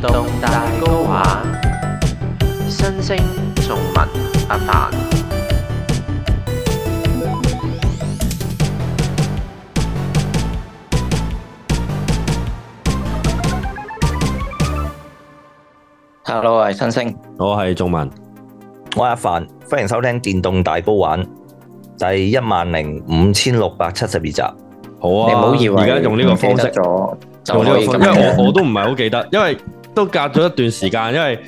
電動大 GO 玩，新星、仲文、阿凡。Hello，我係新星，我係仲文，我係阿凡。歡迎收聽《電動大 GO 玩》第一萬零五千六百七十二集。好啊，你唔好以為而家用呢個方式咗，就因為因為我我都唔係好記得，因為。都隔咗一段時間，因為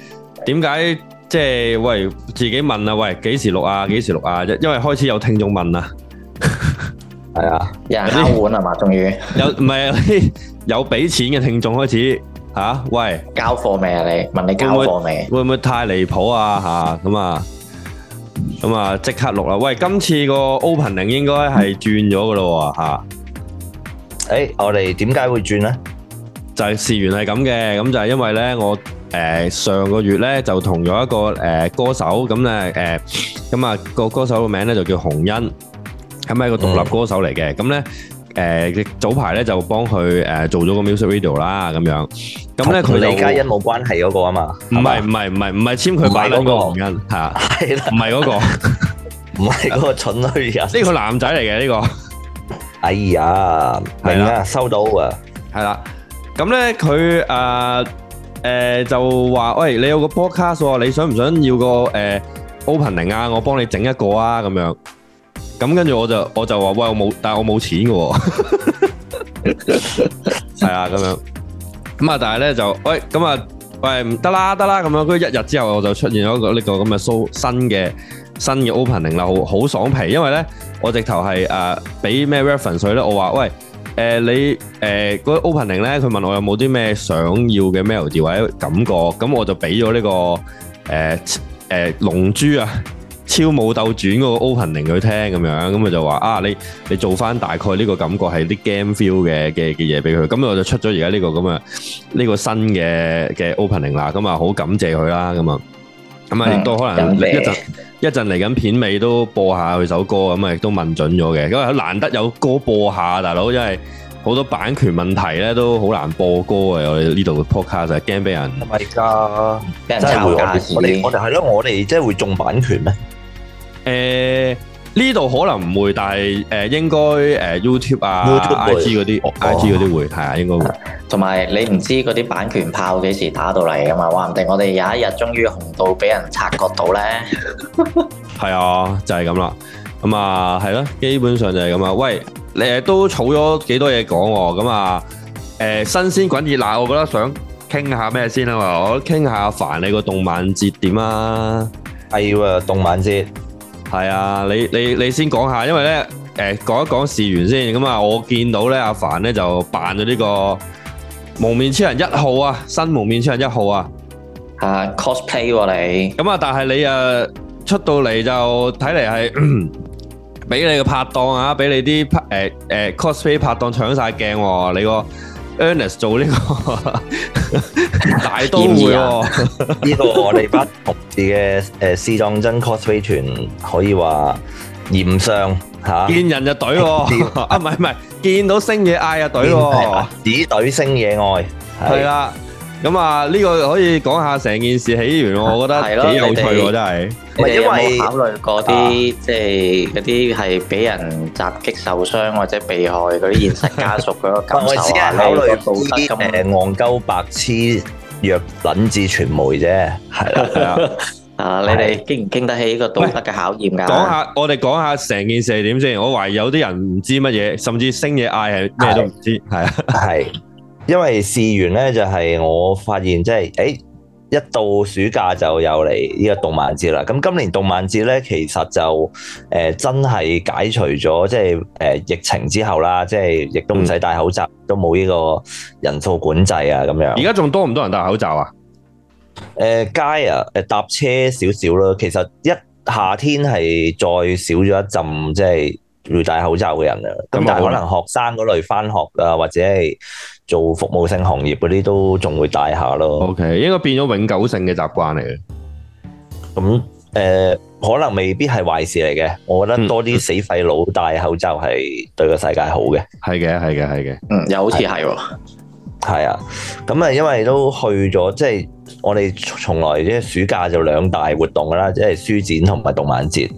點解即係喂自己問啊？喂，幾時錄啊？幾時錄啊？因為開始有聽眾問啊，係啊，有人敲碗啊嘛，終於有唔係有俾錢嘅聽眾開始吓，喂，交貨未啊？你問你交貨未？會唔會太離譜啊？吓，咁啊咁啊，即刻錄啦！喂，今次個 opening 應該係轉咗噶咯啊？誒，我哋點解會轉呢？就事源係咁嘅，咁就係因為咧，我誒上個月咧就同咗一個誒歌手，咁咧誒，咁啊個歌手嘅名咧就叫洪因。係咪一個獨立歌手嚟嘅，咁咧誒早排咧就幫佢誒做咗個 music video 啦，咁樣。咁咧同李嘉欣冇關係嗰個啊嘛。唔係唔係唔係唔係簽佢買嗰個洪因係啊，唔係嗰個，唔係嗰個蠢女人。呢個男仔嚟嘅呢個。哎呀，明啦，收到啊，係啦。咁咧佢誒誒就話，喂，你有個 podcast 啊，你想唔想要個誒 opening 啊？我幫你整一個啊咁樣。咁跟住，我就我就話，喂我冇，但係我冇錢嘅喎，係啊咁樣。咁啊但係咧就喂，咁啊喂，唔得啦得啦，咁樣。跟住，一日之後我就出現咗一個呢個咁嘅新新嘅 opening 啦，好好爽皮，因為咧我直頭係誒俾咩 reference 咧我話喂。誒、呃，你誒，嗰、呃那個 opening 咧，佢問我有冇啲咩想要嘅 melody 或者感覺，咁我就俾咗呢個誒誒《龍、呃呃、珠啊》啊，《超武鬥傳》嗰個 opening 佢聽咁樣，咁佢就話啊，你你做翻大概呢個感覺係啲 game feel 嘅嘅嘅嘢俾佢，咁我就出咗而家呢個咁啊呢個新嘅嘅 opening 啦，咁啊好感謝佢啦，咁啊咁啊，亦都可能一陣。嗯一陣嚟緊片尾都播下佢首歌，咁啊亦都問準咗嘅，因為難得有歌播下，大佬，因為好多版權問題咧都好難播歌嘅，我哋呢度 podcast 驚俾人唔係㗎，驚俾人抄價，我哋我哋係咯，我哋即係會中版權咩？誒。呢度可能唔會，但係誒應該誒 YouTube 啊、IG 嗰啲、IG 嗰啲會係啊，應該會。同埋你唔知嗰啲版權炮幾時打到嚟啊嘛，話唔定我哋有一日終於紅到俾人察覺到咧。係啊，就係咁啦。咁啊，係咯，基本上就係咁啊。喂，你誒都儲咗幾多嘢講喎，咁啊誒新鮮滾熱辣，我覺得想傾下咩先啊嘛，我傾下凡你個動漫節點啊？係啊，動漫節。係啊，你你你先講下，因為呢，誒，講一講事源先。咁啊，我見到呢，阿凡呢就扮咗呢個幪面超人一號啊，新幪面超人一號啊。啊，cosplay 喎，你。咁啊，啊但係你啊，出到嚟就睇嚟係俾你個拍檔啊，俾你啲拍誒誒 cosplay 拍檔搶晒鏡喎，你個。Ernest 做呢個，大都會呢個我哋班同事嘅，誒，試妝針 cosplay 團可以話炎上吓，見人就懟，啊，唔係唔係，見到星野愛就懟，只懟星野愛，係啦。咁啊，呢個可以講下成件事起源，我覺得幾有趣喎，真係。唔係因為考慮過啲即係嗰啲係俾人襲擊受傷或者被害嗰啲現實家屬嗰個感受啊？考慮道德誒，戇鳩白痴弱卵子傳媒啫，係啦，係啊。啊，你哋經唔經得起呢個道德嘅考驗噶？講下我哋講下成件事係點先。我懷疑有啲人唔知乜嘢，甚至星野嗌係咩都唔知，係啊，係。因為事緣咧，就係、是、我發現，即、就、係、是，誒，一到暑假就有嚟呢個動漫節啦。咁今年動漫節咧，其實就誒、呃、真係解除咗，即係誒、呃、疫情之後啦，即係亦都唔使戴口罩，嗯、都冇呢個人數管制啊咁樣。而家仲多唔多人戴口罩啊？誒、呃、街啊，誒搭車少少啦。其實一夏天係再少咗一浸，即係會戴口罩嘅人啦。咁、嗯、但係可能學生嗰類返學啊，或者係。做服務性行業嗰啲都仲會戴下咯。OK，應該變咗永久性嘅習慣嚟。咁誒、嗯呃，可能未必係壞事嚟嘅。我覺得多啲死廢佬戴口罩係對個世界好嘅。係嘅、嗯，係嘅，係嘅。嗯，又好似係喎。係啊，咁啊，因為都去咗，即係我哋從來即係暑假就兩大活動啦，即係書展同埋動漫節。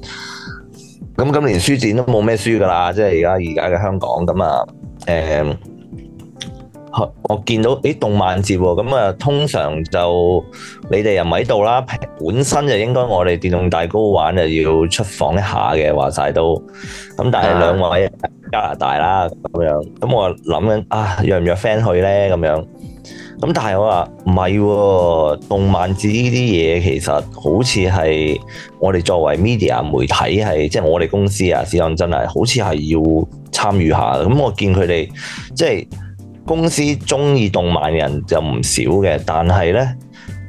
咁今年書展都冇咩書噶啦，即係而家而家嘅香港咁啊，誒。嗯我見到啲動漫節喎、哦，咁啊，通常就你哋又唔喺度啦，本身就應該我哋電動大 GO 玩就要出訪一下嘅話晒都，咁但係兩位加拿大啦咁樣，咁我諗緊啊，約唔約 friend 去咧咁樣？咁但係我話唔係喎，動漫節呢啲嘢其實好似係我哋作為 media 媒體係，即係我哋公司啊，事講真係好似係要參與下，咁我見佢哋即係。公司中意動漫嘅人就唔少嘅，但係呢，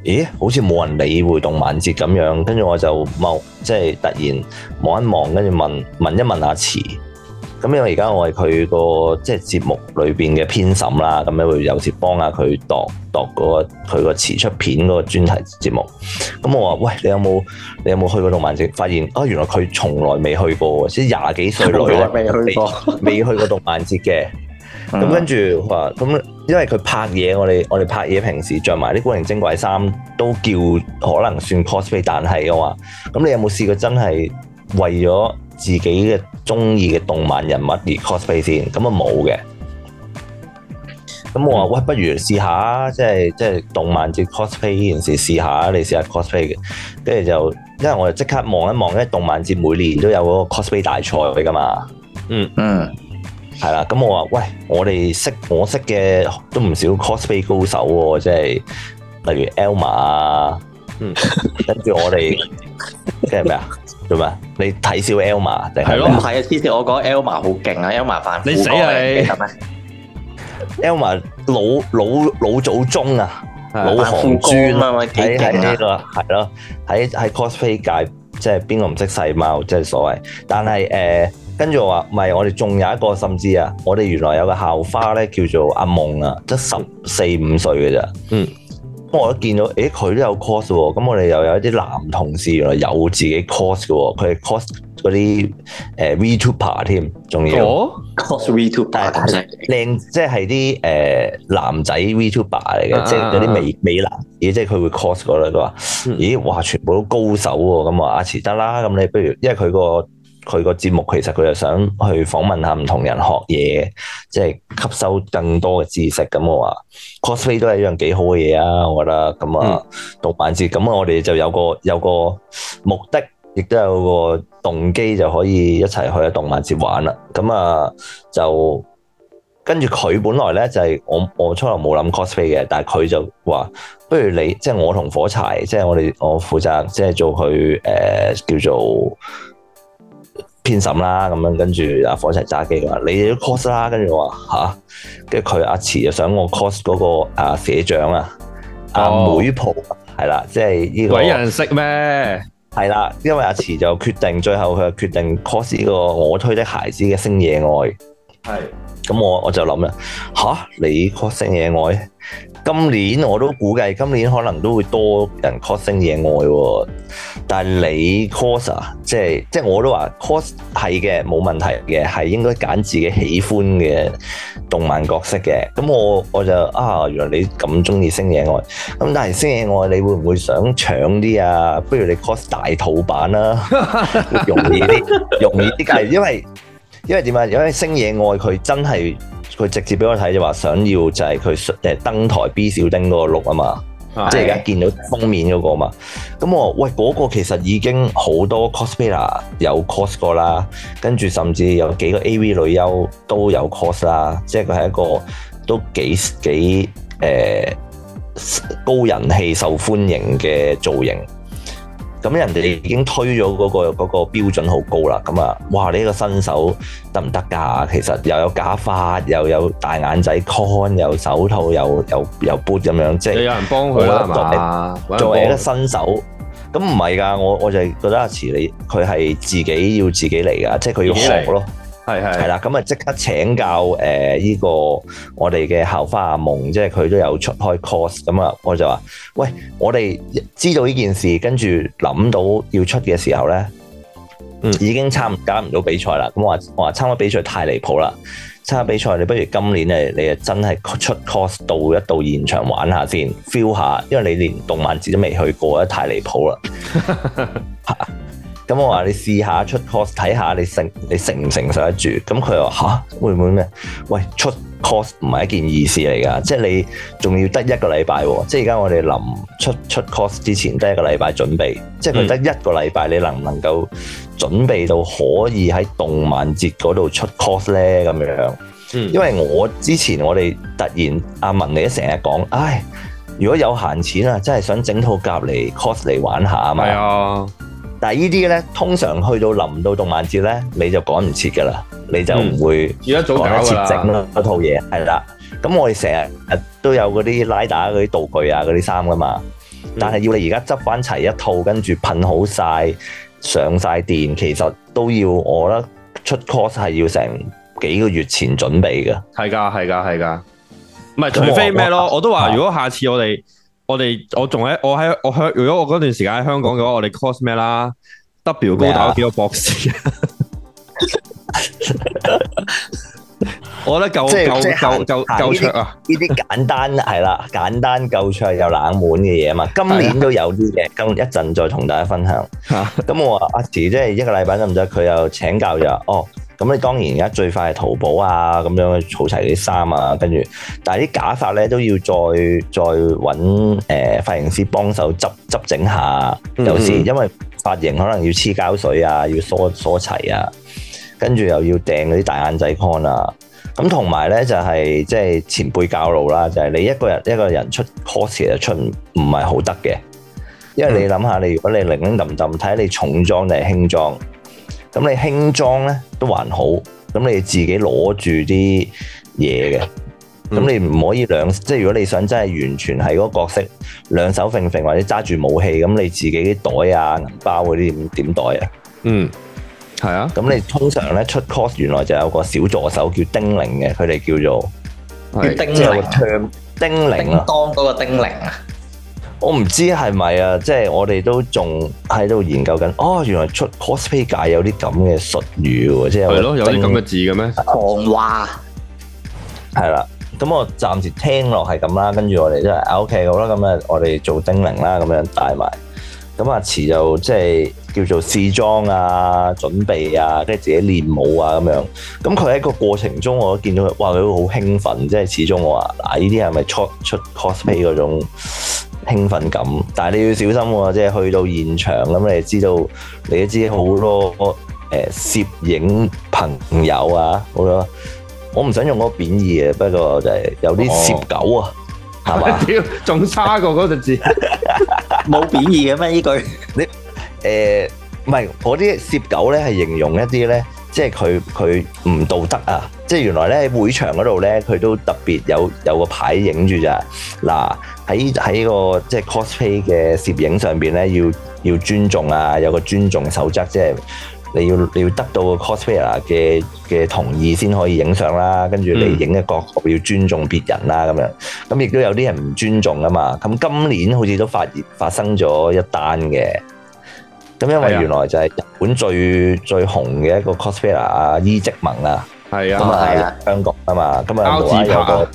咦？好似冇人理會動漫節咁樣。跟住我就望，即係突然望一望，跟住問問一問阿慈。咁因為而家我係佢個即係節目裏邊嘅編審啦，咁樣會有時幫下佢度度嗰個佢個詞出片嗰個專題節目。咁、嗯、我話：喂，你有冇你有冇去過動漫節？發現啊，原來佢從來未去，去過，即係廿幾歲女未去過動漫節嘅。咁、嗯、跟住話，咁因為佢拍嘢，我哋我哋拍嘢，平時着埋啲古靈精怪衫都叫可能算 cosplay，但係嘅話，咁你有冇試過真係為咗自己嘅中意嘅動漫人物而 cosplay 先？咁啊冇嘅。咁我話喂，不如試下，即係即係動漫節 cosplay 呢件事試下，你試下 cosplay 嘅，跟住就因為我就即刻望一望，因為動漫節每年都有嗰個 cosplay 大賽嚟㗎嘛，嗯嗯。係啦，咁我話喂，我哋識我識嘅都唔少 cosplay 高手喎，即係例如 Elma 啊，嗯，跟住我哋即係咩啊？做咩？你睇少 Elma 定係？係咯，唔係啊，黐線我講 Elma 好勁啊，Elma 反你死你，Elma 老老老祖宗啊，老行尊啊，咪幾勁啊？係咯，喺喺 cosplay 界，即係邊個唔識細貓，即係所謂。但係誒。跟住我話，唔係，我哋仲有一個，甚至啊，我哋原來有個校花咧，叫做阿夢啊，得十四五歲嘅咋。嗯，不過我都見到，誒，佢都有 cos 喎。咁我哋又有一啲男同事，原來有自己 cos 嘅喎，佢係 cos 嗰啲誒 vtuber 添，仲要，哦 cos vtuber 靚即係啲誒男仔 vtuber 嚟嘅，即係嗰啲美美男嘢，即係佢會 cos 嗰類。佢話：咦，哇，全部都高手喎！咁我阿慈得啦，咁你不如，因為佢個。佢個節目其實佢又想去訪問下唔同人學嘢，即係吸收更多嘅知識。咁我話 cosplay 都係一樣幾好嘅嘢啊，我覺得。咁啊，嗯、動漫節咁我哋就有個有個目的，亦都有個動機就可以一齊去啊動漫節玩啦。咁啊，就跟住佢本來咧就係我我初頭冇諗 cosplay 嘅，但係佢就話不如你即係我同火柴，即係我哋我負責即係做佢誒叫做，呃叫做偏審啦，咁樣跟住阿火柴炸揸機啦，你都 cos 啦，跟住我話吓，跟住佢阿慈就想我 cos 嗰、那個啊社長啊，阿、哦、妹蒲，係啦，即係呢、這個。鬼人識咩？係啦，因為阿慈就決定最後佢就決定 cos 呢個我推的孩子嘅星野愛，係咁的我我就諗啦吓，你 cos 星野愛。今年我都估計今年可能都會多人 cos 星野愛，啊，但係你 cos 啊，即係即係我都話 cos 係嘅冇問題嘅，係應該揀自己喜歡嘅動漫角色嘅。咁我我就啊，原來你咁中意星野愛，咁但係星野愛你會唔會想搶啲啊？不如你 cos 大肚版啦，容易啲，容易啲計，因為。因為點啊？如果星野愛佢真係佢直接俾我睇就話想要就係佢，誒登台 B 小町嗰個 look 啊嘛，的即係而家見到封面嗰個嘛。咁、嗯、我喂嗰、那個其實已經好多 cosplayer 有 cos 過啦，跟住甚至有幾個 AV 女優都有 cos 啦，即係佢係一個都幾幾誒、呃、高人氣受歡迎嘅造型。咁人哋已經推咗嗰個嗰個標準好高啦，咁啊，哇！你一個新手得唔得㗎？其實又有假髮，又有大眼仔 con，又手套，又又又 boot 咁樣，即係有人幫佢係嘛？作為一個新手，咁唔係㗎，我我就係覺得阿慈你佢係自己要自己嚟㗎，嗯、即係佢要學咯。係係，係啦，咁啊即刻請教誒呢、呃這個我哋嘅校花阿、啊、夢，即係佢都有出開 course，咁啊我就話：喂，我哋知道呢件事，跟住諗到要出嘅時候咧，嗯，已經參加唔到比賽啦。咁我話我話參加比賽太離譜啦，參加比賽你不如今年咧，你誒真係出 course 到一到現場玩下先，feel 下，因為你連動漫節都未去過，太離譜啦。 咁、嗯、我話你試下出 cos 睇下你承你承唔承受得住，咁佢又話嚇，會唔會咩？喂，出 cos 唔係一件易事嚟噶，即係你仲要得一個禮拜。即係而家我哋臨出出 cos 之前得一個禮拜準備，即係佢得一個禮拜、嗯、你能唔能夠準備到可以喺動漫節嗰度出 cos 咧咁樣。因為我之前我哋突然阿文你都成日講，唉，如果有閒錢啊，真係想整套夾嚟 cos 嚟玩下啊嘛。哎但係呢啲咧，通常去到臨到動漫節咧，你就趕唔切噶啦，嗯、你就唔會而家早搞噶啦，一套嘢係啦。咁我哋成日誒都有嗰啲拉打嗰啲道具啊，嗰啲衫噶嘛。但係要你而家執翻齊一套，跟住噴好晒，上晒電，其實都要我覺得出 cos 係要成幾個月前準備嘅。係噶，係噶，係噶。唔係除非咩咯？嗯、我都話，如果下次我哋。我哋我仲喺我喺我香，如果我嗰段時間喺香港嘅話，我哋 cos 咩啦？W 高達咗幾個博士、啊？是是啊、 我覺得夠即係即係夠夠夠出啊！呢啲簡單係啦，簡單夠出又冷門嘅嘢嘛，今年都有啲嘅，咁一陣再同大家分享。咁 我話阿池，即係一個禮拜得唔得？佢又請教咗哦。咁你當然而家最快係淘寶啊，咁樣儲齊啲衫啊，跟住，但係啲假髮咧都要再再揾誒髮型師幫手執執整下，有時因為髮型可能要黐膠水啊，要梳梳齊啊，跟住又要訂嗰啲大眼仔 con 啊，咁同埋咧就係即係前輩教路啦，就係、是、你一個人一個人出 cos 就出唔唔係好得嘅，因為你諗下，你如果你零零揼揼睇你重裝定係輕裝？咁你輕裝咧都還好，咁你自己攞住啲嘢嘅，咁你唔可以兩，即係如果你想真係完全係嗰個角色，兩手揈揈或者揸住武器，咁你自己啲袋啊銀包嗰啲點點袋啊？嗯，係啊，咁你通常咧出 cos 原來就有個小助手叫丁玲嘅，佢哋叫做叫丁玲，丁玲啊，叮噹嗰個丁玲啊。我唔知係咪啊！即係我哋都仲喺度研究緊。哦，原來出 cosplay 界有啲咁嘅術語喎，即係係咯，有啲咁嘅字嘅咩？狂話係啦。咁哇我暫時聽落係咁啦。跟住我哋都係 OK，好啦。咁啊，我哋做叮鈴啦，咁樣帶埋。咁阿慈就即係叫做試裝啊、準備啊，跟住自己練舞啊咁樣。咁佢喺個過程中，我見到佢，哇！佢好興奮。即係始終我話，嗱，呢啲係咪出出 cosplay 嗰種？嗯興奮感，但係你要小心喎，即係去到現場咁，你知道你都知好多誒攝影朋友啊，好多，我唔想用嗰個貶義嘅，不過就係有啲攝狗啊，係嘛？屌，仲差過嗰隻字，冇貶義嘅咩？依句你誒唔係，我啲攝狗咧係形容一啲咧，即係佢佢唔道德啊。即係原來咧，會場嗰度咧，佢都特別有有個牌影住咋。嗱喺喺個即係 cosplay 嘅攝影上邊咧，要要尊重啊，有個尊重嘅守則，即係你要你要得到 cosplayer 嘅嘅同意先可以影相啦。跟住你影嘅角度要尊重別人啦，咁樣咁亦都有啲人唔尊重啊嘛。咁今年好似都發發生咗一單嘅，咁因為原來就係日本最的最，最紅嘅一個 cosplayer 啊，伊織萌啊。係啊，咁啊、嗯、香港啊嘛，咁啊無有個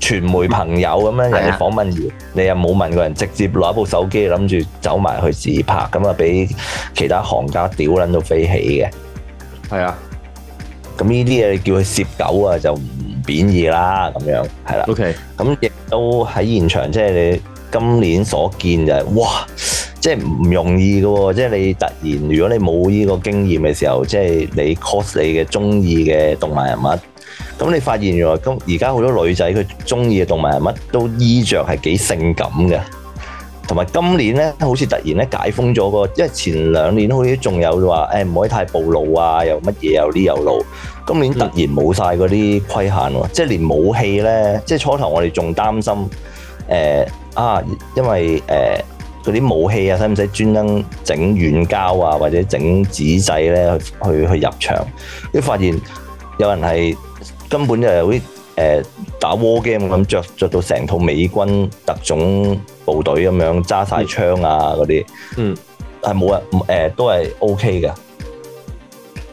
傳媒朋友咁樣，嗯、人哋訪問完，啊、你又冇問過人，直接攞一部手機諗住走埋去自拍，咁啊俾其他行家屌撚到飛起嘅。係啊，咁呢啲嘢叫佢攝狗啊，就唔貶義啦，咁樣係啦。OK，咁亦都喺現場，即係你今年所見就係哇。即係唔容易㗎喎，即係你突然如果你冇呢個經驗嘅時候，即係你 cos 你嘅中意嘅動漫人物，咁你發現原來今而家好多女仔佢中意嘅動漫人物都衣著係幾性感嘅，同埋今年咧好似突然咧解封咗喎，因為前兩年好似仲有話誒唔可以太暴露啊，又乜嘢又呢又露，今年突然冇曬嗰啲規限喎，即係連武器咧，即係初頭我哋仲擔心誒啊，因為誒。嗰啲武器啊，使唔使專登整軟膠啊，或者整紙仔咧去去去入場？你發現有人係根本就係好似打 war game 咁著著到成套美軍特種部隊咁樣揸曬槍啊嗰啲，那些嗯，係冇人、呃、都係 OK 嘅。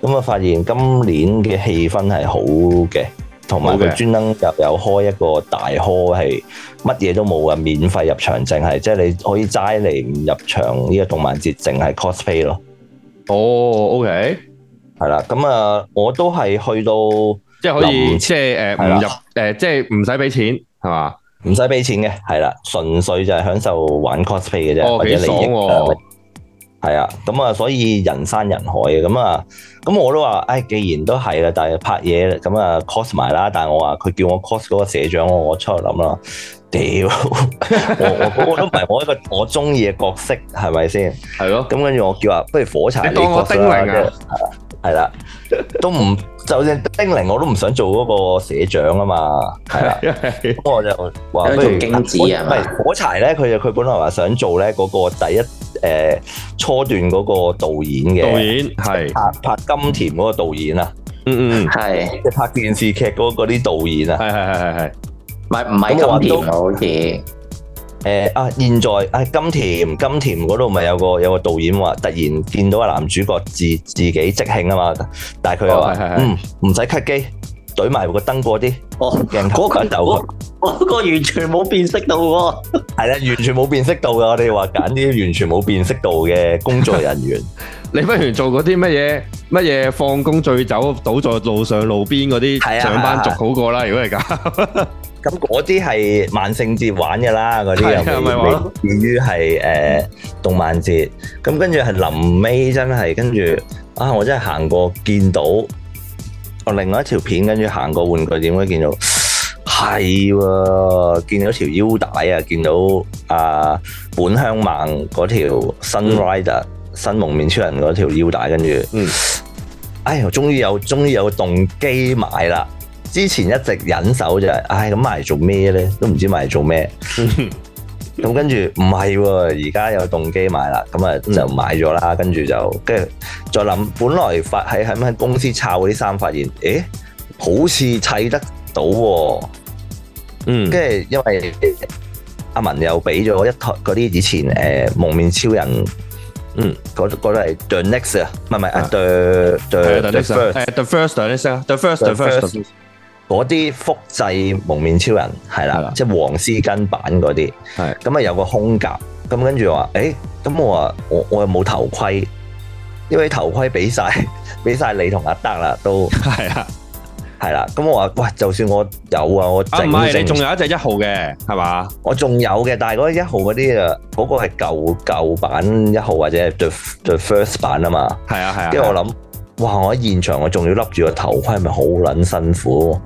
咁啊，發現今年嘅氣氛係好嘅。同埋佢專登有有開一個大殼係乜嘢都冇嘅免費入場淨係，即係你可以齋嚟唔入場呢、呢個動漫節 pay,、oh, okay.，淨係 cosplay 咯。哦，OK，係啦，咁啊，我都係去到即係可以，即係誒唔入誒，即係唔使俾錢係嘛？唔使俾錢嘅，係啦，純粹就係享受玩 cosplay 嘅啫，oh, 或者你。啊係啊，咁啊，所以人山人海嘅，咁啊，咁我都話，唉，既然都係啦，但係拍嘢咁啊 cos 埋啦。但係我話佢叫我 cos 嗰個社長，我我出去諗啦。屌，我我我都唔係我一個我中意嘅角色，係咪先？係咯。咁跟住我叫話，不如火柴你當個丁玲啊。係啦，都唔，就算丁玲我都唔想做嗰個社長啊嘛。係啦，咁我就話不如。唔係火柴咧，佢就佢本來話想做咧嗰個第一。誒初段嗰個導演嘅導演係拍拍金田嗰個導演啊，嗯嗯係，即係拍電視劇嗰嗰啲導演啊，係係係係係，唔係唔係金田，好似誒啊！現在誒金田金田嗰度咪有個有個導演話，突然見到個男主角自自己即興啊嘛，但係佢又話：嗯唔使 cut 機，懟埋個燈過啲，哦鏡頭跟大喎。.嗰個完全冇辨識度喎，係啦，完全冇辨識度噶。我哋話揀啲完全冇辨識度嘅工作人員，你不如做嗰啲乜嘢乜嘢放工醉酒倒在路上路邊嗰啲係呀，上班族好過啦。如果係咁，咁嗰啲係萬聖節玩噶啦，嗰啲又未至於係誒動漫節。咁跟住係臨尾真係，跟住啊，我真係行過見到我另外一條片，跟住行過玩具點解見到？係喎、啊，見到條腰帶啊，見到啊本鄉猛嗰條 Rider, Shin Rider 新蒙面超人嗰條腰帶，跟住，嗯、哎我終於有終於有動機買啦！之前一直忍手就係，唉、哎，咁買嚟做咩咧？都唔知買嚟做咩。咁、嗯、 跟住唔係喎，而家、啊、有動機買啦，咁啊就買咗啦。嗯、跟住就跟住再諗，本來發喺喺咩公司抄啲衫，發現誒好似砌得到喎、啊。嗯，跟住因為阿文又俾咗一套嗰啲以前誒、呃、蒙面超人，嗯，嗰啲係 The Next 啊，唔係唔係啊 The The First，The First，The First 嗰啲複製蒙面超人係啦，即係黃絲巾版嗰啲，係、啊，咁啊有個空格。咁跟住話，誒、欸，咁我話我我又冇頭盔，因為頭盔俾晒俾晒你同阿德啦，都係啊。係啦，咁我話，喂，就算我有我整整啊，我啊唔係，你仲有一隻一號嘅，係嘛？我仲有嘅，但係嗰一號嗰啲啊，嗰、嗰個係舊舊版一號或者 the, the first 版啊嘛。係啊係啊。跟住、啊、我諗，啊啊、哇！我喺現場我仲要笠住個頭盔，係咪好捻辛苦？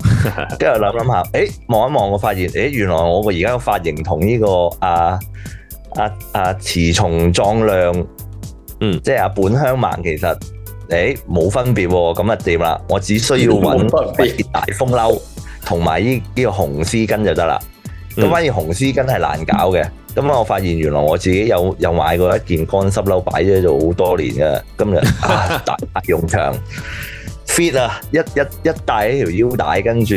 跟住我諗諗下，誒，望一望我發現，誒，原來我個而家個髮型同呢、呢個阿阿阿池松壯亮，啊啊啊、嗯，即係阿本鄉猛其實。誒，冇分別喎，咁啊掂啦？我只需要揾一件大風褸，同埋呢呢個紅絲巾就得啦。咁反而紅絲巾係難搞嘅。咁啊，我發現原來我自己有有買過一件乾濕褸擺咗就好多年嘅。今日大大用場 fit 啊！一一一帶起條腰帶，跟住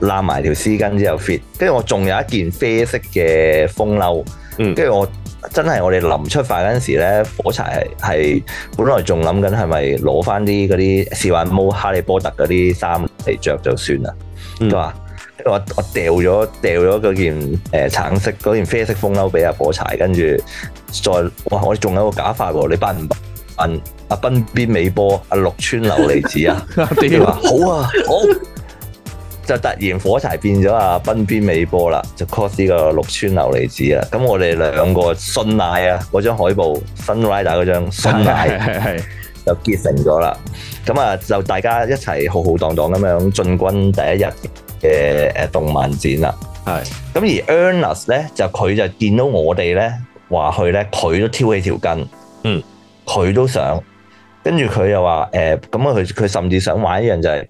攬埋條絲巾之後 fit。跟住我仲有一件啡色嘅風褸，跟住我。真係我哋臨出發嗰陣時咧，火柴係本來仲諗緊係咪攞翻啲嗰啲《是幻魔哈利波特》嗰啲衫嚟着就算啦，佢話、嗯、我我掉咗掉咗嗰件誒、呃、橙色嗰件啡色風褸俾阿火柴，跟住再哇我哋仲有個假髮喎，你扮唔扮阿濱邊美波阿綠川琉璃子啊？佢話好啊好啊。好啊就突然火柴變咗啊！奔邊尾波啦，就 cross 啲個綠川琉璃子啊！咁我哋兩個信賴啊，嗰張海報，新 rider 嗰張信賴， 就結成咗啦。咁啊，就大家一齊浩浩蕩蕩咁樣進軍第一日嘅誒動漫展啦。係。咁而 Ernest a 咧，就佢就見到我哋咧話去咧，佢都挑起條筋，嗯，佢都想，跟住佢又話誒，咁啊佢佢甚至想玩一樣就係、是。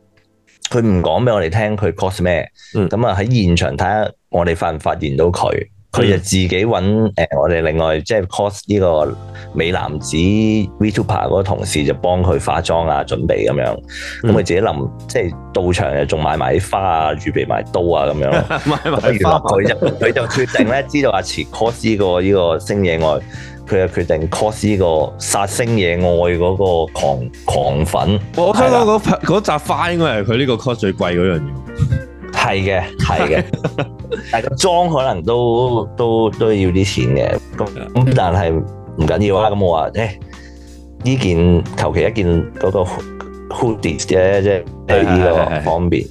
佢唔講俾我哋聽，佢 cos 咩？咁啊喺現場睇下，我哋發唔發現到佢？佢、嗯、就自己揾誒、呃，我哋另外即係 cos 呢個美男子 VTuber 嗰個同事就幫佢化妝啊、準備咁樣。咁佢、嗯、自己臨即係到場又仲買埋啲花啊、預備埋刀啊咁樣。佢 就佢就決定咧，知道阿馳 cos 呢個呢個星野外。佢就決定 cos 呢個殺星野愛嗰個狂狂粉，我我想嗰扎花應該係佢呢個 cos 最貴嗰樣嘢，係嘅係嘅，是 但係裝可能都都都要啲錢嘅，咁 但係唔緊要啊，咁 我話誒呢件求其一件嗰個 hoodies 咧，即係呢個方便。」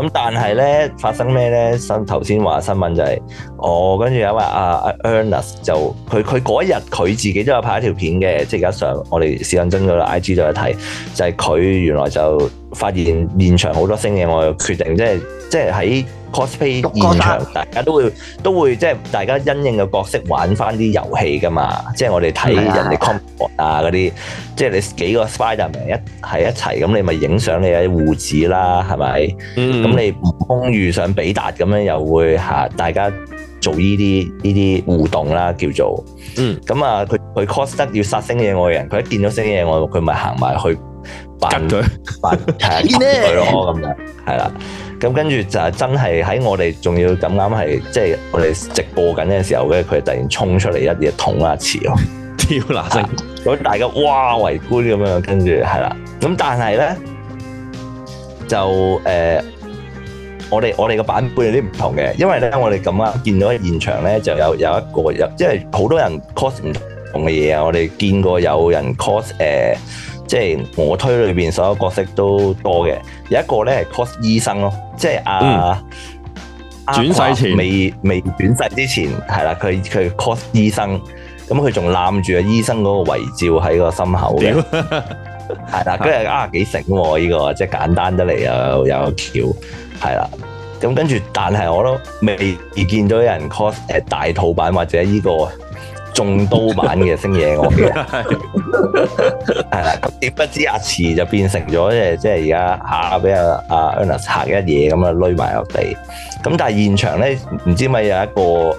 咁但係呢，發生咩呢？新頭先話新聞就係、是，哦跟住有位阿阿、啊啊啊、Ernest 就佢佢嗰一日佢自己都有拍一條片嘅，即係而家上我哋視像樽個 IG 都有睇，就係、是、佢原來就發現現場好多星嘅，我又決定即係即係喺。就是就是 cosplay 現場，大家都會都會即係大家因應嘅角色玩翻啲遊戲噶嘛，即係我哋睇人哋 com 啊嗰啲，即係你幾個 Spiderman 一喺一齊，咁你咪影相你喺鬍子啦，係咪？咁你悟空遇上比達咁樣又會嚇大家做呢啲呢啲互動啦，叫做嗯咁啊，佢佢 cos 得要殺星野慈人，佢一見到星野慈人，佢咪行埋去扮扮佢咯，咁樣係啦。zin Se om Top per 咁跟住就真係喺我哋仲要咁啱係即係我哋直播緊嘅時候咧，佢突然衝出嚟一嘢捅阿慈咯！跳啦！咁大家哇圍觀咁樣，跟住係啦。咁、嗯、但係咧就誒、呃，我哋我哋個版本有啲唔同嘅，因為咧我哋咁啱見到現場咧就有有一個有，即係好多人 cos 唔同嘅嘢啊！我哋見過有人 cos 誒、呃，即、就、係、是、我推裏邊所有角色都多嘅，有一個咧 cos 醫生咯。即係啊，嗯、啊轉世前未未轉世之前，係啦，佢佢 cos 醫生，咁佢仲攬住啊醫生嗰個遺照喺個心口嘅，係啦嗎，跟住 啊幾醒喎依個，即係簡單得嚟又又橋，係啦，咁跟住，但係我都未見到有人 cos 大肚版，或者呢、這個。中刀版嘅星野我記得，係啦，咁點不知阿慈就變成咗，即係即係而家下俾阿阿安娜拆一嘢咁啊，攣埋落地，咁但係現場咧唔知咪有一個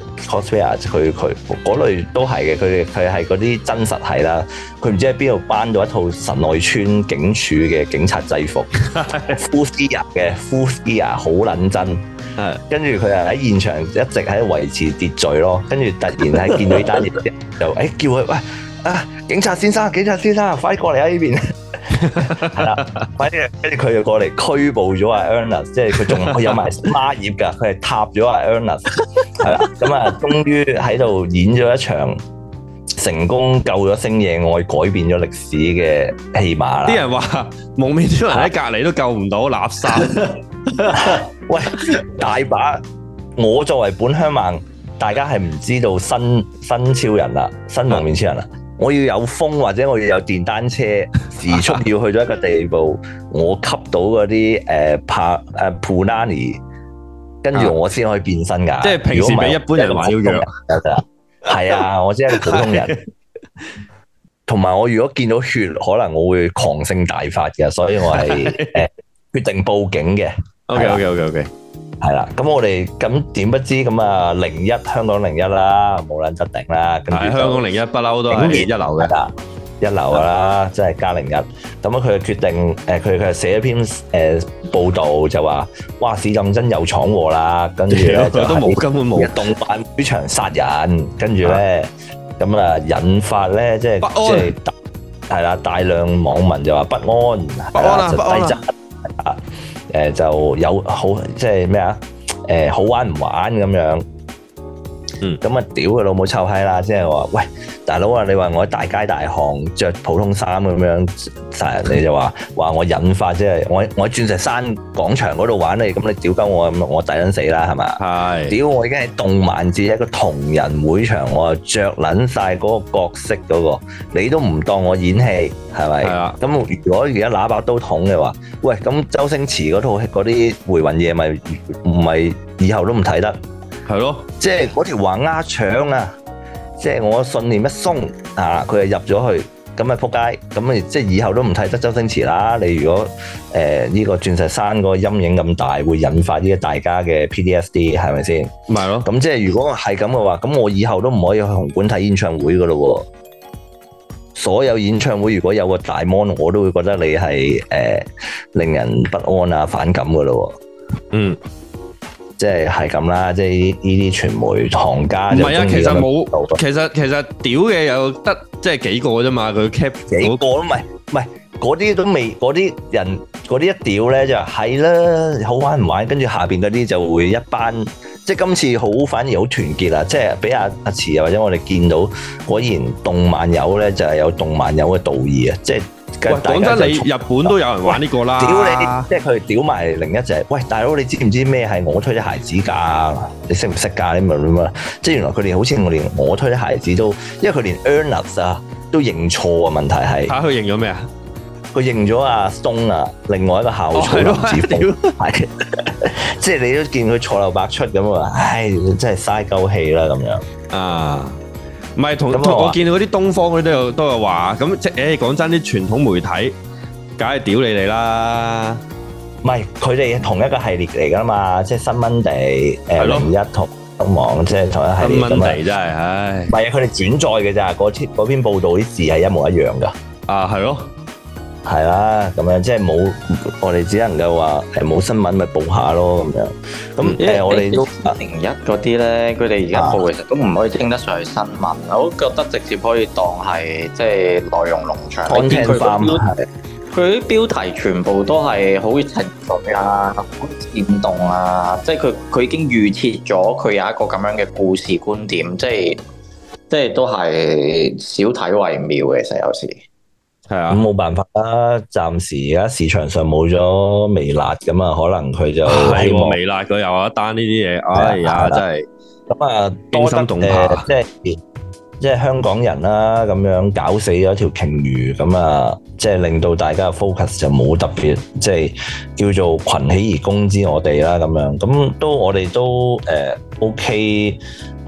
誒。cosplayer 佢佢嗰類都係嘅，佢佢係嗰啲真實係啦，佢唔知喺邊度搬咗一套神奈村警署嘅警察制服 f u l l s i r 嘅 f u l l s i r 好捻真，係， 跟住佢係喺現場一直喺維持秩序咯，跟住突然見到呢單入邊就誒叫佢喂啊警察先生，警察先生快過嚟喺呢邊。係啦，跟住跟住佢就過嚟拘捕咗阿 Ernest，即係佢仲有埋孖葉噶，佢係塌咗阿 Ernest，係啦，咁啊，終於喺度演咗一場成功救咗星野愛，改變咗歷史嘅戲碼。啲人話蒙面超人喺隔籬都救唔到垃圾， 喂，大把！我作為本鄉孟，大家係唔知道新新超人啦，新蒙面超人啦。我要有風，或者我要有電單車時速要去到一個地步，我吸到嗰啲誒拍誒 prana，跟住我先可以變身㗎、啊。即係平時我一比一般人還要弱，得係啊，我只係一個普通人。同埋 我如果見到血，可能我會狂性大發嘅，所以我係誒、啊、決定報警嘅。 的 OK OK OK OK。係啦，咁我哋咁點不知咁啊？零一香港零一啦，冇人質定啦。跟住香港零一，不嬲都係頂級一流嘅，一流啦， 即係加零一。咁、嗯、啊，佢決定誒，佢、呃、佢寫一篇誒、呃、報道就，就話哇，史任真又闖禍啦。跟住佢都冇根本冇動彈，嗰場殺人。跟住咧，咁啊、 嗯，引發咧，即係即係係啦，大量網民就話不安，不安就抵 誒、呃、就有好即係咩啊？誒、呃、好玩唔玩咁樣。嗯，咁啊 屌佢老母臭閪啦！即係話喂，大佬啊，你話我喺大街大巷着普通衫咁樣，殺人 你就話話我引發，即係我我喺鑽石山廣場嗰度玩你，咁你屌鳩我，我抵捻死啦，係咪？係，是的 屌我已經喺動漫節一個同人會場，我着捻晒嗰個角色嗰個，你都唔當我演戲，係咪？係啊。咁如果而家攞把刀捅嘅話，喂，咁周星馳嗰套嗰啲回魂夜咪唔係以後都唔睇得？係咯，即係嗰條橫鴉腸啊！即、就、係、是、我信念一鬆啊，佢就入咗去，咁咪扑街，咁咪即係以後都唔睇得周星馳啦！你如果誒呢、呃這個鑽石山個陰影咁大，會引發啲大家嘅 PTSD 係咪先？咪 咯，咁即係如果係咁嘅話，咁我以後都唔可以去紅館睇演唱會噶咯，所有演唱會如果有個大 mon，我都會覺得你係誒、呃、令人不安啊反感噶咯，嗯。即係係咁啦，即係呢啲傳媒行家唔係啊，其實冇，其實其實屌嘅有得，即係幾個啫嘛，佢 keep 幾個咯，唔係唔係嗰啲都未，嗰啲人嗰啲一屌咧就係啦，好玩唔玩？跟住下邊嗰啲就會一班，即係今次好反而好團結啊！即係俾阿阿慈又或者我哋見到，果然動漫友咧就係、是、有動漫友嘅道義啊！即係。講真你，你日本都有人玩呢個啦，屌你！即係佢屌埋另一隻。喂，大佬，你知唔知咩係我推啲孩子噶、啊？你識唔識噶？你明唔明啊？即係原來佢哋好似我連我推啲孩子都，因為佢連 Ernest 啊都認錯啊。問題係吓，佢認咗咩啊？佢認咗阿東啊，另外一個校長啊，自係、哦， 即係你都見佢錯漏百出咁啊！唉，真係嘥夠氣啦咁樣啊！Uh 唔係同我見到嗰啲東方嗰啲都有都有話，咁即係誒講真啲傳統媒體，梗係屌你哋啦！唔係佢哋同一個系列嚟㗎嘛，即係新聞地誒二一同東網，即係同一系列咁啊！新聞地真係，唉，唔係啊，佢哋轉載嘅咋嗰篇嗰篇報導啲字係一模一樣㗎啊，係咯。係啦，咁樣即係冇，我哋只能夠話誒冇新聞咪報下咯咁樣。咁因誒為、呃，我哋都零一嗰啲咧，佢哋而家報其實都唔可以稱得上係新聞，啊、我都覺得直接可以當係即係內容農場。改編化，佢啲的標題全部都係好情緒啊，好煽動啊，即係佢佢已經預設咗佢有一個咁樣嘅故事觀點，即係即係都係少睇為妙嘅，其實有時。係啊，咁冇辦法啦，暫時而家市場上冇咗微辣咁啊，可能佢就希望、啊、微辣佢又一單呢啲嘢，啊、哎呀、啊、真係，咁啊多心動魄，即係即係香港人啦、啊，咁樣搞死咗條鯨魚，咁啊，即係令到大家嘅 focus 就冇特別，即係叫做群起而攻之我哋啦、啊，咁樣，咁都我哋都誒、呃、OK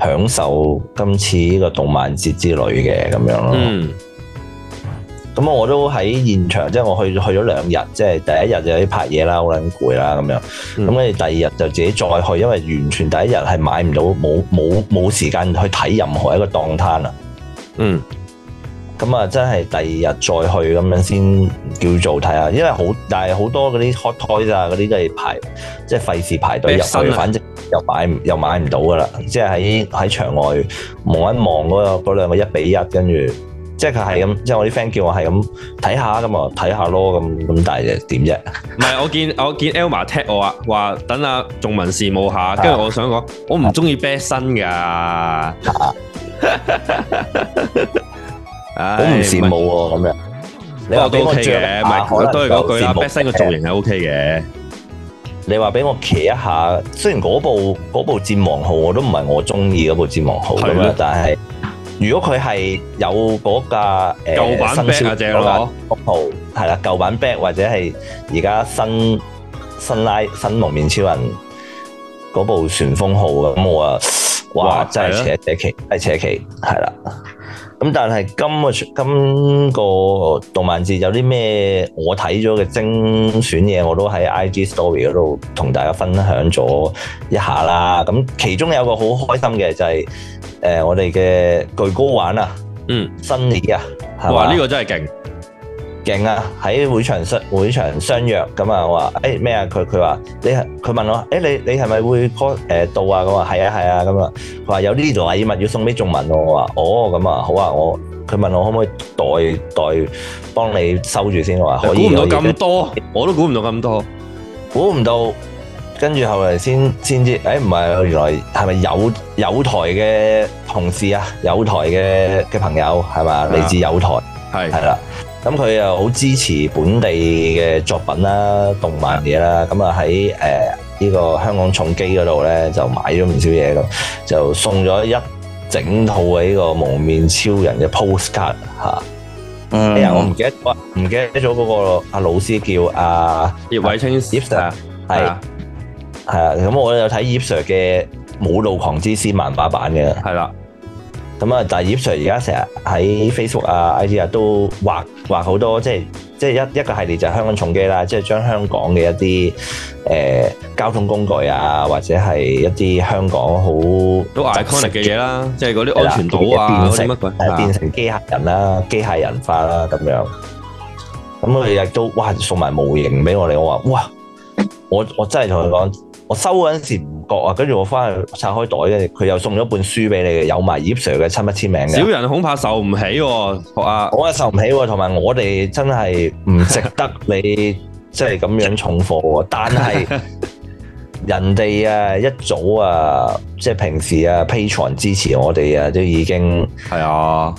享受今次呢個動漫節之旅嘅咁樣咯。嗯咁我都喺現場，即係我去去咗兩日，即係第一日就喺拍嘢啦，好撚攰啦咁樣。咁跟住第二日就自己再去，因為完全第一日係買唔到，冇冇冇時間去睇任何一個檔攤啊。嗯。咁啊、嗯，真係第二日再去咁樣先叫做睇下，因為好，但係好多嗰啲 hot toy 啊嗰啲都係排，即係費事排隊入去，反正又買又買唔到噶啦。即係喺喺場外望一望嗰個嗰兩個一比一，跟住。即係佢係咁，即係我啲 friend 叫我係咁睇下咁啊，睇下咯咁咁，但係點啫？唔係我見我見 Elma 踢我啊，話等阿仲文羨慕下，跟住我想講，我唔中意 Batman 噶，好唔羨慕喎咁樣。你話都 OK 嘅，唔係都係嗰句啦。Batman 個造型係 OK 嘅。你話俾我騎一下，雖然嗰部嗰部戰王號我都唔係我中意嗰部戰王號咁樣，但係。如果佢係有嗰架誒新超嗰架 a p，係啦，舊版 Back 或者係而家新新拉新幪面超人嗰部旋風號嘅，咁我話哇，哇真係扯扯旗，係扯旗，係啦。咁但係今、這個今個動漫節有啲咩我睇咗嘅精選嘢，我都喺 I G Story 嗰度同大家分享咗一下啦。咁其中有一個好開心嘅就係、是呃、我哋嘅巨高玩啊，嗯，新嘢啊，哇呢吧個真係勁！勁、欸欸呃、啊！喺會場相會場相約咁啊，我話誒咩啊？佢佢話你佢問我誒，你你係咪會誒到啊？咁話係啊係啊咁啊。佢話有呢度台禮物要送俾眾民。」我，我話哦咁啊好啊我。佢問我可唔可以代代幫你收住先？我話可以。估唔到咁多，我都估唔到咁多。估唔到，跟住後來先先知誒，唔、欸、係原來係咪有有台嘅同事啊，有台嘅嘅朋友係嘛？嚟、啊、自有台係係啦。的是咁佢又好支持本地嘅作品啦、動漫嘢啦，咁啊喺誒呢個香港重機嗰度咧，就買咗唔少嘢咁，就送咗一整套嘅呢個幪面超人嘅 postcard 嚇。嗯。哎呀，我唔記得咗，唔記得咗嗰個阿老師叫阿葉偉青 Sir。葉 Sir 係啊，咁我有睇葉 Sir 嘅《武道狂之詩漫畫版》嘅，係啦。咁啊，但係葉 Sir 而家成日喺 Facebook 啊、IG 啊都畫。話好多即係即係一一個系列就係香港重機啦，即係將香港嘅一啲誒交通工具啊，或者係一啲香港好 iconic 嘅嘢啦，即係嗰啲安全島啊嗰啲乜鬼，變成機械人啦，機械人化啦咁樣。咁佢哋亦都哇送埋模型俾我哋，我話哇，我我真係同佢講。我收嗰陣時唔覺啊，跟住我翻去拆開袋咧，佢又送咗本書俾你嘅，有埋葉 Sir 嘅親筆簽名嘅。小人恐怕受唔起喎，阿我啊受唔起喎，同埋我哋真係唔值得你即係咁樣重貨喎。但係人哋啊一早啊，即係平時啊，Patreon 支持我哋啊，都已經係啊，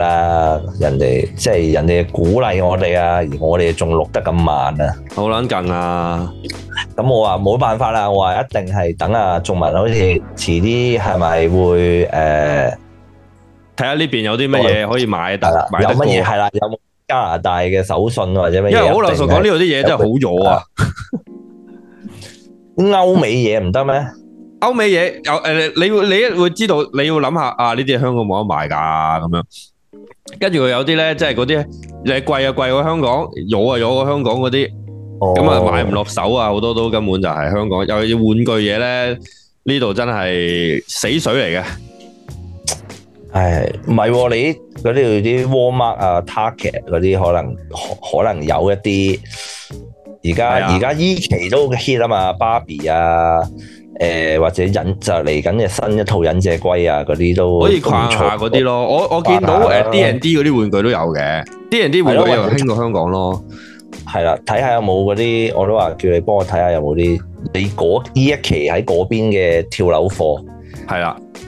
誒人哋即係人哋鼓勵我哋啊，而我哋仲錄得咁慢啊，好撚近啊！咁我話冇辦法啦，我話一定係等啊，仲文好似遲啲係咪會誒，睇下呢邊有啲乜嘢可以買，但係有乜嘢係啦，有冇加拿大嘅手信或者乜嘢？因為好老實講，呢度啲嘢真係好弱啊，歐美嘢唔得咩？歐美嘢有誒，你會你會知道你要諗下啊，呢啲香港冇得賣噶咁樣。跟住佢有啲咧，即係嗰啲你貴啊貴過香港，弱啊弱過香港嗰啲。咁啊，哦、買唔落手啊，好多都根本就係香港有啲玩具嘢咧，呢度真係死水嚟嘅。係唔係？你嗰度啲 Walmart 啊，Target 嗰啲可能可能有一啲。而家而家依期都 hit 啊嘛，Barbie 啊，誒、呃、或者忍就嚟緊嘅新一套忍者龜啊嗰啲都可以逛下嗰啲咯。咯我我見到誒 D and D 嗰啲玩具都有嘅、嗯、，D and D 玩具又興過香港咯。係啦，睇下有冇嗰啲，我都話叫你幫我睇下有冇啲，你嗰呢一期喺嗰邊嘅跳樓貨，係啦的，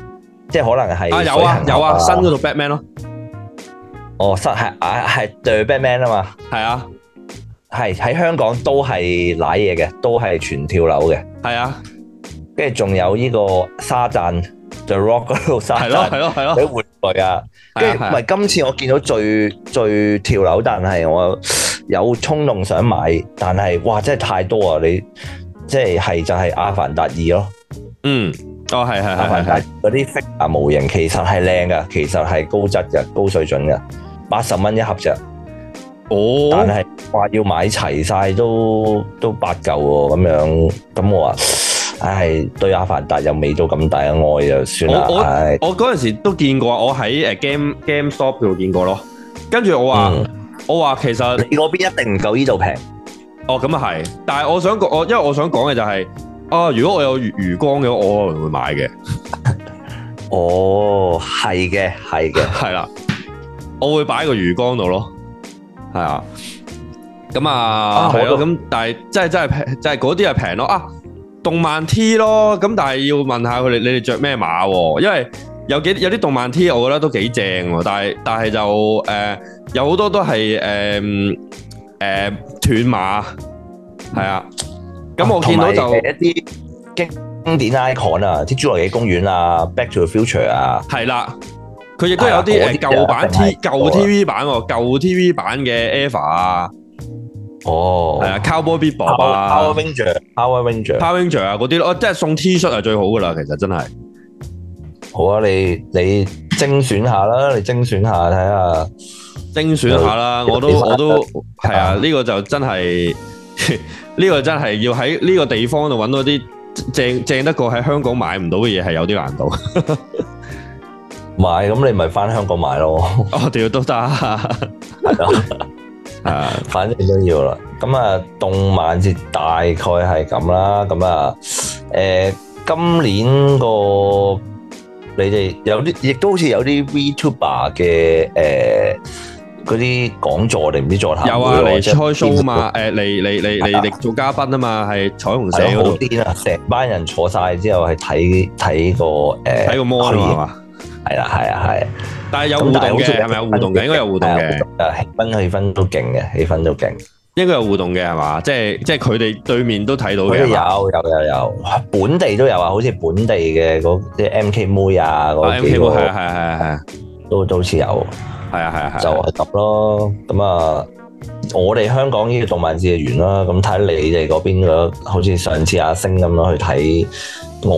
即係可能係啊有啊有啊新嗰度 Batman 咯，哦新係係 The Batman 啊嘛，係啊的，係喺香港都係瀨嘢嘅，都係全跳樓嘅，係啊的，跟住仲有呢個沙贊 The Rock 嗰度沙贊，係咯係咯係咯喺活躍啊，跟住唔係今次我見到最最，最跳樓，但係我。 有衝動想買，但係哇，真係太多啊！你即係係就係阿凡達二咯。嗯，哦，係係係係。阿凡達二嗰啲啊模型其實係靚噶，其實係高質嘅，高水準嘅，八十蚊一盒啫。哦，但係話要買齊曬都都八嚿喎咁樣，咁我話唉，對阿凡達又未到咁大嘅愛就算啦，唉。我嗰陣時都見過，我喺誒 Game Game Stop 度見過咯，跟住我話。我話其實你嗰邊一定唔夠呢度平哦，咁啊係，但係我想講我，因為我想講嘅就係、是，啊如果我有魚魚缸嘅話，我可能會買嘅。 哦，係嘅，係嘅，係啦， 我會擺喺個魚缸度咯，係啊，咁啊係的也咯，咁但係即係真係平，即係嗰啲係平咯啊，動漫 T 咯，咁但係要問下佢哋，你哋着咩碼、啊？因為。有幾有啲動漫 T，我覺得都幾正喎、啊，但係但係就誒、呃、有好多都係誒誒斷碼，係啊，咁、嗯、我、嗯、有見到就一啲經典 icon 啊，《侏羅紀公園》啊，《Back to the Future》啊，係啦、啊，佢亦都有啲誒、啊、舊版 T 舊 TV 版喎，舊 TV 版嘅 Eva 啊，e、啊哦，係啊，Cowboy Bebop 啊，Power Ranger，Power Ranger，Power Ranger, Power Ranger 啊嗰啲咯，即係送 T 恤係最好噶啦，其實真係。好啊，你你精選下啦，你精選下睇下，精選下啦，我都我都係啊，呢個就真係呢個真係要喺呢個地方度揾到啲正正得過喺香港買唔到嘅嘢，係有啲難度。買咁你咪翻香港買咯，我哋要都得，啊，反正都要啦。咁啊，動漫節大概係咁啦。咁啊，誒，今年個。你哋有啲，亦都好似有啲 Vtuber 嘅誒嗰啲講座定唔知座談？有啊，嚟開 show 嘛？誒嚟嚟嚟嚟嚟做嘉賓啊嘛，係彩虹社好癲啊！成班人坐曬之後係睇睇個誒睇個模啊嘛，係啦係啊係。但係有互動嘅係咪有互動嘅應該有互動嘅氣氛氣氛都勁嘅氣氛都勁。應該有互動嘅係嘛，即係即係佢哋對面都睇到嘅。有有有有，有，本地都有啊，好似本地嘅嗰啲 M K 妹啊，嗰幾個係啊係啊係啊，啊啊啊都都好似有，係啊係啊係就係咁咯。咁啊，我哋香港呢個動漫節完啦，咁睇你哋嗰邊嘅，好似上次阿星咁樣去睇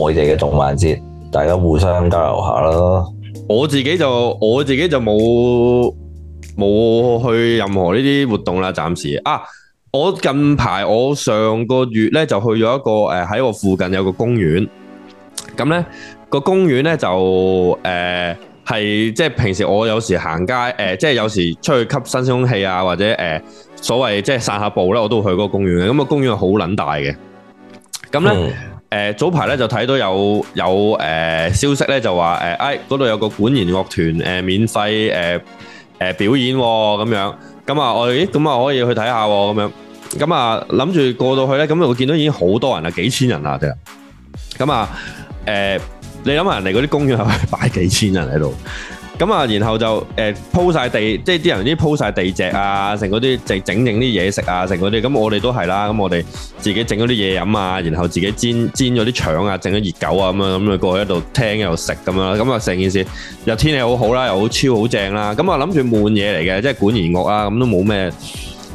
外地嘅動漫節，大家互相交流下咯。我自己就我自己就冇。冇去任何呢啲活動啦，暫時啊！我近排我上個月咧就去咗一個誒，喺、呃、我附近有個公園。咁咧個公園咧就誒係、呃、即係平時我有時行街誒、呃，即係有時出去吸新鮮空氣啊，或者誒、呃、所謂即係散下步啦，我都去嗰個公園嘅。咁個公園好撚大嘅。咁咧誒早排咧就睇到有有誒、呃、消息咧就話誒、呃，哎嗰度有個管弦樂團誒、呃、免費誒。呃呃誒、呃，表演咁、哦、樣，咁啊，我，咦，咁啊，可以去睇下咁樣，咁啊，諗住過到去咧，咁就會見到已經好多人啦，幾千人啦，啲，咁啊，誒，你諗下人哋嗰啲公園係咪擺幾千人喺度？咁啊，然後就誒鋪晒地，即係啲人啲鋪晒地席啊，剩嗰啲整整啲嘢食啊，剩嗰啲，咁我哋都係啦，咁、嗯、我哋自己整嗰啲嘢飲啊，然後自己煎煎咗啲腸啊，整咗熱狗啊咁樣，咁啊過去一度聽又食咁樣，咁啊成件事又天氣好好啦、啊，又好超好正啦、啊，咁啊諗住悶嘢嚟嘅，即係管弦樂啊，咁、嗯、都冇咩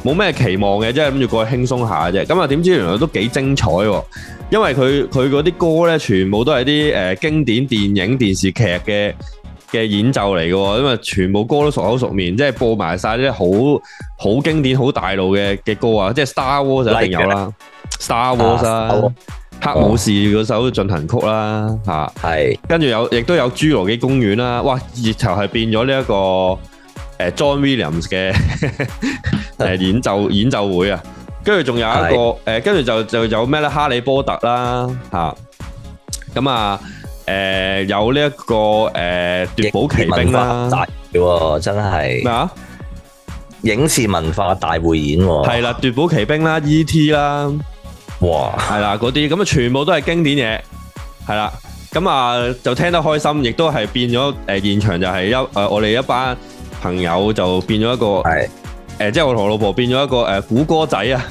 冇咩期望嘅，即係諗住過去輕鬆下啫，咁啊點知原來都幾精彩喎、啊，因為佢佢嗰啲歌咧，全部都係啲誒經典電影電視劇嘅。呃嘅演奏嚟嘅，因為全部歌都熟口熟面，即係播埋晒啲好好經典、好大路嘅嘅歌，oh. 啊！即係 Star Wars 一定有啦，Star Wars 啊，黑武士嗰首進行曲啦，吓，係，跟住有，亦都有侏羅紀公園啦，哇！熱潮係變咗呢一個誒、呃、John Williams 嘅誒 演奏， 演奏演奏會 啊，跟住仲有一個誒，跟住就就有咩咧？哈利波特啦，吓，咁啊。啊啊啊啊啊啊誒，有呢一個誒奪寶奇兵啦，大喎真係。咩啊？影視文化大會演喎，係啦，奪寶奇兵啦，ET 啦，哇，係啦嗰啲，咁啊全部都係經典嘢，係啦，咁啊就聽得開心，亦都係變咗誒現場就係一誒我哋一班朋友就變咗一個係，誒即係我同我老婆變咗一個誒古歌仔啊。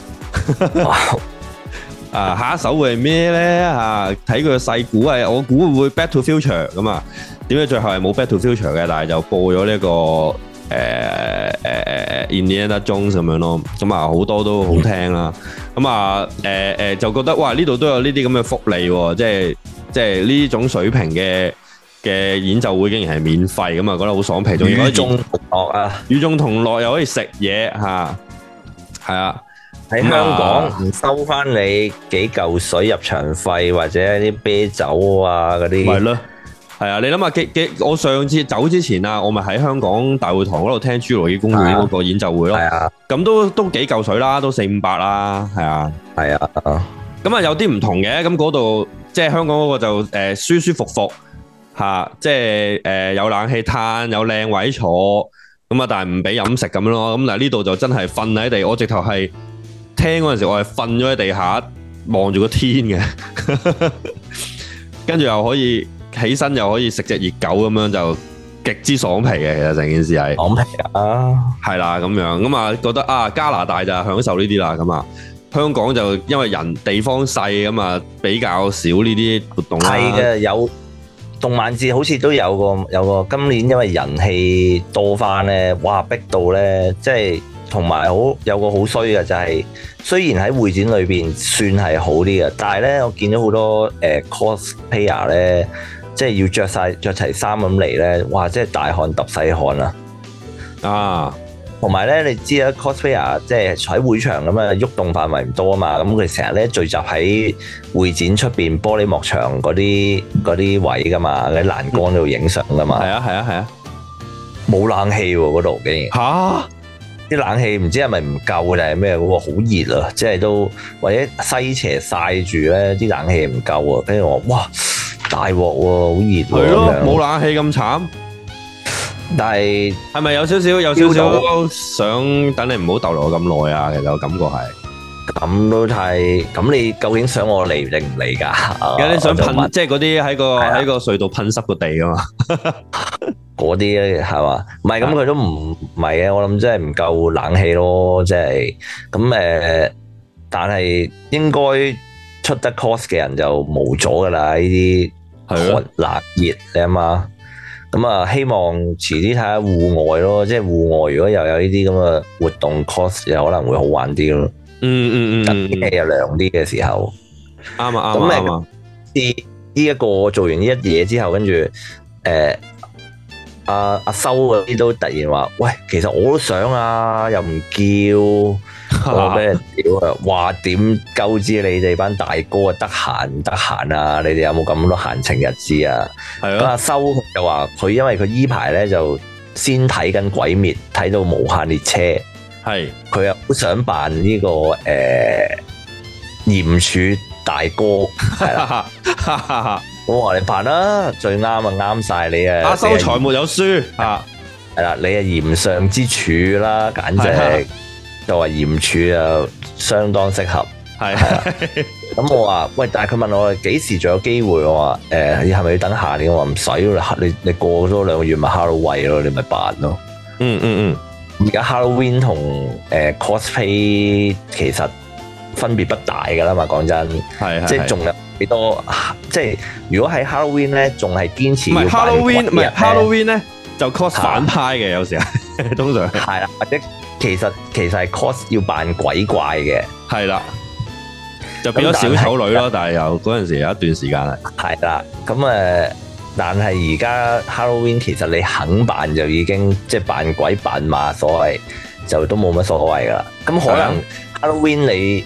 啊，下一首會係咩咧？嚇，睇佢個細鼓係，我估會唔會 Back to Future 咁啊。點解最後係冇 Back to Future 嘅，但係就播咗呢個誒誒誒 In the End 的鐘咁樣咯。咁啊，好多都好聽啦。咁啊，誒誒，就覺得哇，呢度都有呢啲咁嘅福利，即係即係呢種水平嘅嘅演奏會竟然係免費，咁啊，覺得好爽皮。與眾同樂啊！與眾同樂，又可以食嘢嚇，係啊！喺香港唔收翻你幾嚿水入場費或者啲啤酒啊嗰啲，係咯，係啊，你諗下幾幾？我上次走之前啊，我咪喺香港大會堂嗰度聽侏羅紀公園嗰個演奏會咯，係啊，咁都都幾嚿水啦，都四五百啦，係啊，係啊，咁啊有啲唔同嘅，咁嗰度即係香港嗰個就誒舒舒服服吓，即係誒有冷氣嘆，有靚位坐，咁啊但係唔俾飲食咁樣咯，咁嗱呢度就真係瞓喺地，我直頭係。聽嗰陣時，我係瞓咗喺地下望住個天嘅，跟住又可以起身，又可以食隻熱狗咁樣，就極之爽皮嘅。其實成件事係爽皮啊，係啦咁樣咁啊，覺得啊加拿大就享受呢啲啦，咁啊香港就因為人地方細，咁啊比較少呢啲活動啦。係嘅，有動漫節好似都有個有個，今年因為人氣多翻咧，哇逼到咧即係。同埋好有個好衰嘅就係、是，雖然喺會展裏邊算係好啲嘅，但係咧我見咗好多誒、呃、cosplayer 咧，即係要着晒着齊衫咁嚟咧，哇！即係大汗揼細汗啦。啊！同埋咧，你知啦，cosplayer 即係喺會場咁啊，喐動，動範圍唔多啊嘛，咁佢成日咧聚集喺會展出邊玻璃幕牆嗰啲嗰啲位噶嘛，喺欄杆度影相噶嘛。係、嗯、啊，係啊，係啊！冇冷氣喎，嗰度竟然嚇、啊、～、啊啊啲冷氣唔知係咪唔夠定係咩？好熱啊，即係都或者西斜曬住咧，啲冷氣唔夠啊。跟住我話：哇，大鑊喎，啊，好熱喎，啊！係咯，嗯，冇樣冷氣咁慘。但係係咪有少少有少少，少了我想等你唔好逗留咁耐啊？其實我感覺係咁都係。咁你究竟想我嚟定唔嚟㗎？有啲想噴，即係嗰啲喺個喺的個隧道噴濕個地啊嘛～ 嗰啲咧係嘛？唔係咁佢都唔係嘅，我諗真係唔夠冷氣咯，即係咁誒。但係應該出得 cos 嘅人就冇咗㗎啦。呢啲寒、冷、熱你啊嘛。咁啊，希望遲啲睇下戶外咯，即係戶外如果又有呢啲咁嘅活動 cos，又可能會好玩啲咯。嗯嗯嗯，等天氣又涼啲嘅時候，啱啊啱啊啱啊！你呢一個做完呢一嘢之後，跟住誒。阿阿、啊啊、修嗰啲都突然話：喂，其實我都想啊，又唔叫又我俾人屌啊！話點鳩知你哋班大哥啊，得閒唔得閒啊？你哋有冇咁多閒情逸致啊？咁阿、啊啊、修就話：佢因為佢依排咧就先睇緊《鬼滅》，睇到《無限列車》是，係佢又好想扮呢、這個誒、呃、炎柱大哥。 我話你扮啦，最啱是啊，啱晒你啊！阿修財沒有輸吓，係啦，你啊炎上之柱啦，簡直就話炎柱啊，相當適合，係係啦。咁的 我話喂，但係佢問我幾時仲有機會？我話誒，係、呃、咪要等下年？我話唔使，你你過咗兩個月咪 Halloween 咯，你咪扮咯。嗯嗯嗯，而家 Halloween 同誒、呃、cosplay 其實分別不大噶啦嘛，講真，係即係仲有。幾多，即係如果喺 Halloween 咧，仲係堅持要扮鬼怪嘅。Halloween 唔係 Halloween 咧，就 cos 反派嘅，有時啊， 通常係是啦，或者其實其實係 cos 要扮鬼怪嘅，係啦，就變咗小丑女咯。但係是有嗰陣時有一段時間係啦，咁誒，但係而家 Halloween 其實你肯扮就已經即係扮鬼扮馬所，所謂就都冇乜所謂噶啦。咁可能 Halloween 你。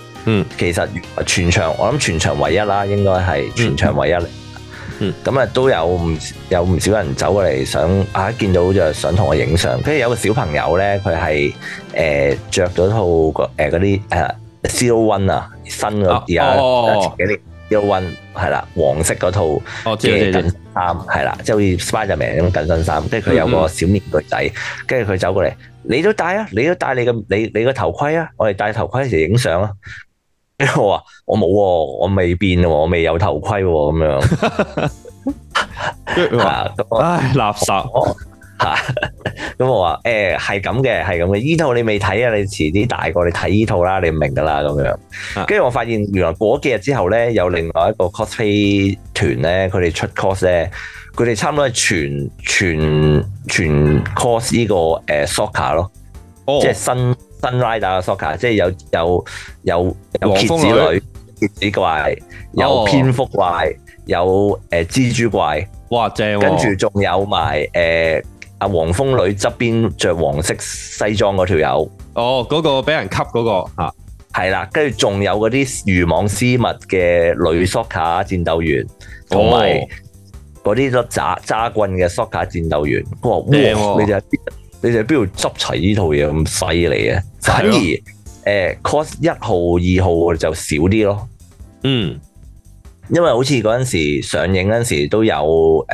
嗯，其實全場我諗全場唯一啦，應該係全場唯一嗯。嗯，咁啊都有唔有唔少人走過嚟，想啊見到就想同我影相。跟住有個小朋友咧，佢係誒着咗套誒嗰啲誒 zero one 啊，新嘅而家前啲 zero one 係啦，黃色嗰套嘅緊身衫係啦，即係好似 Spiderman 咁緊身衫。跟住佢有個小面具仔，跟住佢走過嚟，你都戴啊，你都戴你個你你個頭盔啊，我哋戴頭盔時影相啊。」我話我冇、哦，我未變喎，我未有頭盔喎、哦，咁樣。唉，垃圾吓。咁 我話誒，係咁嘅，係咁嘅。呢套你未睇啊？你遲啲大個，你睇呢套啦，你明噶啦，咁樣。跟住 我發現，原來過咗幾日之後咧，有另外一個 cosplay 團咧，佢哋出 cos 咧，佢哋差唔多係全全全 cos 呢個誒 Shocker 咯，oh. 即係新。新 Rider 嘅 Soccer，即係有有有有蠍子女、蠍子怪、有蝙蝠怪、有誒蜘蛛怪，哇正、哦！跟住仲有埋誒阿黃蜂女側邊着黃色西裝嗰條友。哦，嗰、那個俾人吸嗰、那個嚇，係、啊、啦。跟住仲有嗰啲漁網絲襪嘅女 Soccer 戰鬥員，同埋嗰啲都揸揸棍嘅 Soccer 戰鬥員。哇，你哋喺邊度執齊呢套嘢咁犀利呀？ 反而誒，cos 一號二號就少啲咯。嗯，mm. 因為好似嗰陣時上映嗰陣時都有誒，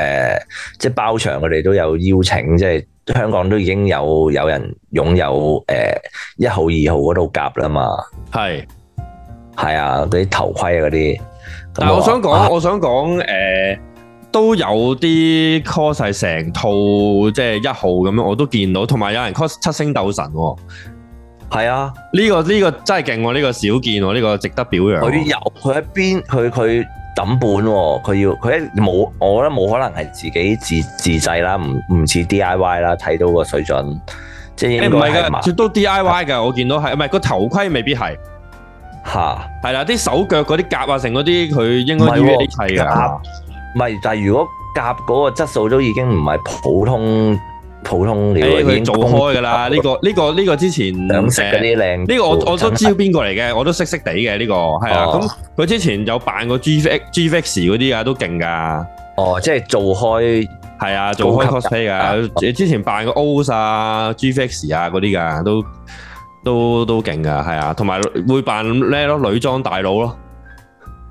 即、uh, 係包場，佢哋都有邀請，即、就、係、是、香港都已經有有人擁有誒一、uh, 號二號嗰度夾啦嘛。係係是啊，嗰啲頭盔啊嗰啲。但係我想講，我想講誒。Uh 都有啲 c a s l 晒成套，即、就、係、是、一號咁樣，我都見到，同埋有，有人 c a s l 七星斗神、哦，係啊，呢、這個呢、這個真係勁喎，呢、這個少見喎、哦，呢、這個值得表揚、哦。佢有佢一邊，佢佢抌本、哦，佢要佢一冇，我覺得冇可能係自己自自製啦，唔唔似 D I Y 啦，睇到個水準，即係唔係噶，都 D I Y 噶，我見到係，唔係個頭盔未必係，吓哈，係啦，啲手腳嗰啲夾啊，成嗰啲佢應該要啲齊噶。唔係，但係如果夾嗰個質素都已經唔係普通普通料，已經做開㗎啦。呢個呢個呢個之前兩色嗰啲靚，呢個我我都知邊個嚟嘅，我都識識哋嘅呢個，係啊。咁佢之前有扮過 GFX、GFX 嗰啲啊，都勁㗎。哦，即係做開，係啊，做開 cosplay 㗎。你之前扮過 Oz 啊、GFX 啊嗰啲㗎，都都都勁㗎，係啊。同埋會扮呢咯，女裝大佬咯。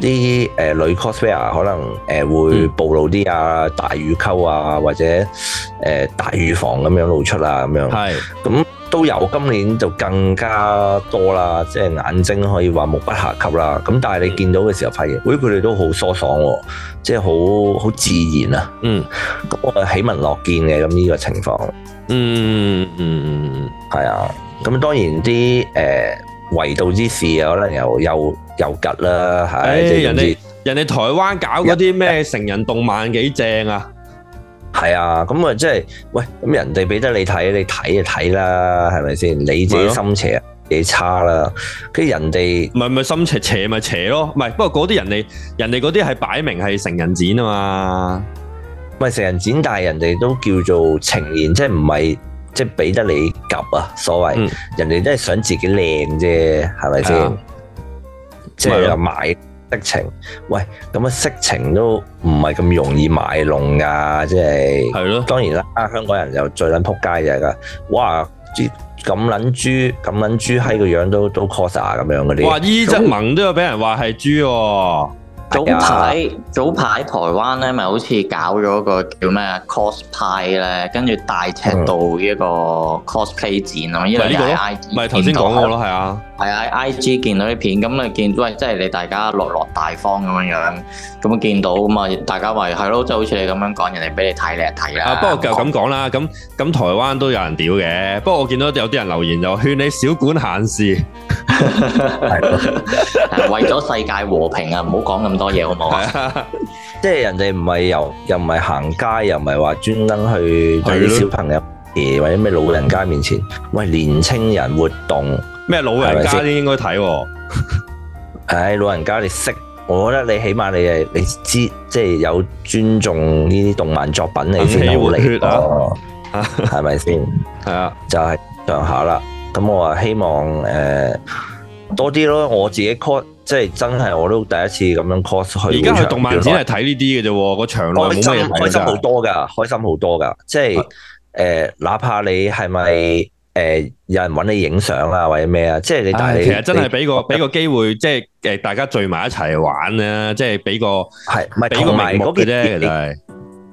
啲誒女 cosplayer 可能誒會暴露啲啊大乳溝啊或者誒大乳房咁樣露出啦咁樣，係咁是都有。今年就更加多啦，即係眼睛可以話目不暇給啦。咁但係你見到嘅時候，發現，喂、哎，佢哋都好疏爽喎、啊，即係好好自然啊。嗯，咁我喜聞樂見嘅咁呢個情況。嗯嗯嗯，係、嗯、啊。咁當然啲誒衛道之士可能又又又吉啦，係人哋人哋台灣搞嗰啲咩成人動漫幾正啊？係啊，咁啊即係，喂咁人哋俾得你睇，你睇就睇啦，係咪先？你自己心邪，幾差啦。跟住人哋唔係唔係心邪邪咪邪咯，唔係不過嗰啲人哋人哋嗰啲係擺明係成人展啊嘛，唔係成人展，但係人哋都叫做情豔，即係唔係即係俾得你及啊所謂，人哋都係想自己靚啫，係咪先？即係又賣色情，喂，咁啊色情都唔係咁容易賣弄噶，即、就、係、係，的當然啦，香港人又最撚仆街嘅啦，哇，咁撚、嗯、都豬、哦，咁撚豬閪個樣都都 coser 咁樣嗰啲，哇，伊澤萌都有俾人話係豬喎。早排早排台灣咧，咪好似搞咗個叫咩 cosplay 咧，跟住大尺度依一個 cosplay 展啊嘛，因為呢個啲 I 唔係頭先講過咯，係啊，係啊，IG 見到啲片，咁啊見到，即係你大家落落大方咁樣樣，咁啊見到啊嘛，大家話係咯，即係好似你咁樣講，人哋俾你睇，你係睇啦。啊，不過就咁講啦，咁咁台灣都有人屌嘅，不過我見到有啲人留言就勸你少管閒事，係為咗世界和平啊，唔好講咁。多嘢好唔好 即係人哋唔係又又唔係行街，又唔係話專登去睇啲小朋友，的或者咩老人家面前。喂，年青人活動咩？老人家先吧應該睇啊。唉、 哎，老人家你識？我覺得你起碼你係你知，即、就、係、是、有尊重呢啲動漫作品你，你先有啊，係咪先？係啊，就係上下啦。咁我話希望誒、呃、多啲咯，我自己 call, 即係真係我都第一次咁樣 cos 去。而家去動漫展係睇呢啲嘅啫，個來場內冇乜人。開心好多㗎，開心好多㗎。即係誒是、呃，哪怕你係咪誒有人揾你影相啊，或者咩啊？即係你帶你、哎。其實真係俾個俾你個機會，即係誒大家聚埋一齊玩啦、啊，即係俾個係同埋嗰件。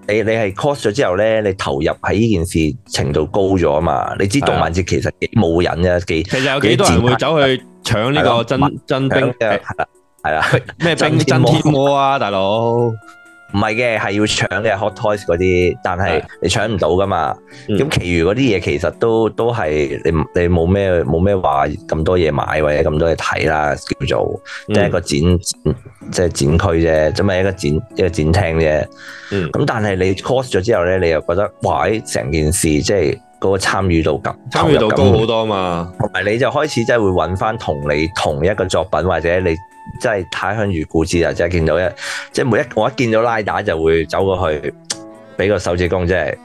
你你係 cos 咗之後咧，你投入喺呢件事程度高咗啊嘛！你知動漫節其實幾冇癮嘅，幾其實有幾多人會走去搶呢個真的真兵？係啦，係啦，咩兵？真天魔，真天魔啊，大佬！唔係嘅，係要搶嘅 hot toys 嗰啲，但係你搶唔到噶嘛。咁，嗯、其餘嗰啲嘢其實都都係你你冇咩冇咩話咁多嘢買或者咁多嘢睇啦，叫做即係一個展、嗯、即係展區啫，即咪一個展一個展廳啫。咁、嗯、但係你 cos 咗之後咧，你又覺得哇！成件事即係嗰個參與度咁，參與度高好多嘛。同埋你就開始即係會揾翻同你同一個作品或者你。真係太香如故事喇！即係見到一即係每一我一見到拉打就會走過去，俾個手指公即係，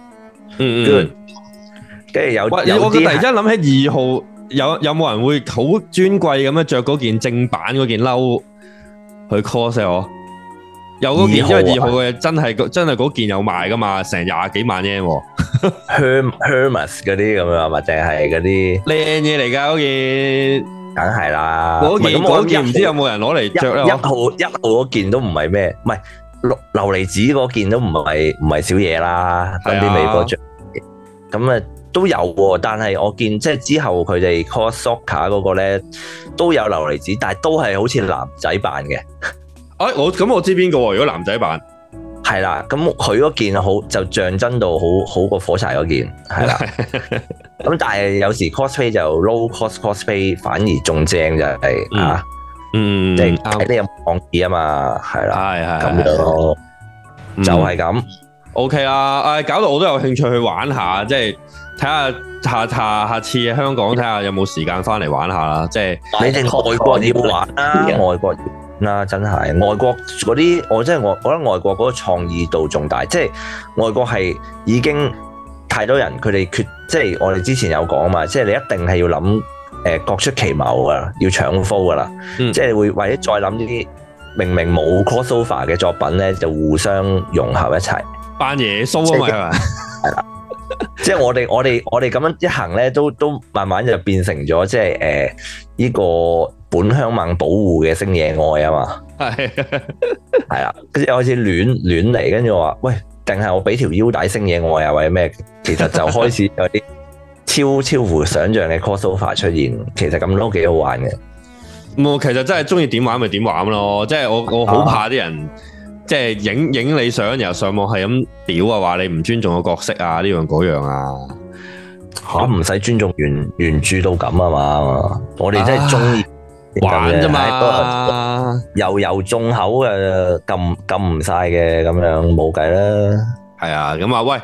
嗯嗯，跟住有有啲。我突然間諗起二號有有冇人會好尊貴咁樣着嗰件正版嗰件褸去 cos 我？有嗰件，因為二號嘅真係真係嗰件有賣噶嘛，成廿幾萬 yen。Her Hermes 嗰啲咁樣啊，或者係嗰啲靚嘢嚟噶嗰件。梗係啦，嗰件嗰唔知有冇人攞嚟着。一號一號嗰件都唔係咩，唔係綠琉璃子嗰件都唔係唔係少嘢啦，分啲、啊、微博着咁啊都有喎、啊，但係我見即係之後佢哋 call soccer 嗰個咧都有琉璃子，但係都係好似男仔扮嘅，哎、 啊、我咁我知邊個喎、啊？如果男仔扮？係啦，咁佢嗰件好就象真到好好過火柴嗰件，係啦。咁 但係有時 cosplay 就 low cost cosplay 反而仲正就係啊、嗯，嗯，即係呢個創意啊嘛，係啦的，係係咁就係咁。OK 啦，誒，搞到我都有興趣去玩下，即係睇下下下下次香港睇下有冇時間翻嚟玩下啦，即、就、係、是、你定外國要玩啦、啊，外國、啊。 嗱，真係外國嗰啲，我真係我覺得外國嗰個創意度仲大，即係外國係已經太多人，佢哋缺，即係我哋之前有講嘛，即係你一定係要諗誒、呃、各出其謀㗎，要搶鋒㗎啦，嗯、即係會或者再諗呢啲明明冇 crossover 嘅作品咧，就互相融合一齊扮耶穌啊嘛，係啦，即係我哋我哋我哋咁樣一行咧，都都慢慢就變成咗即係誒呢個。本鄉猛保護嘅星野愛啊嘛，係係啦，跟住又開始亂亂嚟，跟住話喂，定係我俾條腰帶星野愛啊，或者咩？其實就開始有啲超超乎想象嘅 cosplay 出現，其實咁都幾好玩嘅。我其實真係中意點玩咪點玩咯，即係我我好怕啲人，即係影影你相，然後上網係咁屌啊，話你唔尊重個角色啊，呢樣嗰樣啊嚇，唔使尊重原原著到咁啊嘛，我哋真係中意。玩啫嘛， 悠悠眾口嘅，撳撳唔晒嘅，咁樣冇計啦。係啊，咁、嗯、啊，喂，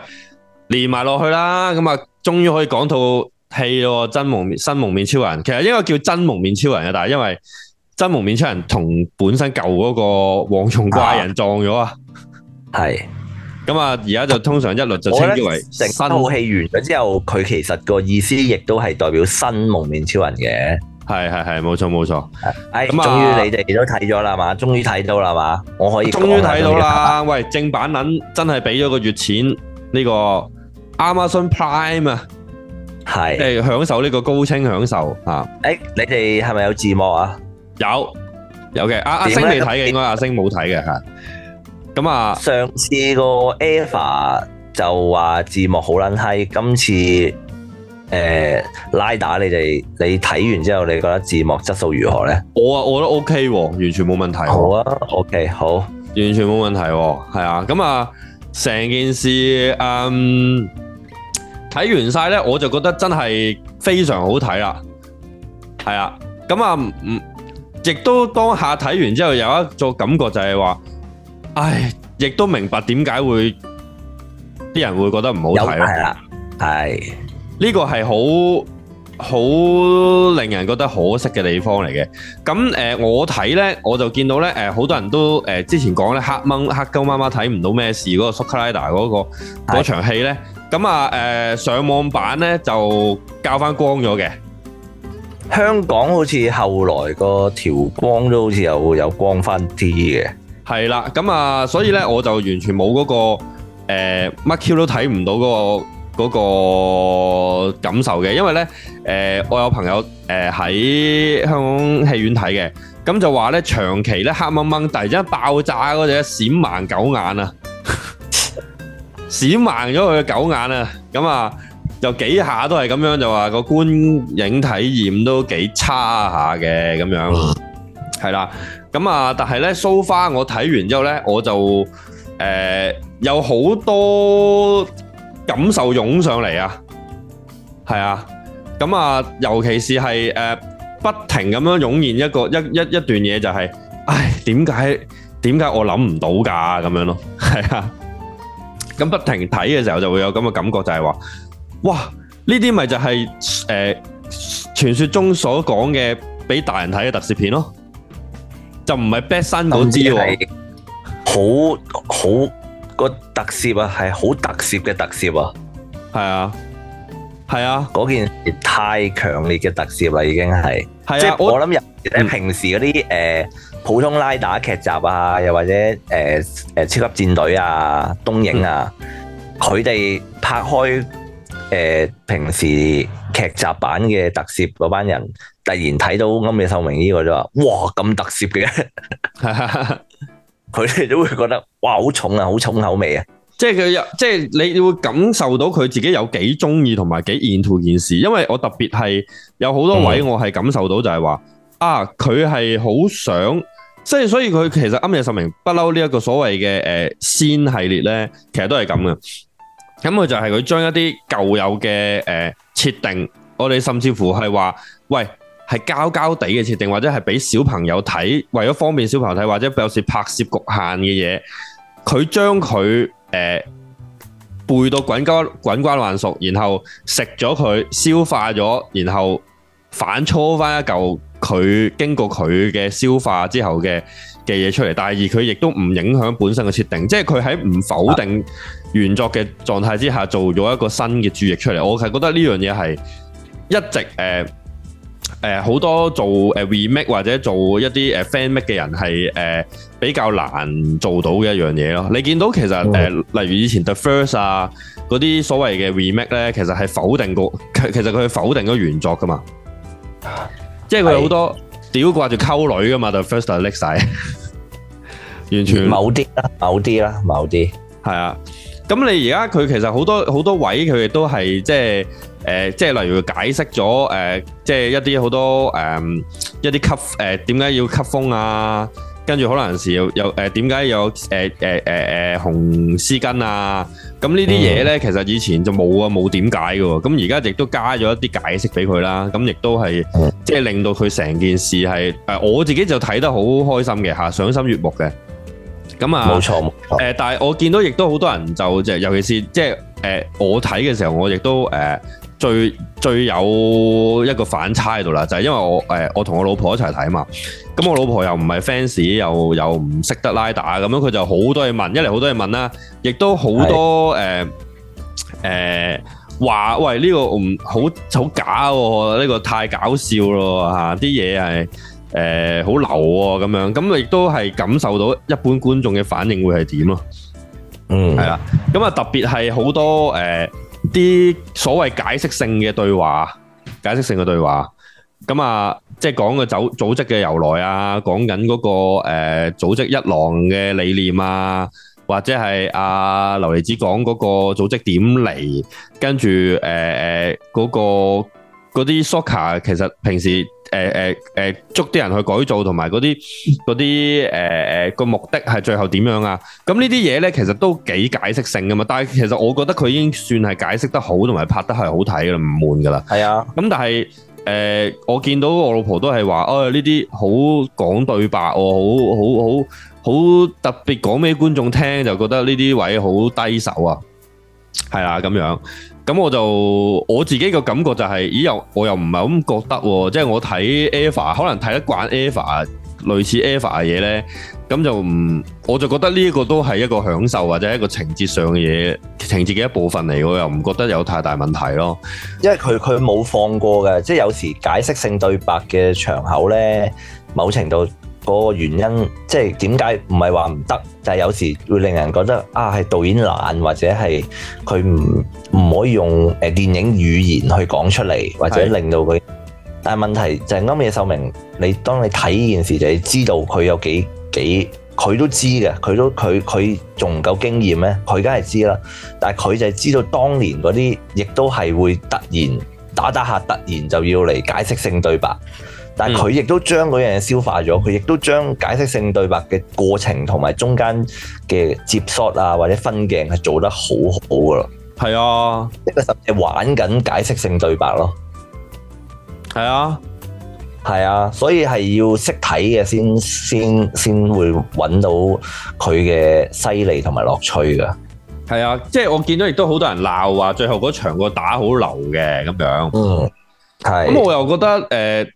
連埋落去啦，咁、嗯、啊，終於可以講套戲咯，真蒙面新蒙面超人。其實應該叫真蒙面超人嘅，但係因為真蒙面超人同本身舊嗰個蝗蟲怪人撞咗啊。係，咁啊、嗯，而家就通常一律就稱之為新。套戲完咗之後，佢其實個意思亦都係代表新蒙面超人嘅。係係係，冇錯冇錯。錯錯哎，咁啊那，終於你哋都睇咗啦嘛，終於睇到啦嘛，我可以講，終於睇到啦。 喂，正版撚真係俾咗個月錢呢，這個 Amazon Prime 啊是，係，誒，享受呢個高清享受啊。誒、哎，你哋係咪有字幕啊？有，有嘅。阿阿星你睇嘅，應該阿星冇睇嘅係。咁啊，啊上次個 Eva 就話字幕好撚閪，今次。誒，拉打你哋，你睇完之後你覺得字幕質素如何呢？我啊，我覺得 OK 啊，完全冇問題啊。好啊，OK，好，完全冇問題，係啊。咁啊，成啊件事，嗯，睇完晒呢，我就覺得真係非常好睇啦。係啊，咁啊，唔，啊，亦都當下睇完之後，有一個感覺就係話，唉，亦都明白點解會啲人會覺得唔好睇咯。係啊，係。呢個係好好令人覺得可惜嘅地方嚟嘅。咁誒、呃，我睇呢，我就見到呢，誒、呃，好多人都誒、呃、之前講呢黑蚊黑鳩媽媽睇唔到咩事嗰、那個 Sukhada、so、嗰、那個嗰、那個那個、場戲呢。咁啊，誒、呃，上網版呢就較翻光咗嘅。香港好似後來個調光都好似有有光翻啲嘅。係啦，咁啊，所以呢，嗯、我就完全冇嗰個誒乜 Q 都睇唔到嗰個。呃嗰個感受嘅，因為咧，誒，我有朋友誒喺香港戲院睇嘅，咁就話咧長期咧黑掹掹，突然之間爆炸嗰隻閃盲狗眼啊，閃盲咗佢嘅狗眼啊，咁啊，就幾下都係咁樣，就話個觀影體驗都幾差下嘅，咁樣，係啦，咁啊，但係咧，so far 我睇完之後咧，我就誒有好多。感受湧上嚟啊，係啊，咁啊，尤其是係誒，不停咁樣湧現一個一一一段嘢，就係，唉，點解點解我諗唔到噶咁樣咯，係啊，咁不停睇嘅時候就會有咁嘅感覺，就係話，哇，呢啲咪就係誒，傳說中所講嘅俾大人睇嘅特攝片咯，就唔係 Best 新嗰啲喎，好好。個特攝啊，係好特攝嘅特攝啊，係啊，係啊，嗰件事太強烈嘅特攝啦，已經係，啊、即係我諗、嗯、平時嗰啲誒普通拉打劇集啊，又或者誒誒、呃、超級戰隊啊、東映啊，佢哋、嗯、拍開誒、呃、平時劇集版嘅特攝嗰班人，突然睇到咁嘅秀明呢個就話，哇咁特攝嘅。 佢哋都會覺得哇好重啊，好重口味啊！即係佢又即係你會感受到佢自己有幾中意同埋幾 into 件事，因為我特別係有好多位我係感受到就係話啊，佢係好想，即係所以佢其實庵野秀明不嬲呢一個所謂嘅誒 Shin 系列呢，其實都係咁嘅。咁佢就係佢將一啲舊有嘅誒設定，我哋甚至乎係話喂。係膠膠地嘅設定，或者係俾小朋友睇，為咗方便小朋友睇，或者有時拍攝局限嘅嘢，佢將佢誒背到滾瓜滾瓜爛熟，然後食咗佢，消化咗，然後反搓翻一嚿佢經過佢嘅消化之後嘅嘅嘢出嚟。第二，佢亦都唔影響本身嘅設定，即係佢喺唔否定原作嘅狀態之下，做咗一個新嘅註譯出嚟。我係覺得呢樣嘢係一直誒。呃誒好、呃、多做誒 remake 或者做一啲誒 fan make 嘅人係誒、呃、比較難做到嘅一樣嘢咯。你見到其實誒、嗯呃，例如以前 The First 啊嗰啲所謂嘅 remake 咧，其實係否定過，其其實佢係否定咗原作噶嘛。是即係佢好多屌掛住溝女噶嘛是，The First 就搦晒， 完全。某啲啦，某啲啦，某啲。係啊，咁你而家佢其實好多好多位佢亦都係即係。誒，即係例如解釋咗誒，即係一啲好多誒，一啲吸誒點解要吸風啊？跟住可能有有誒點解有誒誒誒誒紅絲巾啊？咁呢啲嘢咧，其實以前就冇啊，冇點解嘅。咁而家亦都加咗一啲解釋俾佢啦。咁亦都係即係令到佢成件事係誒，我自己就睇得好開心嘅嚇，賞心悅目嘅。咁啊，冇錯誒，但係我見到亦都好多人就即係尤其是即係誒，我睇嘅時候我亦都誒。最最有一個反差喺度啦，就係、是、因為我誒、欸，我同我老婆一齊睇嘛，咁我老婆又唔係 fans，又又唔識得拉打，咁樣佢就好多嘢問，一嚟好多嘢問啦，亦都好多誒誒話，喂呢、這個唔好好假呢、這個太搞笑咯吓，啲嘢係誒好流咁樣，咁亦都係感受到一般觀眾嘅反應會係點咯，嗯係啦，咁啊特別係好多誒。欸啲所謂解釋性嘅對話，解釋性嘅對話，咁啊，即係講個組組織嘅由來啊，講緊嗰個誒組織一郎嘅理念啊，或者係阿琉璃子講嗰個組織點嚟，跟住誒誒嗰個。嗰啲 Shocker 其實平時誒誒誒捉啲人去改造，同埋嗰啲啲誒誒個目的係最後點樣啊？咁呢啲嘢咧，其實都幾解釋性噶嘛。但係其實我覺得佢已經算係解釋得好，同埋拍得係好睇噶啦，唔悶噶啦。係啊。咁但係誒、呃，我見到我老婆都係話，哦、哎，呢啲好講對白、哦，好好好好特別講俾觀眾聽，就覺得呢啲位好低手啊。係啊，咁樣。咁我就我自己個感覺就係，咦又我又唔係咁覺得喎，即係我睇 Eva，可能睇得慣 Eva 類似 Eva 嘅嘢呢，咁就唔我就覺得呢一個都係一個享受或者一個情節上嘅嘢，情節嘅一部分嚟，我又唔覺得有太大問題咯。因為佢佢冇放過嘅，即係有時解釋性對白嘅場口呢，某程度。嗰個原因，即係點解唔係話唔得，但係有時會令人覺得啊，係導演爛，或者係佢唔唔可以用誒電影語言去講出嚟，或者令到佢。是但係問題就係啱嘅秀明，你當你睇依件事就係知道佢有幾幾，佢都知嘅，佢都佢佢仲唔夠經驗咩？佢梗係知啦，但係佢就係知道當年嗰啲，亦都係會突然打打下突然就要嚟解釋性對白。但佢亦都將嗰樣嘢消化咗，佢、嗯、亦都將解釋性對白嘅過程同埋中間嘅接觸啊，或者分鏡係做得好好噶咯。係啊，甚至係玩緊解釋性對白咯。係啊，係啊，所以係要識睇嘅先，先先會揾到佢嘅犀利同埋樂趣噶。係啊，即係我見到亦都好多人鬧話，最後嗰場個打好流嘅咁樣。嗯，係。咁我又覺得誒。呃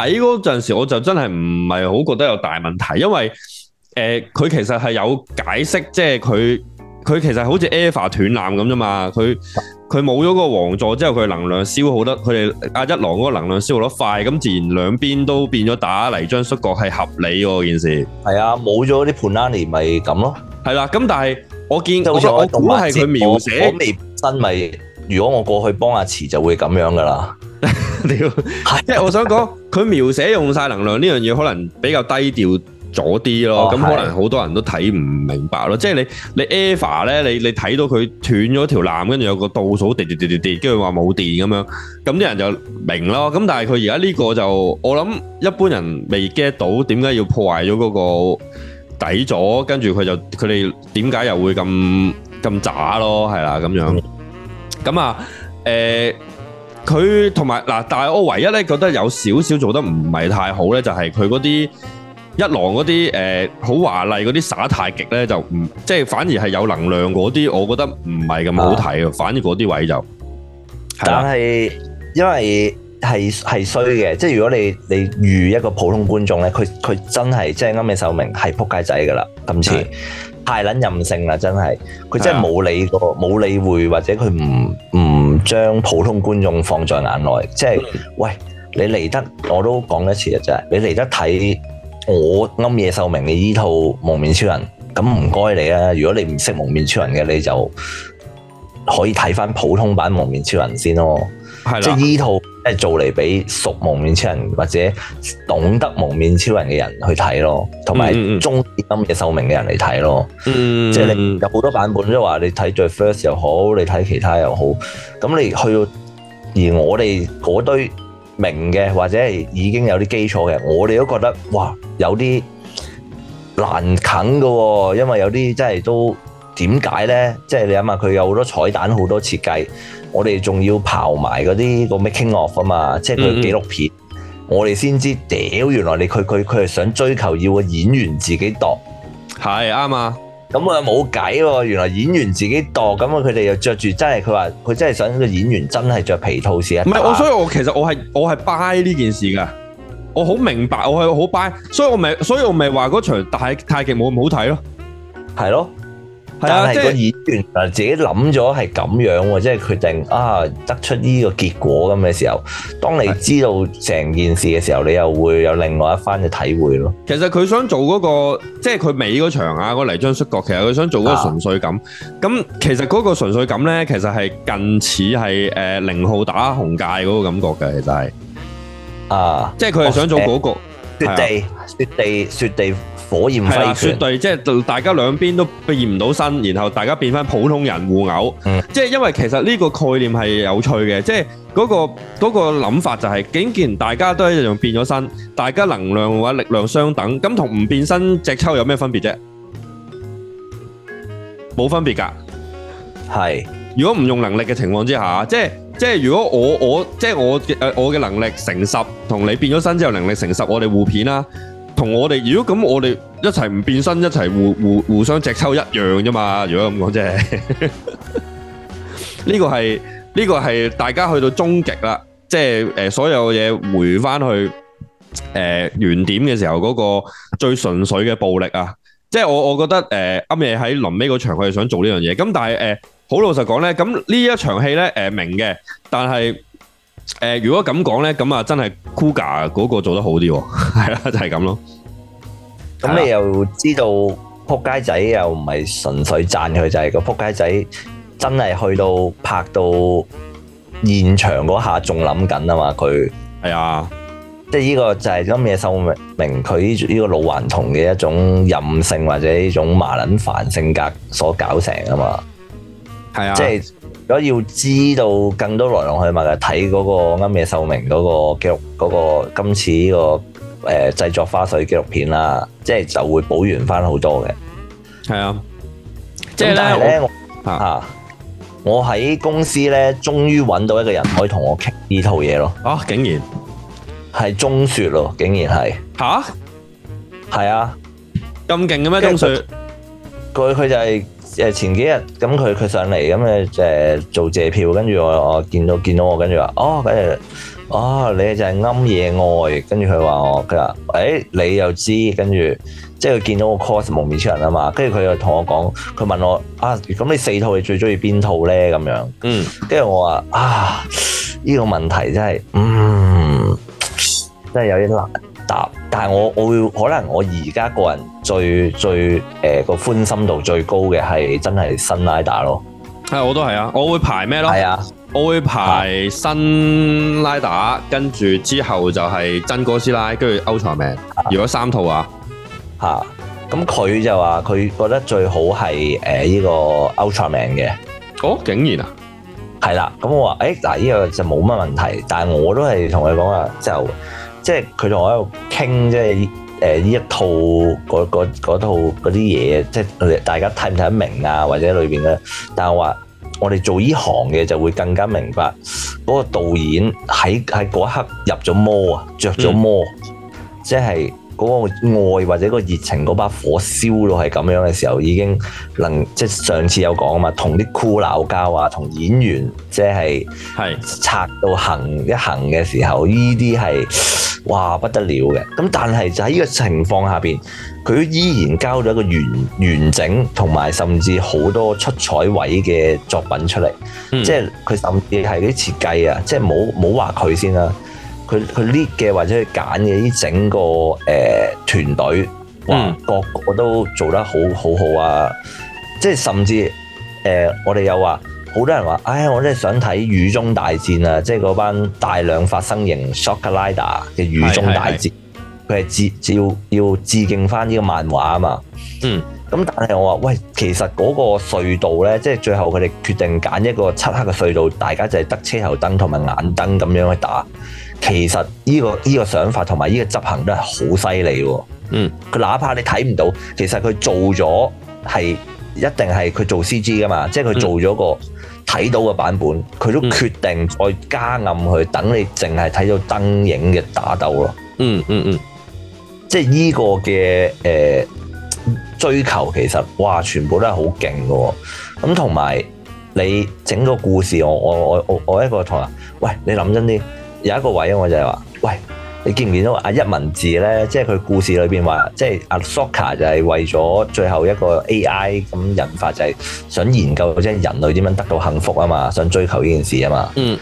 睇嗰陣時，我就真係唔係好覺得有大問題，因為誒佢、呃、其實係有解釋，即係佢佢其實好似 Eva、e、斷纜咁啫嘛，佢佢冇咗個王座之後，佢能量消耗得佢哋阿一郎嗰個能量消耗得快，咁自然兩邊都變咗打泥漿摔角係合理喎件事。係啊，冇咗啲 Panani 咪咁咯。係啦、啊，咁但係我見我估係佢描寫，未真咪，如果我過去幫阿、啊、慈就會咁樣噶啦。屌，即係我想講，佢描寫用晒能量呢樣嘢，可能比較低調咗啲咯。咁可能好多人都睇唔明白咯。即係你你 Eva 咧，你你睇到佢斷咗條纜，跟住有個倒數，跌跌跌跌跌，跟住話冇電咁樣，咁啲人就明咯。咁但係佢而家呢個就，我諗一般人未 get 到點解要破壞咗嗰個底咗，跟住佢就佢哋點解又會咁咁渣咯？係啦，咁樣咁啊，誒。佢同埋嗱，但係我唯一咧覺得有少少做得唔係太好咧，就係佢嗰啲一郎嗰啲誒好華麗嗰啲耍太極咧，就唔即係反而係有能量嗰啲，我覺得唔係咁好睇啊！反而嗰啲位就，但係因為係係衰嘅，即係如果你你遇一個普通觀眾咧，佢佢真係即係啱嘅壽命係撲街仔噶啦，今次太撚任性啦，真係佢真係冇理過冇理會，或者佢唔唔。將普通觀眾放在眼內，即係喂，你嚟得我都講一次啊！真係，你嚟得睇我庵野秀明嘅呢套《蒙面超人》，咁唔該你啊！如果你唔識《蒙面超人》嘅，你就可以睇翻普通版《蒙面超人》先咯。係啦，即係呢套。即係做嚟俾熟幪面超人或者懂得幪面超人嘅人去睇咯，同埋中意嘅壽命嘅人嚟睇咯，mm hmm. 即係你有好多版本，即係話你睇最 first 又好，你睇其他又好，咁你去到而我哋嗰堆明嘅或者係已經有啲基礎嘅，我哋都覺得哇有啲難啃嘅，哦，因為有啲真係都。點解咧？即係、就是、你諗下，佢有好多彩蛋，好多設計，我哋仲要刨埋嗰啲個 making of 啊嘛？即係佢紀錄片，嗯、我哋先知屌，原來你佢佢佢係想追求要個演員自己度，係啱啊！咁啊冇計喎，原來演員自己度，咁啊佢哋又着住，他他真係佢話佢真係想個演員真係着皮套先。一唔係我，所以我其實我係我係 buy 呢件事噶，我好明白，我係好 buy，所以我咪所以我咪話嗰場大、太極冇咁好睇咯，係咯。但係個演員啊自己諗咗係咁樣喎，即係決定啊，得出呢個結果咁嘅時候，當你知道成件事嘅時候，你又會有另外一番嘅體會咯。其實佢想做嗰個，即係佢尾嗰場啊個泥漿摔角，其實佢想做嗰個純粹感。咁其實嗰個純粹感咧，其實係近似係誒零號打紅界嗰個感覺嘅，其實係啊，即係佢係想做嗰個雪地雪地雪地。火焰係啦，絕對即係大家兩邊都變唔到身，然後大家變翻普通人互偶。嗯、即係因為其實呢個概念係有趣嘅，即係嗰、嗰個嗰、嗰個諗法就係、是、竟然大家都一樣變咗身，大家能量或者力量相等，咁同唔變身隻抽有咩分別啫？冇分別噶，係。是 如果唔用能力嘅情況之下，即係即係如果我我即係、就是、我嘅我嘅能力成十，同你變咗身之後能力成十，我哋互片啦。同我哋如果咁，我哋一齊唔變身，一齊互互互相隻抽一樣啫嘛！如果咁講，即係呢個係呢個係大家去到終極啦，即係誒所有嘢回翻去誒原點嘅時候，嗰個最純粹嘅暴力啊！即係我我覺得誒啱嘢喺臨尾嗰場，佢係想做呢樣嘢。咁但係誒好老實講咧，咁呢一場戲咧誒明嘅，但係。誒、呃，如果咁講咧，咁啊真係 Kuga 嗰個做得好啲、哦，係啦，就係咁咯。咁你又知道扑、啊、街仔又唔係純粹讚佢，就係、是、個扑街仔真係去到拍到現場嗰下仲諗緊啊嘛，佢係啊，即係呢個就係庵野秀明佢呢呢個老頑童嘅一種任性或者呢種麻捻煩性格所搞成啊嘛，係啊，即係。如果要知道更多來龍去脈，睇嗰、那個庵野秀明嗰、那個紀錄，那個、今次個誒、呃、製作花絮紀錄片啦，即係就會補完翻好多嘅。係啊，咁、就是、但係是咧，嚇我喺、啊、公司咧，終於揾到一個人可以同我傾呢套嘢咯。啊，竟然係中雪咯，竟然係吓？係啊，咁勁嘅咩？中雪佢佢就係、是。誒，前幾日咁佢佢上嚟咁，誒做借票，跟住我我見到見到我跟住話哦，跟住哦你就係啱夜愛，跟住佢話我佢話誒你又知，跟住即係佢見到我 cos 幪面超人啊嘛，跟住佢又同我講，佢問我啊咁你四套你最中意邊套咧咁樣？嗯，跟住我話啊，呢個問題真係嗯真係有啲難。但係我我會可能我而家個人最最誒個歡心度最高嘅係真係新拉打咯，啊、哎、我都係啊，我會排咩咯？係啊，我會排新拉打，跟住之後就係真哥斯拉，跟住 Ultra Man、啊。如果三套啊，吓咁佢就話佢覺得最好係誒呢個 Ultra Man 嘅。哦，竟然啊，係啦、啊，咁我話誒嗱呢個就冇乜問題，但係我都係同佢講話就。即係佢同我喺度傾，即係誒呢一套嗰套嗰啲嘢，即係大家睇唔睇得明啊？或者裏邊嘅，但係話我哋做呢行嘅就會更加明白嗰個導演喺喺嗰一刻入咗魔啊，着咗魔，魔，嗯、即係嗰個愛或者個熱情嗰把火燒、啊、到係咁樣嘅時候，已經能即係上次有講啊嘛，同啲酷鬧交啊，同演員即係係拆到行一行嘅時候，呢啲係。哇，不得了嘅！咁但係就喺呢個情況下邊，佢依然交咗一個完完整同埋甚至好多出彩位嘅作品出嚟。嗯、即係佢甚至係啲設計啊，嗯、即係冇冇話佢先啦。佢佢 lead 嘅或者佢揀嘅呢整個誒團隊，呃呃、嗯，個個都做得好好好啊！即係甚至誒、呃，我哋有話。好多人話：唉，我真係想睇雨中大戰啊！即係嗰班大量發生型 Shocker Rider 嘅雨中大戰，佢係致要要致敬返呢個漫畫啊嘛。嗯。咁但係我話：喂，其實嗰個隧道呢，即係最後佢哋決定揀一個漆黑嘅隧道，大家就係得車頭燈同埋眼燈咁樣去打。其實呢個呢個想法同埋呢個執行都係好犀利喎。嗯。佢哪怕你睇唔到，其實佢做咗係一定係佢做 CG 㗎嘛，即係佢做咗個。嗯睇到嘅版本，佢都決定再加暗佢，等你淨係睇到燈影嘅打鬥咯、嗯。嗯嗯嗯，即係呢個嘅誒、呃、追求，其實哇，全部都係好勁㗎。咁同埋你整個故事，我我我我我一個同，喂，你諗真啲，有一個位啊，我就係話，喂。你見唔見到阿一文字咧，即係佢故事裏邊話，即係阿 Shocker 就係為咗最後一個 AI 咁引發，就係、是、想研究即係人類點樣得到幸福啊嘛，想追求呢件事啊嘛。嗯。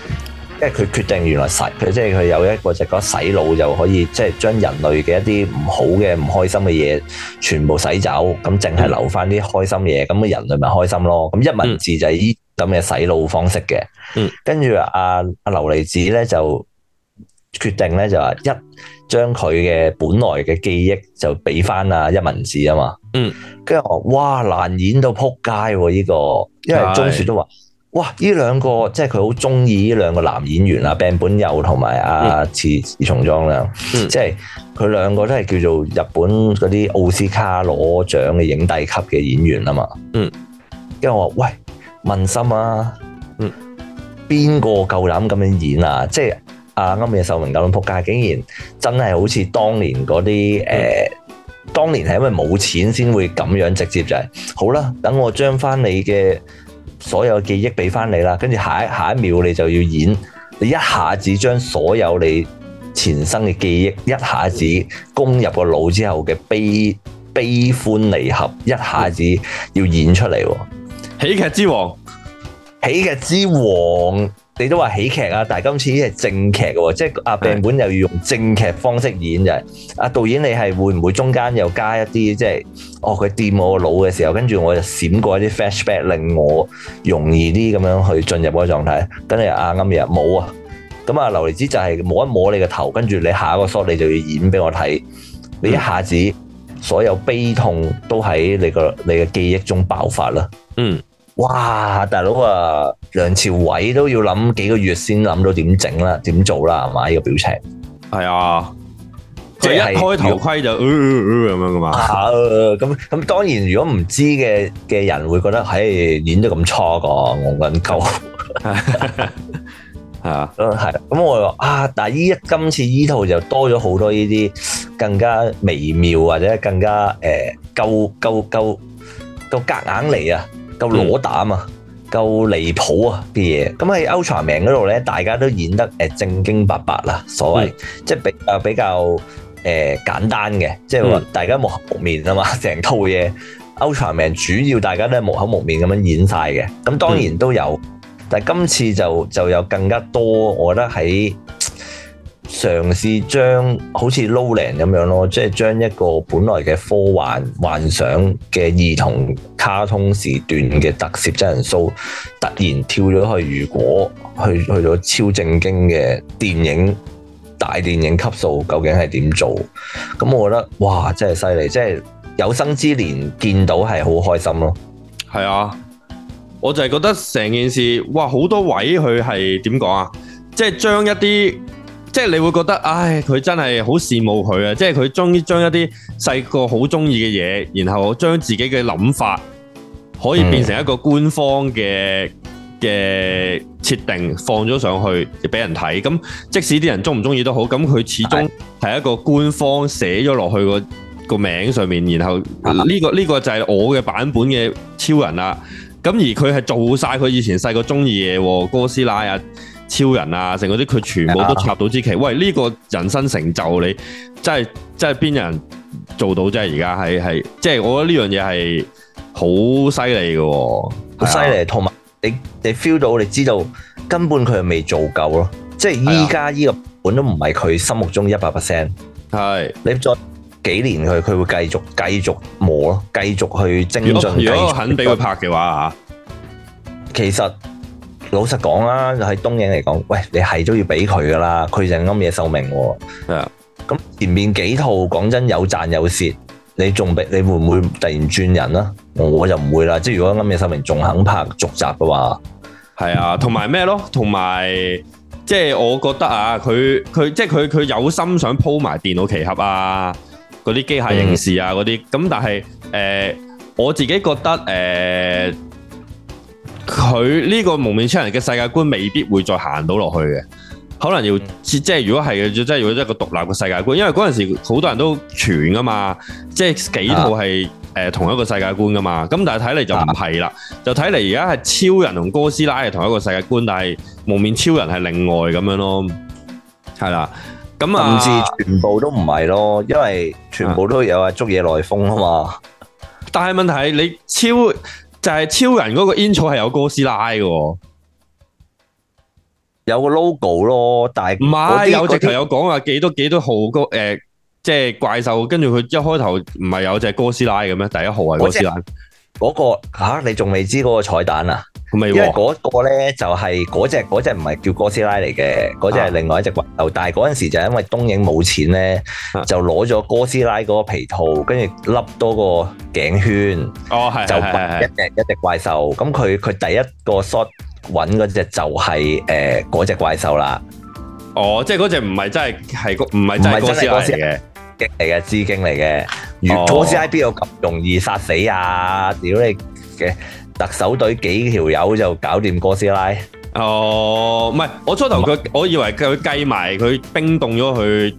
因為佢決定原來細，佢即係佢有一個就講洗腦，就可以即係將人類嘅一啲唔好嘅、唔開心嘅嘢全部洗走，咁淨係留翻啲開心嘢，咁嘅、嗯、人類咪開心咯。咁一文字就係呢咁嘅洗腦方式嘅。嗯。跟住阿阿琉璃子咧就。決定咧就話一將佢嘅本來嘅記憶就俾翻啊一文字啊嘛，嗯，跟住我話哇難演到扑街呢、啊呢個，因為鍾樹都話是哇呢兩個即係佢好中意呢兩個男演員啊，嗯、柄本佑同埋阿池池松壯啦，即係佢兩個都係叫做日本嗰啲奧斯卡攞獎嘅影帝級嘅演員啊嘛，嗯，跟住我話喂問心啊，嗯，邊個夠膽咁樣演啊，即係。啊！啱嘅壽命九龍仆街，竟然真係好似當年嗰啲誒、當年係因為冇錢先會咁樣直接就係、是，好啦，等我將翻你嘅所有記憶俾翻你啦，跟住下一下一秒你就要演，你一下子將所有你前生嘅記憶一下子攻入個腦之後嘅悲悲歡離合，一下子要演出嚟，喜劇之王，喜劇之王。你都話喜劇啊，但係今次已經係正劇嘅、啊、喎，即係阿病本又要用正劇方式演就係，阿的導演你係會唔會中間又加一啲即係，哦佢掂我個腦嘅時候，跟住我就閃過一啲 flashback 令我容易啲咁樣去進入嗰個狀態。跟住阿庵野話冇啊，咁啊琉璃子就係摸一摸你嘅頭，跟住你下一個 shot 你就要演俾我睇，嗯、你一下子所有悲痛都喺你個你嘅記憶中爆發啦。嗯。哇，大佬啊，梁朝偉都要諗幾個月先諗到點整啦，點做啦，係嘛？呢個表情係啊，即係一開頭盔就嗯嗯嗯咁樣噶嘛。啊，咁咁當然，如果唔知嘅嘅人會覺得，嘿，演得咁錯個戇緊鳩係啊，係咁我話啊，但係依家今次依套就多咗好多呢啲更加微妙或者更加誒夠夠夠夠夾硬嚟，啊！夠裸膽啊，夠離譜啊啲嘢，咁喺 Ultraman 嗰度咧，大家都演得誒正經八百啦，所謂、嗯、即係比啊比較誒、呃、簡單嘅，即係話大家木口木面啊嘛，成套嘢 Ultraman 主要大家都係木口木面咁樣演晒嘅，咁當然都有，嗯、但係今次就就有更加多，我覺得喺。嘗試將好似《Lowland》咁樣咯，即係將一個本來嘅科幻幻想嘅兒童卡通時段嘅特攝真人 show，突然跳咗去如果去去咗超正經嘅電影大電影級數，究竟係點做？咁我覺得哇，真係犀利！即係有生之年見到係好開心咯。係啊，我就係覺得成件事哇好多位佢係點講啊，即係將一啲。即係你會覺得，唉，佢真係好羨慕佢啊！即係佢終於將一啲細個好中意嘅嘢，然後將自己嘅諗法可以變成一個官方嘅嘅、嗯、設定放咗上去，俾人睇。咁即使啲人中唔中意都好，咁佢始終係一個官方寫咗落去個個名上面。然後呢個呢個就係我嘅版本嘅超人啦。咁而佢係做晒佢以前細個中意嘅哥斯拉啊。超人啊，成嗰啲佢全部都插到支旗。的喂，呢、這個人生成就你，真係真係邊人做到？即係而家係係，即係、就是、我覺得呢樣嘢係好犀利嘅。好犀利，同埋的你你 feel 到，你知道根本佢係未做夠咯。即係依家呢個本都唔係佢心目中一百 percent。係的，你再幾年去，佢會繼續繼續磨咯，繼續去精進。如果，如果我肯俾佢拍嘅話啊，其實。老實講啦，就喺東映嚟講，喂，你係都要俾佢噶啦，佢就係庵野秀明。啊，咁前面幾套講真有賺有蝕，你仲俾你會唔會突然轉人啊？我就唔會啦，即係如果庵野秀明仲肯拍續集嘅話，係啊，同埋咩咯？同埋即係我覺得啊，佢佢即係佢佢有心想鋪埋電腦奇俠啊，嗰啲機械刑事啊嗰啲，咁但係誒，我自己覺得誒。佢呢個幪面超人嘅世界觀未必會再行到落去嘅，可能要、嗯、即係如果係嘅，即係如果一個獨立嘅世界觀。因為嗰陣時好多人都傳噶嘛，即係幾套係誒、啊呃、同一個世界觀噶嘛。咁但係睇嚟就唔係啦，啊、就睇嚟而家係超人同哥斯拉係同一個世界觀，但係幪面超人係另外咁樣咯，係啦。咁啊，唔是全部都唔係咯，因為全部都有啊捉葉來風啊嘛。啊啊、但係問題係你超。但係超人嗰個煙草係有哥斯拉嘅、哦，有個 logo 咯。但係唔係，不些有直頭有講啊，幾多幾多號誒，即、呃、係、就是、怪獸。跟住佢一開頭唔係有隻哥斯拉嘅咩？第一號係哥斯拉。嗰、就是那個吓、啊，你仲未知嗰個彩蛋啊？因為嗰個咧就係嗰隻嗰隻唔係叫哥斯拉嚟嘅，嗰隻係另外一隻怪獸。但係嗰陣時就因為東映冇錢咧，就攞咗哥斯拉嗰個皮套，跟住笠多個頸圈，就變一隻一隻怪獸。咁佢佢第一個 shot 揾嗰隻就係誒嗰隻怪獸啦。哦，即係嗰隻唔係真係係個唔係唔係哥斯拉嚟嘅，嚟嘅，資金嚟嘅。如果哥斯拉邊有咁容易殺死啊？屌你嘅！特首隊幾條友就搞掂哥斯拉哦！唔係，我初頭佢，我以為佢計埋佢冰凍咗佢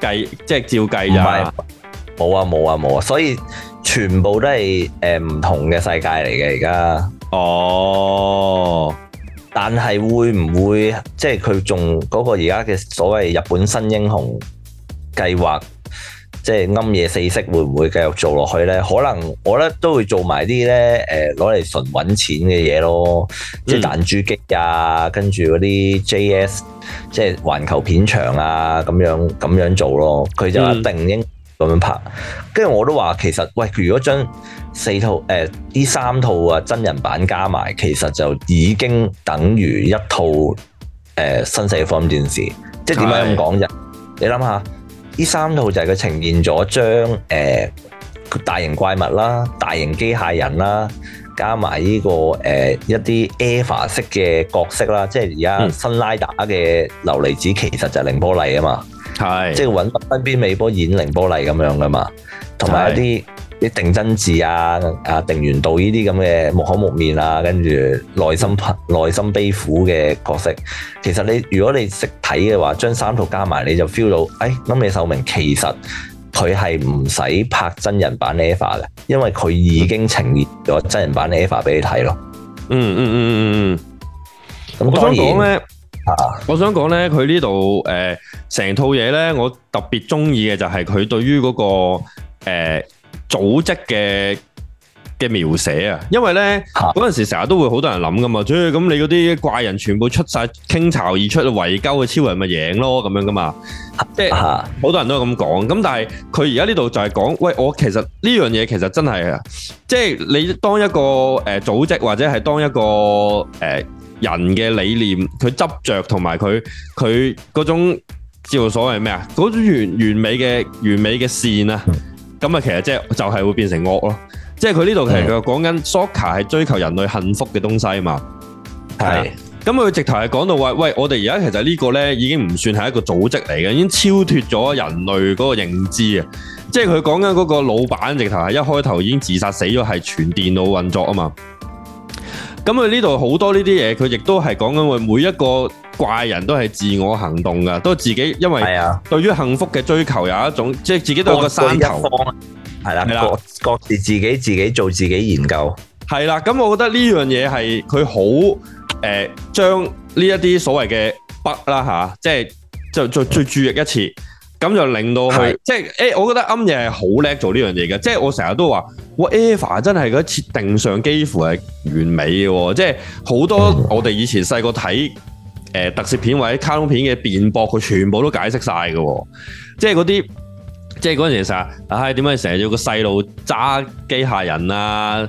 計，即係照計就係。冇啊冇啊冇啊！所以全部都係誒唔同嘅世界嚟嘅而家。哦，但係會唔會即係佢仲嗰個而家嘅所謂日本新英雄計劃？即係暗夜四色會唔會繼續做落去咧？可能我咧都會做埋啲咧誒攞嚟純揾錢嘅嘢咯，即係彈珠機啊，跟住嗰啲 JS，即係環球片場啊咁樣咁樣做咯。佢就一定應咁樣拍。跟住、嗯、我都話其實喂，如果將四套誒呢、呃、三套啊真人版加埋，其實就已經等於一套誒、呃、新四方電視。即係點解咁講啫？是 你諗下。呢三套就係佢呈現咗將誒大型怪物啦、大型機械人啦，加埋呢、這個誒、呃、一啲 EVA、e、式嘅角色啦，即係而家新拉打嘅琉璃子其實就係凌波麗啊嘛，係是即係揾濱邊美波演凌波麗咁樣噶嘛，同埋一啲。啲定真志啊，啊定元道呢啲咁嘅木口木面啊，跟住內心內心悲苦嘅角色，其實你如果你識睇嘅話，將三套加埋你就 feel 到，哎，庵野秀明其實佢係唔使拍真人版 EVA 嘅，因為佢已經呈現咗真人版 EVA 俾你睇咯。嗯嗯嗯嗯嗯嗯。咁、嗯嗯嗯嗯、我想講咧，啊、我想講咧，佢、呃、呢度誒成套嘢咧，我特別中意嘅就係佢對於嗰、那個、呃組織嘅嘅描寫啊，因為呢嗰陣、啊、時成日都會好多人諗噶嘛，即係咁你嗰啲怪人全部出晒傾巢而出，去圍毆個超人咪贏咯咁樣噶嘛，即係好多人都係咁講。咁但係佢而家呢度就係講，喂，我其實呢樣嘢其實真係啊，即、就、係、是、你當一個誒、呃、組織或者係當一個誒、呃、人嘅理念，佢執着同埋佢佢嗰種，叫做所謂咩啊，嗰種完完美嘅完美嘅線啊。咁啊，其實就係會變成惡咯，即係佢呢度其實佢講緊 SHOCKER 係追求人類幸福嘅東西嘛，係、啊，咁佢、啊、直頭係講到說喂，我哋而家其實個呢個咧已經唔算係一個組織嚟嘅，已經超脱咗人類嗰個認知啊，即係佢講緊嗰個老闆直頭係一開頭已經自殺死咗，係全電腦運作啊嘛，咁佢呢度好多呢啲嘢，佢亦都係講緊每每一個。怪人都係自我行動噶，都自己因為對於幸福嘅追求有一種，一即係自己都有個山頭，係啦各，個各，各自自己自己做自己研究，係啦。咁我覺得呢樣嘢係佢好誒，將呢一啲所謂嘅筆啦嚇，即係就最最注意一次，咁就令到佢。的即係誒、欸，我覺得啱嘢係好叻做呢樣嘢嘅。即係我成日都話，我 Eva 真係設定上幾乎係完美嘅喎，即係好多我哋以前細個睇。誒特攝片或者卡通片嘅辯駁，佢全部都解釋晒㗎喎，即係嗰啲，即係嗰陣時成日，唉點解成日要個細路揸機械人啊？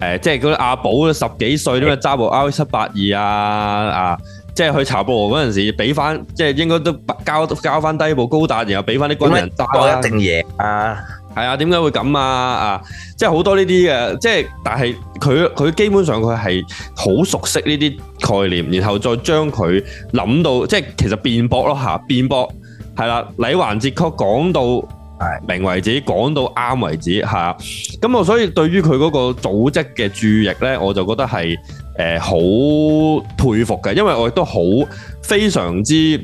誒、啊，即係嗰啲阿寶啊，十幾歲點解揸部 R 七八二啊？啊，即係去查布羅嗰時，俾翻，即係應該都交交翻低部高達，然後俾翻啲軍人揸一定贏啊！係啊，點解會咁啊？啊，即係好多呢啲嘅，即係但係佢佢基本上佢係好熟悉呢啲概念，然後再將佢諗到，即係其實辯駁咯吓，辯駁係啦，禮環節曲講到明為止，講到啱為止吓。咁我所以對於佢嗰個組織嘅注意力呢，我就覺得係誒好佩服嘅，因為我亦都好非常之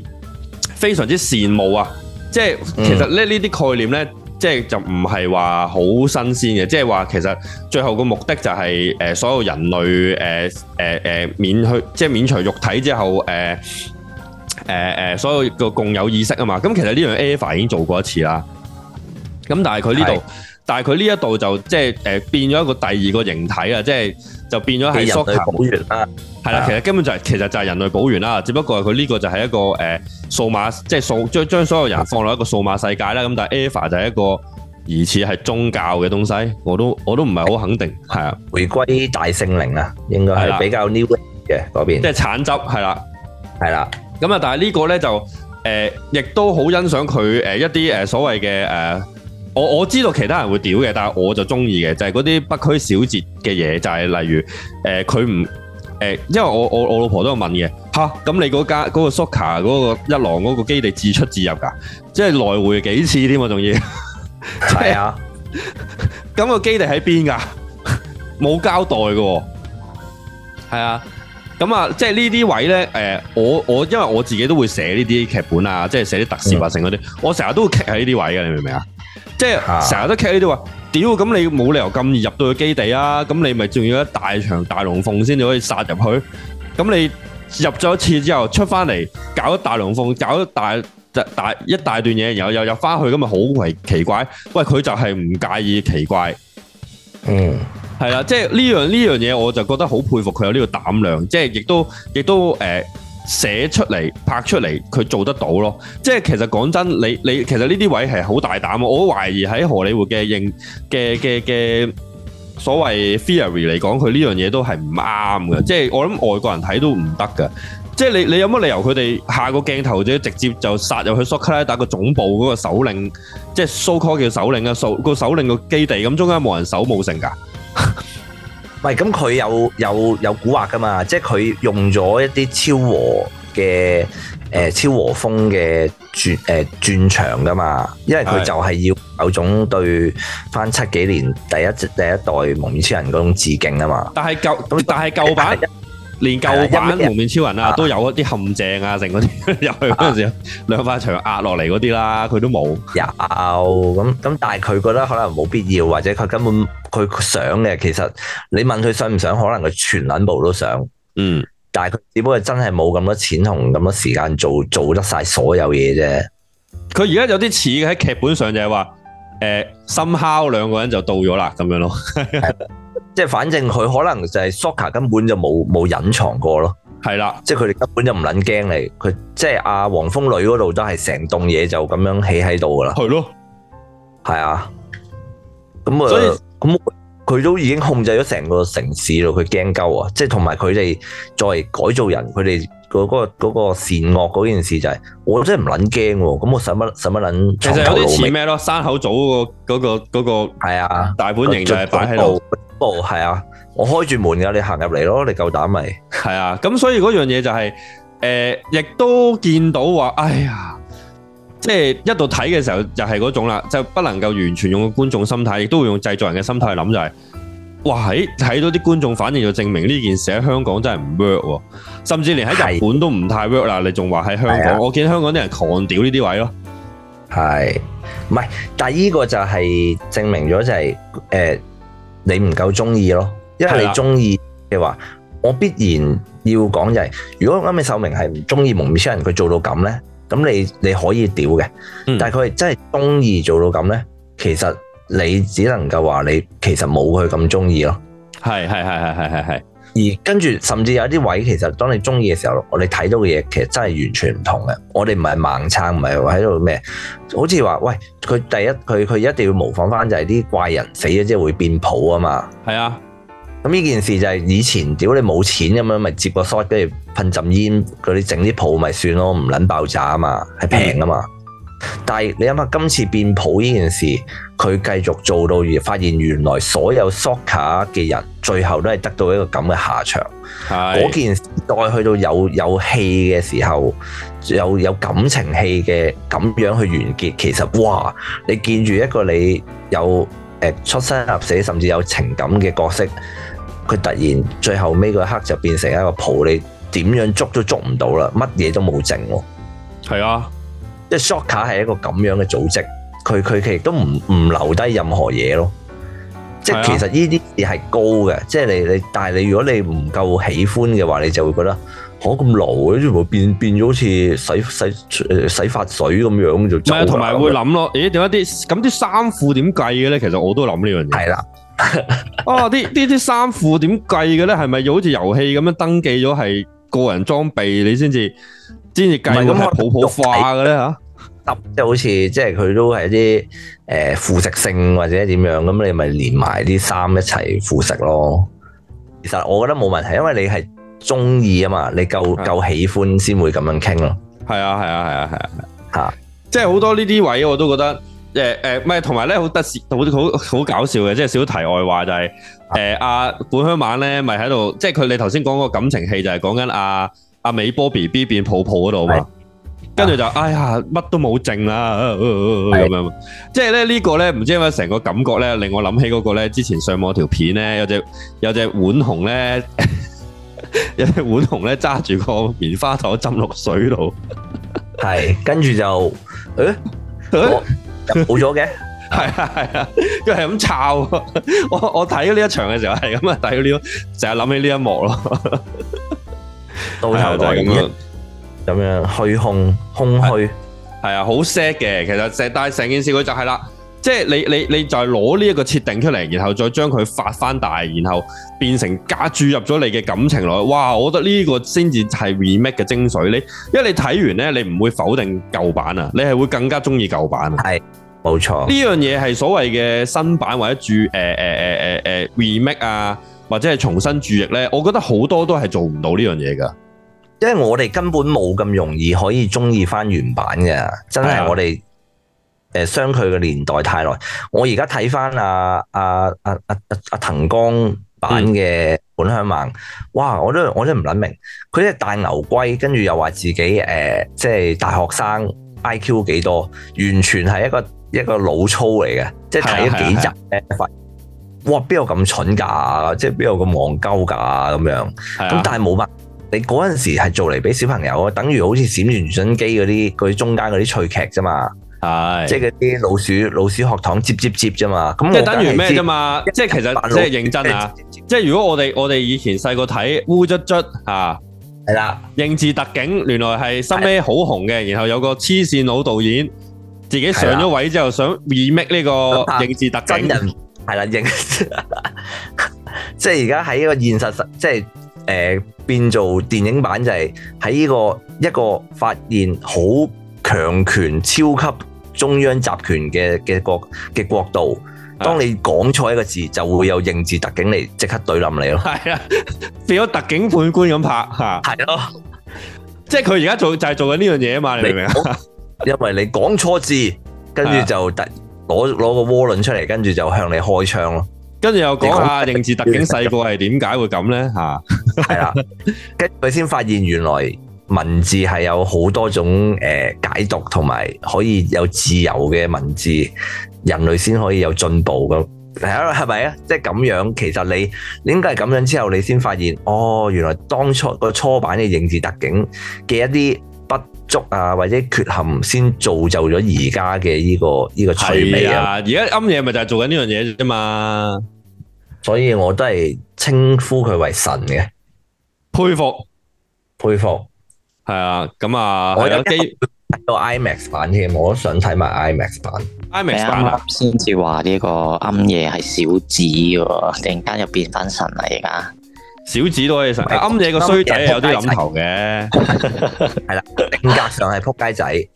非常之羨慕啊！即係其實呢呢啲概念呢。嗯即係就唔係話好新鮮嘅，即係話其實最後個目的就係、是、誒、呃、所有人類誒誒誒免去即係免除肉體之後誒誒誒所有個共有意識啊嘛，咁其實呢樣 EVA 已經做過一次啦，咁但係佢呢度。但係佢呢一度就即係誒變咗一個第二個形體啊，即係就變咗係人類補完啦，係啦，其實根本就係其實就係人類補完啦，只不過佢呢個就係一個誒數碼，即係數將將所有人放落一個數碼世界啦。咁但係 Eva 就係一個疑似係宗教嘅東西，我都我都唔係好肯定。係啊，回歸大聖靈啊，應該係比較 New Age 嘅嗰邊，即係橙汁係啦，係啦。咁啊，但係呢個咧就誒亦都好欣賞佢誒一啲誒所謂嘅誒。我我知道其他人會屌嘅，但係我就中意嘅就係嗰啲不拘小節嘅嘢，就係、是、例如誒佢唔誒，因為我我我老婆都有問嘅吓，咁、啊、你嗰間嗰個 Shocker 嗰、那個一郎嗰個基地自出自入㗎，即係來回幾次添喎，仲要係啊。咁、 就是、 個基地喺邊㗎？冇 交代嘅喎、哦。係啊。咁啊，即係呢啲位咧誒，我我因為我自己都會寫呢啲劇本啊，即係寫啲特攝啊，成嗰啲，我成日都會企喺呢啲位嘅，你明唔明啊？即係成日都騎呢啲話，屌，咁你冇理由咁易入到個基地啊！咁你咪仲要一大場大龍鳳先至可以殺入去？咁你入咗一次之後出翻嚟搞咗一大龍鳳，搞咗一大大一大段嘢，然後又入翻去，咁咪好為奇怪？喂，佢就係唔介意奇怪。嗯，係啦，即係呢樣呢樣嘢，我就覺得好佩服佢有呢個膽量，即係亦都亦都誒。寫出嚟，拍出嚟佢做得到咯，即係其實講真你你其實呢啲位係好大膽，我懷疑喺荷里活嘅認嘅嘅嘅所謂 theory 嚟講，佢呢樣嘢都係唔啱嘅，即係我諗外國人睇都唔得噶，即係你你有乜理由佢哋下個鏡頭者直接就殺入去索克拉打個總部嗰個首領，即係蘇克嘅首領啊，蘇、那個首領個基地咁中間冇人守冇成噶。 唔係，咁佢、嗯、有有有古惑㗎嘛？即係佢用咗一啲昭和嘅誒、呃、昭和風嘅轉誒轉場㗎嘛？因為佢就係要有種對返七幾年第一第一代幪面超人嗰種致敬啊嘛。但係舊，但係舊版。連舊版幪面超人啊，都有一啲陷阱啊，剩嗰啲入去嗰陣時，兩塊牆壓落嚟嗰啲啦，佢、啊、 都冇。有咁咁，但係佢覺得可能冇必要，或者佢根本佢想嘅。其實你問佢想唔想，可能佢全忍部都想。嗯，但係佢只不過真係冇咁多錢同咁多時間做做，做得晒所有嘢啫。佢而家有啲似喺劇本上就係話，誒、呃，somehow 兩個人就到咗啦，咁樣咯。的 即係反正佢可能就係 Shocker 根本就冇冇隱藏過咯，係啦，即係佢哋根本就唔撚驚你，佢即係阿黃蜂女嗰度都係成棟嘢就咁樣起喺度噶啦，係咯，係啊，咁啊，咁佢都已經控制咗成個城市咯，佢驚鳩啊！即係同埋佢哋作為改造人，佢哋嗰嗰嗰個善惡嗰件事就係我真係唔撚驚喎，咁我使乜使乜撚？其實有啲似咩咯？山口組嗰嗰個嗰個係啊大本營就係擺喺度。哦，係啊，我開住門噶，你行入嚟咯，你夠膽咪？係啊，咁所以嗰樣嘢就係、是，誒、呃，亦都見到話，哎呀，即係一度睇嘅時候就係嗰種啦，就不能夠完全用觀眾心態，亦都會用製作人嘅心態諗就係、是，哇喺睇到啲觀眾反應就證明呢件事喺香港真係唔 work，甚至連喺日本都唔太 work 啦，啊、你仲話喺香港，啊、我見香港啲人狂屌呢啲位咯，係、啊，唔係，但係依個就係證明咗就係、是，誒、呃。你唔夠中意咯，因為你中意嘅話，的我必然要講就係、是，如果啱嘅秀明係唔中意幪面超人，佢做到咁咧，咁你你可以屌嘅，嗯、但係佢真係中意做到咁咧，其實你只能夠話你其實冇佢咁中意咯。係係係係係係係。而跟住，甚至有啲位，其實當你中意嘅時候，我哋睇到嘅嘢其實真係完全唔同嘅。我哋唔係盲撐，唔係喺度咩，好似話喂，佢第一佢佢一定要模仿翻就係啲怪人死咗之後會變泡啊嘛。係啊，咁呢、嗯、件事就係以前屌你冇錢咁樣，咪接個 shot 跟住噴陣煙嗰啲整啲泡咪算咯，唔撚爆炸啊嘛，係平啊嘛。 但係你諗下今次變普呢件事，佢繼續做到而發現原來所有 Shocker 嘅人最後都係得到一個咁嘅下場。嗰是件事去到有有戲嘅時候，有有感情戲嘅咁樣去完結，其實哇，你見住一個你有誒出生入死甚至有情感嘅角色，佢突然最後尾個刻就變成一個普，你點樣捉都捉唔到啦，乜嘢都冇剩。係啊。即係 Shocker 係一個咁樣嘅組織，佢佢其實都唔唔留低任何嘢咯。的即係其實呢啲嘢係高嘅，即係你你，但係你如果你唔夠喜歡嘅話，你就會覺得，哦，咁老嘅，變變咗好似洗洗洗髮水咁樣就。唔係，同埋會諗咯。咦們？點解啲咁啲衫褲點計嘅咧？其實我都諗呢樣嘢。係啦是的。 哦，啲啲啲衫褲點計嘅咧？係咪要好似遊戲咁樣登記咗係個人裝備你先至？先至計咁，我腐腐化嘅咧嚇，即係好似即係佢都係啲誒腐蝕性或者點樣咁，你咪連埋啲衫一齊腐蝕咯。其實我覺得冇問題，因為你係中意啊嘛，你夠夠喜歡先會咁樣傾咯。係啊，係啊，係啊，係啊，嚇！即係好多呢啲位我都覺得誒誒，唔係同埋咧好得好好好搞笑嘅，即係少題外話就係誒阿本香晚咧，咪喺度，即係佢你頭先講個感情戲就係講緊阿。阿美波 B B 變泡泡嗰度嘛，跟住的就哎呀乜都冇剩啦咁的樣，即係咧呢個咧唔知點解成個感覺咧令我諗起嗰個咧之前上網條片咧有隻有隻浣熊咧， 有隻浣熊咧揸住個棉花糖浸落水度，係跟住就誒冇咗嘅，係啊係啊，佢係咁抄，我我睇呢一場嘅時候係咁啊睇到呢，成日諗起呢一幕咯。呵呵。到頭就係咁樣，咁樣虛空空虛，係啊，好 sad 嘅。其實成但係成件事佢就係、是、啦，即係你你你就係攞呢一個設定出嚟，然後再將佢發翻大，然後變成加注入咗你嘅感情落去。哇，我覺得呢個先至係 remake 嘅精髓。你因為你睇完咧，你唔會否定舊版啊，你係會更加中意舊版。係，冇錯。呢樣嘢係所謂嘅新版或者注誒誒、呃、誒誒、呃、誒、呃呃呃呃、remake 啊。或者係重新注譯咧，我覺得好多都係做唔到呢樣嘢噶因為我哋根本冇咁容易可以中意翻原版嘅。真係我哋誒、啊呃、相距嘅年代太耐。我而家睇翻阿阿阿阿阿藤岡版嘅《本鄉猛》，哇！我都我都唔諗明，佢係大牛龜跟住又話自己誒，即、呃、係、就是、大學生 I Q 幾多，完全係一個一個老粗嚟嘅。啊、即係睇咗幾集哇！邊有咁蠢㗎？即係邊有咁戇鳩㗎？咁樣咁，的但係冇乜。你嗰陣時係做嚟俾小朋友啊，等於好似閃電傳真機嗰啲嗰啲中間嗰啲趣劇啫嘛。係的即係嗰啲老鼠老鼠學堂接接接啫嘛。咁即係等於咩啫嘛？即係其實即係認真啊！的即係如果我哋我哋以前細個睇《烏卒卒》嚇係啦，的認字特警原來係收尾好紅嘅，然後有個黐線佬導演自己上咗位之後的的想 remake 呢個認字特警。係啦，認 即係而家喺呢個現實，即係誒、呃、變做電影版就係喺呢個一個發現好強權超級中央集權嘅嘅國嘅國度。當你講錯一個字，的就會有認字特警嚟，即刻對冧你咯。係啊，變咗特警判官咁拍吓。係咯，的 即係佢而家做就係、是、做緊呢樣嘢嘛。你明唔明啊？因為你講錯字，跟住就突。攞攞個渦輪出嚟，跟住就向你開槍咯。跟住又講下認字特警細個係點解會咁呢？吓，係啦，跟住先發現原來文字係有好多種誒解讀，同埋可以有自由嘅文字，人類先可以有進步㗎。係啊，係咪啊？即係咁樣，其實你你應該係咁樣之後，你先發現哦，原來當初個初版嘅認字特警嘅一啲。足啊，或者缺陷先造就咗而家嘅呢個呢、呢個趣味啊！啊而家庵野咪就係做緊呢樣嘢啫嘛，所以我都係稱呼佢為神嘅，佩服佩服，係服啊，咁、嗯、啊，我有機睇到 IMAX 版添，我都想睇埋 IMAX 版 IMAX 版，先至話呢個庵野係小子，突然間又變翻神嚟噶。小子都可以神，啱你個衰仔有啲諗頭嘅，係、呃、啦，性格上係撲街仔，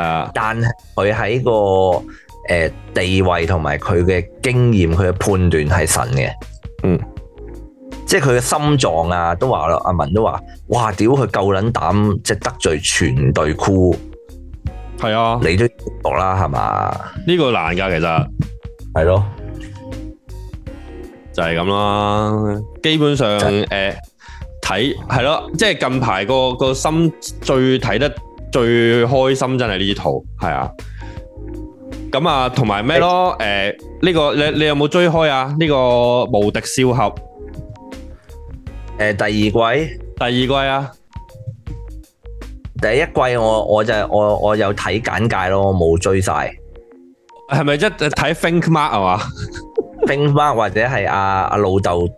啊，但係佢喺個誒地位同埋佢嘅經驗，佢嘅判斷係神嘅，嗯， 即係佢嘅心臟啊，都話咯，阿文都話，哇屌佢夠撚膽，即係得罪全隊箍，係啊， 你都搏啦係嘛，呢個難噶其實，係咯。 就係咁啦，基本上誒睇係咯，即係近排個個心最睇得最開心，真係呢套，圖係啊。咁啊，同埋咩咯？誒、呃，呢、這個你你有冇追開啊？呢、這個無敵笑俠誒第二季，第二季啊，第一季我我就我我有睇簡介咯，我冇追晒。係咪一睇 Think Mark 係嘛？ 兵翻，或者係阿阿老豆，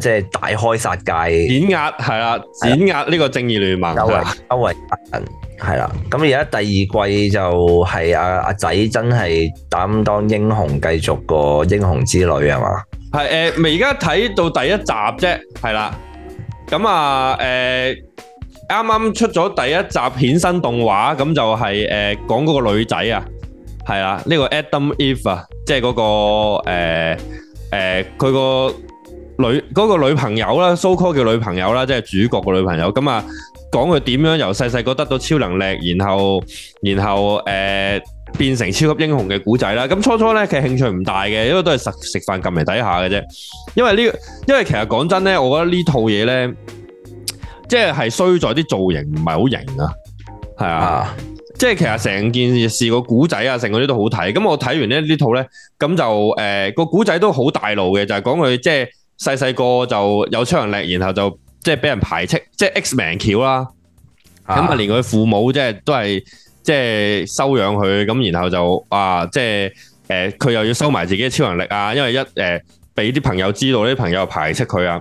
即係大開殺戒，碾壓係啦，碾壓呢個正義聯盟，周圍周圍敵人係啦。咁而家第二季就係阿阿仔真係擔當英雄，繼續個英雄之旅係嘛？係誒，咪而家睇到第一集啫，係啦。咁啊，誒，啱啱出咗第一集衍生動畫，咁就係誒講嗰個女仔啊。係啦，呢個 Adam Eve 啊，即係嗰個誒誒佢個女嗰個女朋友啦，so called 嘅女朋友啦，即係主角嘅女朋友咁啊，講佢點樣由細細個得到超能力，然後然後誒變成超級英雄嘅古仔啦。咁初初咧，其實興趣唔大嘅，因為都係食食飯夾埋底下嘅啫。因為呢，因為其實講真咧，我覺得呢套嘢咧，即係係衰在啲造型唔係好型啊，係啊。即係其實成件事個古仔啊，成嗰啲都好睇。咁我睇完咧呢套咧，咁就誒個古仔都好大路嘅，就係講佢即係細細個就有超能力，然後就即係俾人排斥，即係 X 名橋啦。咁啊，嗯、連佢父母即係都係即係收養佢，咁然後就啊，即係誒佢又要收埋自己嘅超能力啊，因為一誒俾啲朋友知道，啲朋友排斥佢啊。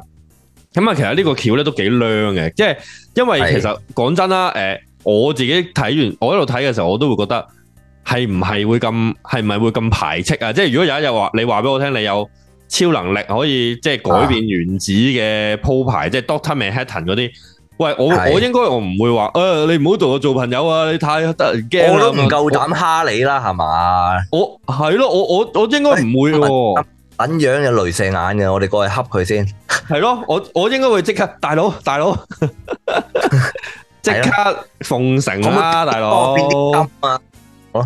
咁、嗯、啊、嗯嗯，其實呢個橋咧都幾靚嘅，即係因為其實講真啦，誒、呃。我自己睇完，我喺度睇嘅時候，我都會覺得係唔係會咁，係咪會咁排斥啊？即係如果有一日話你話俾我聽，你有超能力可以即係改變原子嘅鋪排，即係 Doctor Manhattan 嗰啲，喂，我我應該我唔會話，誒，你唔好同我做朋友啊，你太得人驚啦，唔夠膽蝦你啦，係咪？我係咯，我我我應該唔會喎，等樣嘅鐳射眼嘅，我哋過去恰佢先。係咯，我我應該會即刻，大佬大佬。即刻奉承啦、啊，是是我大佬哥！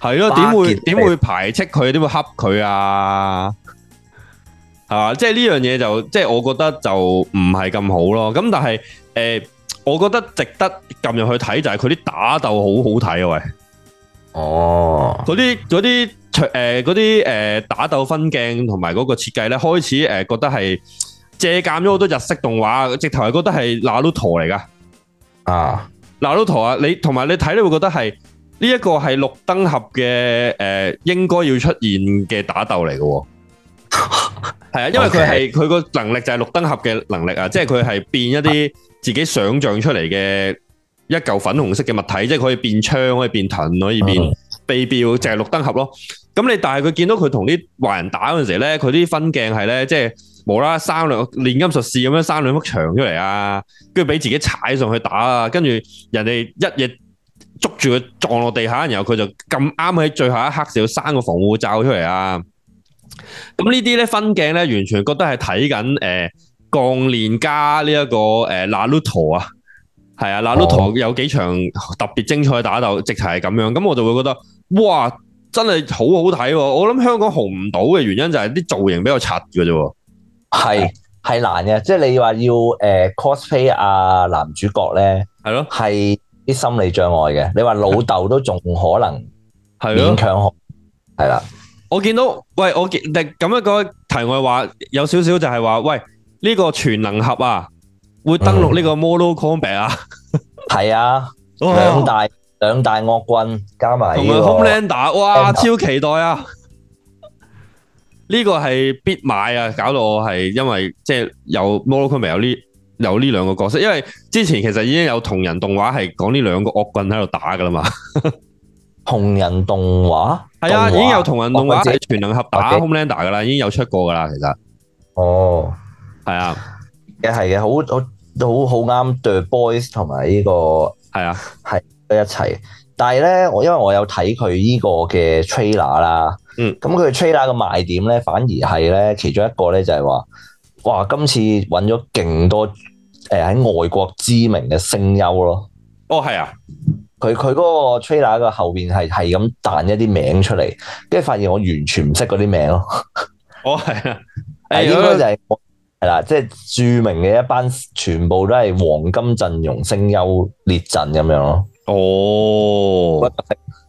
係咯、啊，點、 啊、會點結會排斥佢？點會恰佢啊？係 嘛、啊，即係呢樣嘢就即係我覺得就唔係咁好咯。咁但係誒、呃，我覺得值得撳入去睇就係佢啲打鬥好好睇啊！喂，哦，嗰啲啲誒啲誒打鬥分鏡同埋嗰個設計咧，開始誒覺得係借鑒咗好多日式動畫，直頭係覺得係那魯陀嚟㗎。啊！嗱，老陀啊，陀你同埋你睇你會覺得係呢一個係綠燈俠嘅誒，應該要出現嘅打鬥嚟嘅，係啊，因為佢係佢個能力就係綠燈俠嘅能力啊，即係佢係變一啲自己想象出嚟嘅一嚿粉紅色嘅物體，即、就、係、是、可以變槍，可以變盾，可以變 b a 就係綠燈俠咯。咁你但係佢見到佢同啲壞人打嗰陣時咧，佢啲分鏡係咧，即係無啦啦生兩煉金術士咁樣生兩幅牆出嚟啊，跟住俾自己踩上去打啊，跟住人哋一嘢捉住佢撞落地下，然後佢就咁啱喺最後一刻就要生個防護罩出嚟啊。咁呢啲咧分鏡咧，完全覺得係睇緊誒鋼煉加呢、這、一個誒拿魯陀啊，係啊，拿魯陀有幾場特別精彩嘅打鬥，直頭係咁樣，咁我就會覺得哇！真係好好睇喎！我諗香港紅唔到嘅原因就係啲造型比較柒嘅啫。係係難嘅，即係你話要誒、呃、cosplay 阿男主角咧，係咯的，係啲心理障礙嘅。你話老豆都仲可能係咯，勉強可係啦。我見到喂，我見咁樣一個題外話，有少少就係話，喂呢、呢個全能俠啊，會登錄呢個 Model Combat 啊、嗯？係啊， 兩大。兩大惡棍加埋同埋 Homelander，哇，超期待啊！呢 個係必買啊！搞到我係因為即係、就是、有 Mortal Kombat 有呢有呢兩個角色，因為之前其實已經有同人動畫係講呢兩個惡棍喺度打噶啦嘛。 同人動畫係 啊，已經有同人動畫係、哦、全能俠打 Homelander 噶啦，喔 okay. 已經有出過噶啦，其實。哦，係啊，嘅係嘅，好好好好啱 The Boys 同埋、這、呢個係啊，係、這個。 一齊，但係咧，我因為我有睇佢呢個嘅 trailer 啦，嗯，咁佢嘅 trailer 嘅賣點咧，反而係咧其中一個咧就係話，哇，今次揾咗勁多誒喺外國知名嘅聲優咯。哦，係啊，佢佢嗰個 trailer 嘅後邊係係咁彈一啲名出嚟，跟住發現我完全唔識嗰啲名咯。 哦，係啊，哎、應該就係係啦，即係、嗯啊就係、著名嘅一班，全部都係黃金陣容聲優列陣咁樣咯。哦，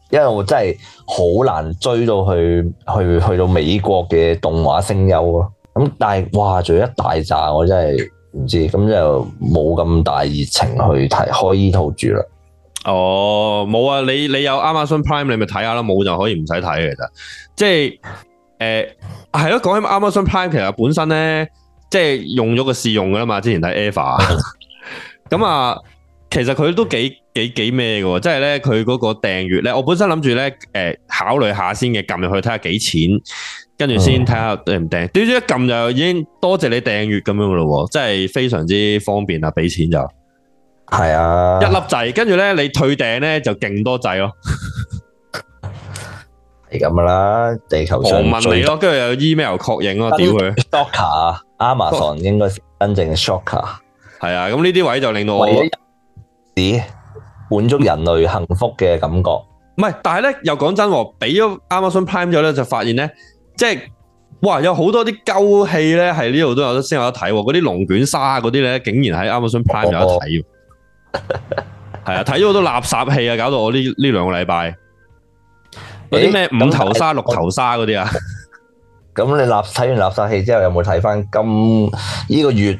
因為我真係好難追到去去去到美國嘅動畫聲優咯，咁但係哇，仲有一大扎，我真係唔知，咁就冇咁大熱情去睇開呢套住啦。哦，冇啊，你你有 Amazon Prime 你咪睇下啦，冇就可以唔使睇嘅啫。其實，即係誒，係、呃、咯，講起 Amazon Prime，其實本身咧，即係用咗個試用噶啦嘛，之前睇 Ava，咁啊，其實佢都幾。幾幾咩嘅？即係咧，佢嗰個訂閱咧，我本身諗住咧，誒，考慮下先嘅，撳入去睇下幾錢，跟住先睇，嗯，下訂唔訂。點知一撳就已經多謝你訂閱咁樣嘅咯，即係非常之方便啊！俾錢就係啊，一粒掣，跟住咧，你退訂咧就勁多掣咯。係咁噶啦，地球上問你咯，跟住有 email 確認咯，屌佢跟 它。Doctor Amazon 應該真正嘅 shocker。係啊，咁呢啲位就令到我，咦？滿足人類幸福嘅感覺，唔係，但係咧又講真，俾咗 Amazon Prime 咗咧，就發現咧，即係哇，有好多啲鳩戲咧，喺呢度都有先有得睇，嗰啲龍捲沙嗰啲咧，竟然喺 Amazon Prime 有得睇，係 啊，睇咗好多垃圾戲啊，搞到我呢呢兩個禮拜，嗰啲咩五頭沙、欸、六頭沙嗰啲啊，咁 你垃睇完垃圾戲之後，有冇睇翻今呢個月？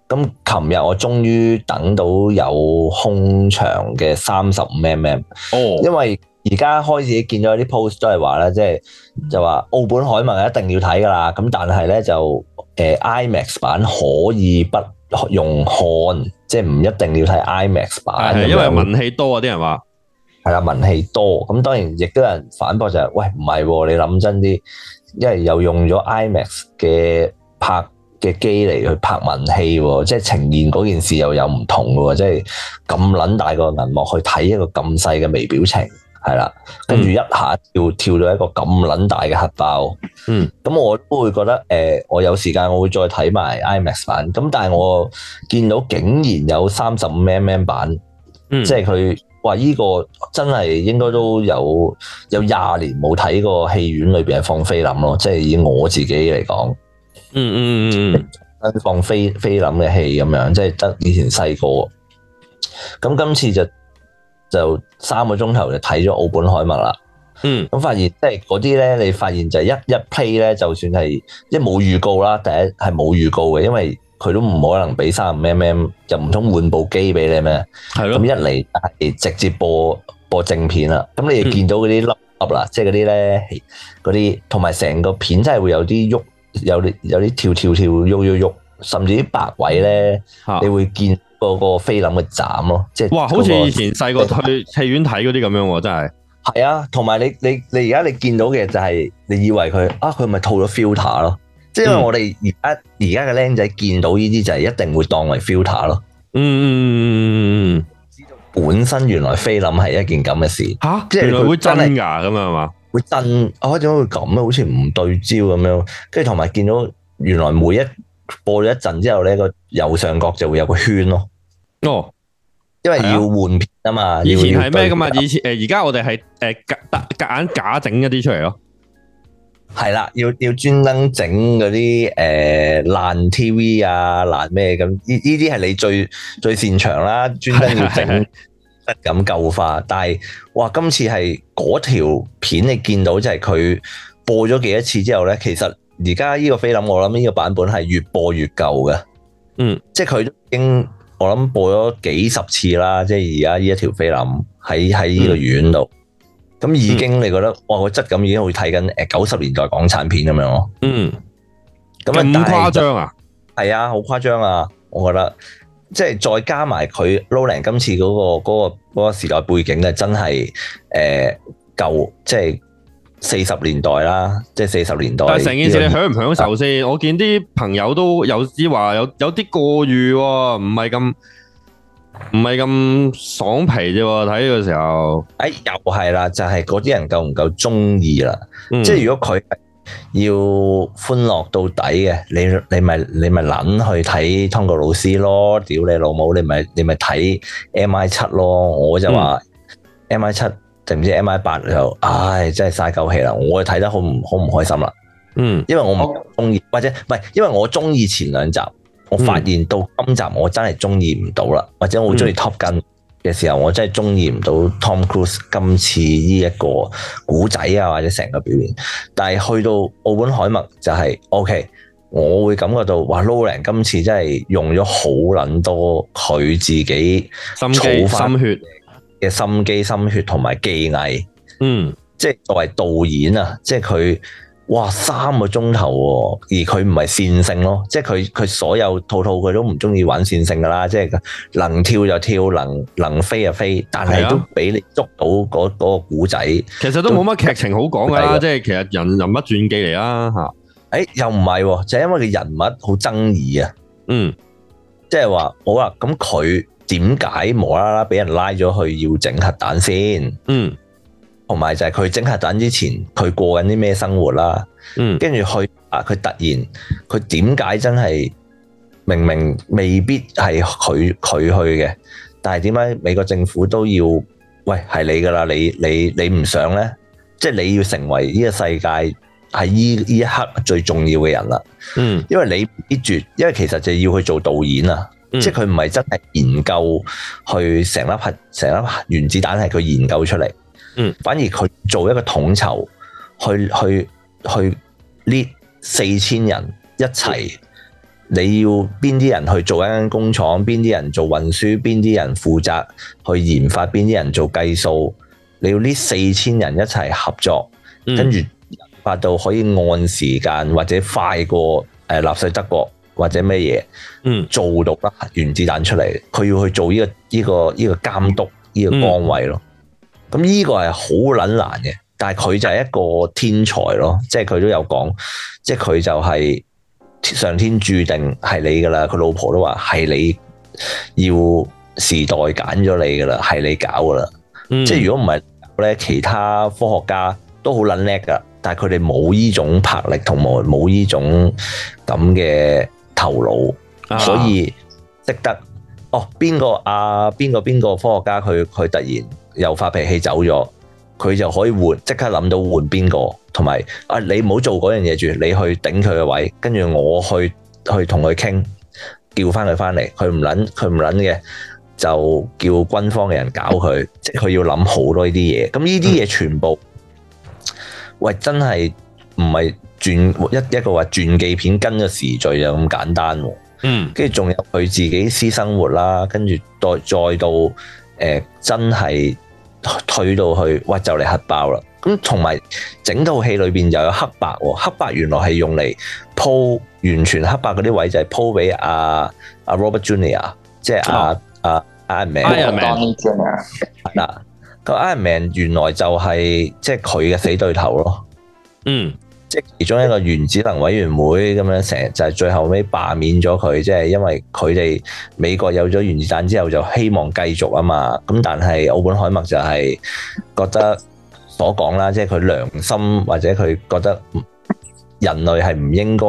咁琴日我終於等到有空場嘅三十五 mm，哦，因為而家開始見咗啲 post 都係話咧，即係就話奧本海默一定要睇㗎喇，咁但係咧就誒 IMAX 版可以不用看，即係唔一定要睇 IMAX 版。係因為文戲多啊，啲人話，係啦文戲多，咁當然亦都有人反駁就係，喂唔係，你諗真啲，因為又用咗 IMAX 嘅拍嘅機嚟去拍文戲，即係呈現嗰件事又有唔同嘅喎，即係咁撚大個銀幕去睇一個咁細嘅微表情，係啦，跟住一下跳跳到一個咁撚大嘅核爆，嗯，咁我都會覺得誒、呃，我有時間我會再睇埋 IMAX 版，咁但係我見到竟然有三十五 mm 版，嗯、即係佢話依個真係應該都有有廿年冇睇過戲院裏邊放菲林咯，即係以我自己嚟講。嗯嗯嗯嗯嗯，放飛菲林嘅戲咁樣，即係得以前細個，咁今次就就三個鐘頭就睇咗《奧本海默》啦、mm。嗯，咁發現即係嗰啲咧，你發現就係一一 play 咧，就算係一冇預告啦，第一係冇預告嘅，因為佢都唔可能俾三五 mm 又唔通換部機俾你咩？係咯、mm，咁、hmm. 一嚟係直接播播正片啦。咁你又見到嗰啲粒粒啦，hmm. 即係嗰啲咧嗰啲，同埋成個片真係會有啲喐，有啲有啲跳跳跳，喐喐喐，甚至啲白位咧，啊、你會見到個個菲林嘅斬咯，即係、那個。哇，好似以前細個去戲院睇嗰啲咁樣，真係。係啊，同埋你你你而家你見到嘅就係，你以為佢啊佢咪套咗 filter 咯、嗯，即係因為我哋而家而家嘅僆仔見到呢啲就係一定會當為 filter 咯。嗯嗯嗯嗯嗯嗯嗯。本身原來菲林係一件咁嘅事。吓、啊，即原來會真㗎咁樣係嘛？會震啊！開始會咁咧？好似唔對焦咁樣，跟住同埋見到原來每一播咗一陣之後咧，個右上角就會有個圈咯。哦，因為要換片啊嘛。哦、以前係咩噶嘛？以前誒，而、呃、家我哋係誒夾夾夾硬假整一啲出嚟咯。係啦，要要專登整嗰啲誒爛 TV 啊，爛咩咁？呢依啲係你最最擅長啦，專登要整。質感舊化，但係哇，今次係嗰條片你見到，即係佢播咗幾多次之後咧，其實而家呢個菲林，我諗呢個版本係越播越舊嘅。嗯，即係佢已經我諗播咗幾十次啦，即係而家呢一條菲林喺喺呢個院度，咁、嗯、已經你覺得、嗯、哇，個質感已經會睇緊誒九十年代港產片咁樣咯。嗯，咁啊，但係，咁誇張啊？係啊，好誇張啊，我覺得。即係再加埋佢 Nolan 今次嗰個嗰個嗰個時代背景咧，真係誒舊，即係四十年代啦，即係四十年代。但係成件事你享唔享受先？我見啲朋友都有啲話，有有啲過譽喎，唔係咁唔係咁爽皮啫。睇嘅時候，哎又係啦，就係嗰啲人夠唔夠中意啦？即係如果佢。要歡樂到底嘅，你你咪你咪諗，去睇湯哥老師咯，屌你老母，你咪你咪睇 M I 七咯，我就話 M I 七定唔知 M I 八就，唉，真係嘥夠氣啦，我就睇得好唔好唔開心啦，嗯，因嗯，因為我唔中意或者唔係，因為我中意前兩集，我發現到今集我真係中意唔到啦，或者我好中意 Top Gun、嗯。嗯嘅時候，我真係中意唔到 Tom Cruise 今次呢一個古仔啊，或者成個表演。但係去到奧本海默就係、是、OK，我會感覺到哇，Nolan 今次真係用咗好撚多佢自己心機、心血嘅心機、心血同埋技藝。嗯，即係作為導演啊，即係佢。哇，三個鐘頭喎，而佢唔係線性咯、哦，即係佢佢所有套套佢都唔中意玩線性噶啦，即係能跳就跳，能能飛就飛，但係、啊、都俾你捉到嗰、那、嗰、個嗰個故仔。其實都冇乜劇情好講噶啦，啊、即係其實人人物傳記嚟啦嚇。誒、欸，又唔係、啊，就係、因為佢人物好爭議啊。嗯，即係話好啦、啊，咁佢點解無啦啦俾人拉咗去要整核彈先？嗯。同埋就係佢整核彈之前，佢過緊啲咩生活啦？嗯，跟住去啊！佢突然佢點解真係明明未必係佢佢去嘅，但係點解美國政府都要喂，係你噶啦？你你你唔想咧？即係你要成為呢個世界係呢呢一刻最重要嘅人啦？嗯，因為你必絕，因為其實就要去做導演啊！嗯、即係佢唔係真係研究去成粒核成粒原子彈係佢研究出嚟。嗯，反而佢做一個統籌，去去去，呢四千人一齊，你要邊啲人去做一間工廠，邊啲人做運輸，邊啲人負責去研發，邊啲人做計數，你要呢四千人一齊合作，跟住研發到可以按時間或者快過誒納粹德國或者咩嘢，嗯，做到啦原子彈出嚟，佢要去做呢個呢個呢個監督呢個崗位咯。嗯咁呢個係好撚難嘅，但係佢就係一個天才咯，即係佢都有講，即係佢就係上天注定係你噶啦。佢老婆都話係你要時代揀咗你噶啦，係你搞噶啦。嗯、即係如果唔係咧，其他科學家都好撚叻噶，但係佢哋冇呢種魄力同埋冇呢種咁嘅頭腦，啊、所以識得哦。邊個啊？邊個邊個科學家？佢佢突然，又發脾氣走咗，佢就可以換，即刻諗到換邊個，同埋啊你唔好做嗰樣嘢住，你去頂佢嘅位，跟住我去去同佢傾，叫返佢返嚟，佢唔撚佢唔撚嘅，就叫軍方嘅人搞佢，嗯、即係佢要諗好多呢啲嘢。咁呢啲嘢全部，喂真係唔係傳一一個話傳記片跟嘅時序就咁簡單，啊，嗯，跟住仲有佢自己私生活啦，啊，跟住再再到。誒真係退到去，哇就嚟核爆啦！咁同埋整套戲裏邊又有黑白喎，黑白原來係用嚟鋪完全黑白嗰啲位就、啊，就係鋪俾阿阿 Robert Jr.，即係阿阿 Iron Man。Iron Man 會會。嗱，個 Iron Man 原來就係、是、即係佢嘅死對頭咯。嗯。即其中一個原子能委員會咁樣成日就係、是、最後尾罷免咗佢，即、就、係、是、因為佢哋美國有咗原子彈之後就希望繼續啊嘛，咁但係奧本海默就係覺得所講啦，即係佢良心或者佢覺得。人類係唔應該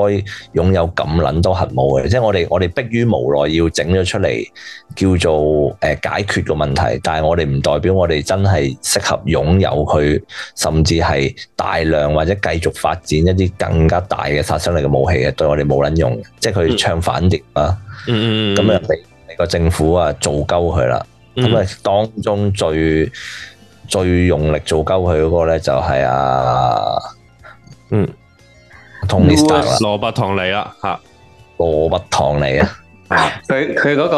擁有咁撚多核武嘅，即係我哋我哋迫於無奈要整咗出嚟叫做誒、呃、解決個問題，但係我哋唔代表我哋真係適合擁有佢，甚至係大量或者繼續發展一啲更加大嘅殺傷力嘅武器嘅，對我哋冇撚用即係佢唱反調啊。嗯嗯嗯。咁啊，人哋個政府啊做鳩佢啦。咁啊、嗯，當中最最用力做鳩佢嗰個咧就係、是、啊，嗯。Lewis, 同 Louis 羅拔唐尼啦，吓羅拔唐尼啊！佢佢嗰個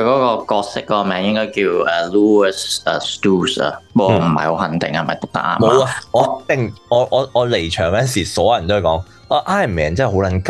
佢個角色個名應該叫誒、uh, Louis、uh, 啊、Strauss 我唔係好肯定係咪讀得啱啊！我定我我我離場嗰陣時，所有人都係講，我 Iron Man 真係好撚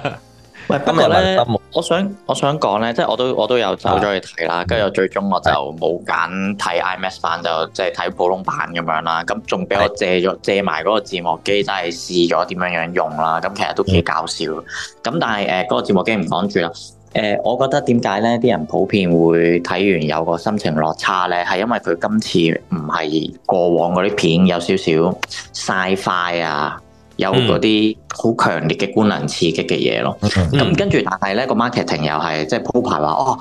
奸。喂，今日咧，我想我想講咧，即係我都我都有走咗去睇啦，跟住我最終我就冇揀睇 IMAX 版，嗯、就即係睇普通版咁樣啦。咁仲俾我借咗、嗯、借埋嗰個字幕機，真係試咗點樣樣用啦。咁其實都幾搞笑。咁、嗯、但係誒嗰個字幕機唔講住啦。誒、呃，我覺得點解咧啲人普遍會睇完有個心情落差咧，係因為佢今次唔係過往嗰啲片有少少晒快啊。有嗰啲好強烈嘅官能刺激嘅嘢咯，咁 Okay. 跟住，但係咧、這個 marketing 又係即係鋪排話，哦，誒、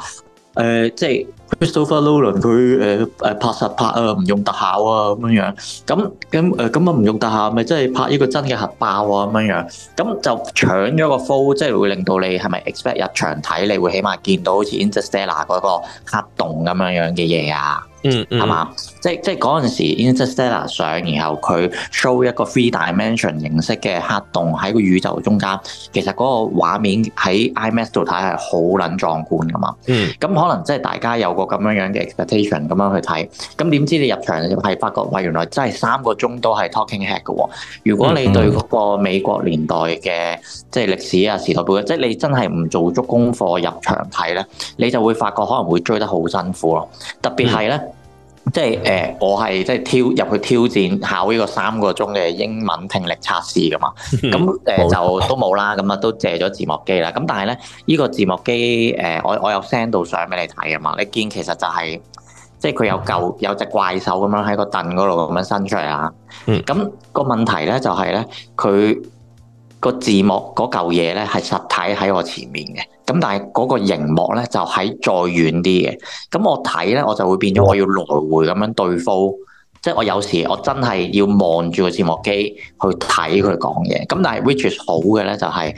呃，即係佢 Christopher Nolan 佢誒誒拍實拍、呃、啊，唔用特效啊咁樣，咁咁誒咁啊唔用特效咪即係拍依個真嘅核爆啊咁樣，咁就搶咗個 f l l 即係會令到你係咪 expect 入場睇，是是 in world, 你會起碼見到好似 Interstellar 嗰個黑洞咁樣樣嘅嘢啊？嗯，係嘛、mm hmm.？即係即係嗰陣時，Interstellar 上，然後佢 show 一個 three dimension 形式嘅黑洞喺個宇宙中間，其實嗰個畫面喺 IMAX 度睇係好撚壯觀㗎嘛。嗯、mm，咁、hmm. 可能即係大家有個咁樣樣嘅 expectation 咁樣去睇，咁點知你入場係發覺，喂，原來真係三個鐘都係 talking head 嘅喎、哦。如果你對嗰個美國年代嘅即係歷史啊、時代背景，即係你真係唔做足功課入場睇咧，你就會發覺可能會追得好辛苦咯、啊。特別係咧。Mm hmm. 即係誒、呃，我係即係挑入去挑戰考呢個三個鐘嘅英文聽力測試噶嘛，咁誒、 呃、就都冇啦，咁啊都借咗字幕機啦，咁但係咧呢、呢個字幕機誒、呃，我我有 send 到相俾你睇噶嘛，你見其實就係、是、即係佢有嚿有隻怪獸咁樣喺個凳嗰度咁樣伸出嚟啊，咁 個問題咧就係咧佢個字幕嗰嚿嘢咧係實體喺我前面嘅。咁但係嗰個熒幕咧就喺再遠啲嘅，咁我睇咧我就會變咗我要來回咁樣對付。即係我有時我真係要望住個熒幕機去睇佢講嘢。咁但係 which is 好嘅咧就係、是，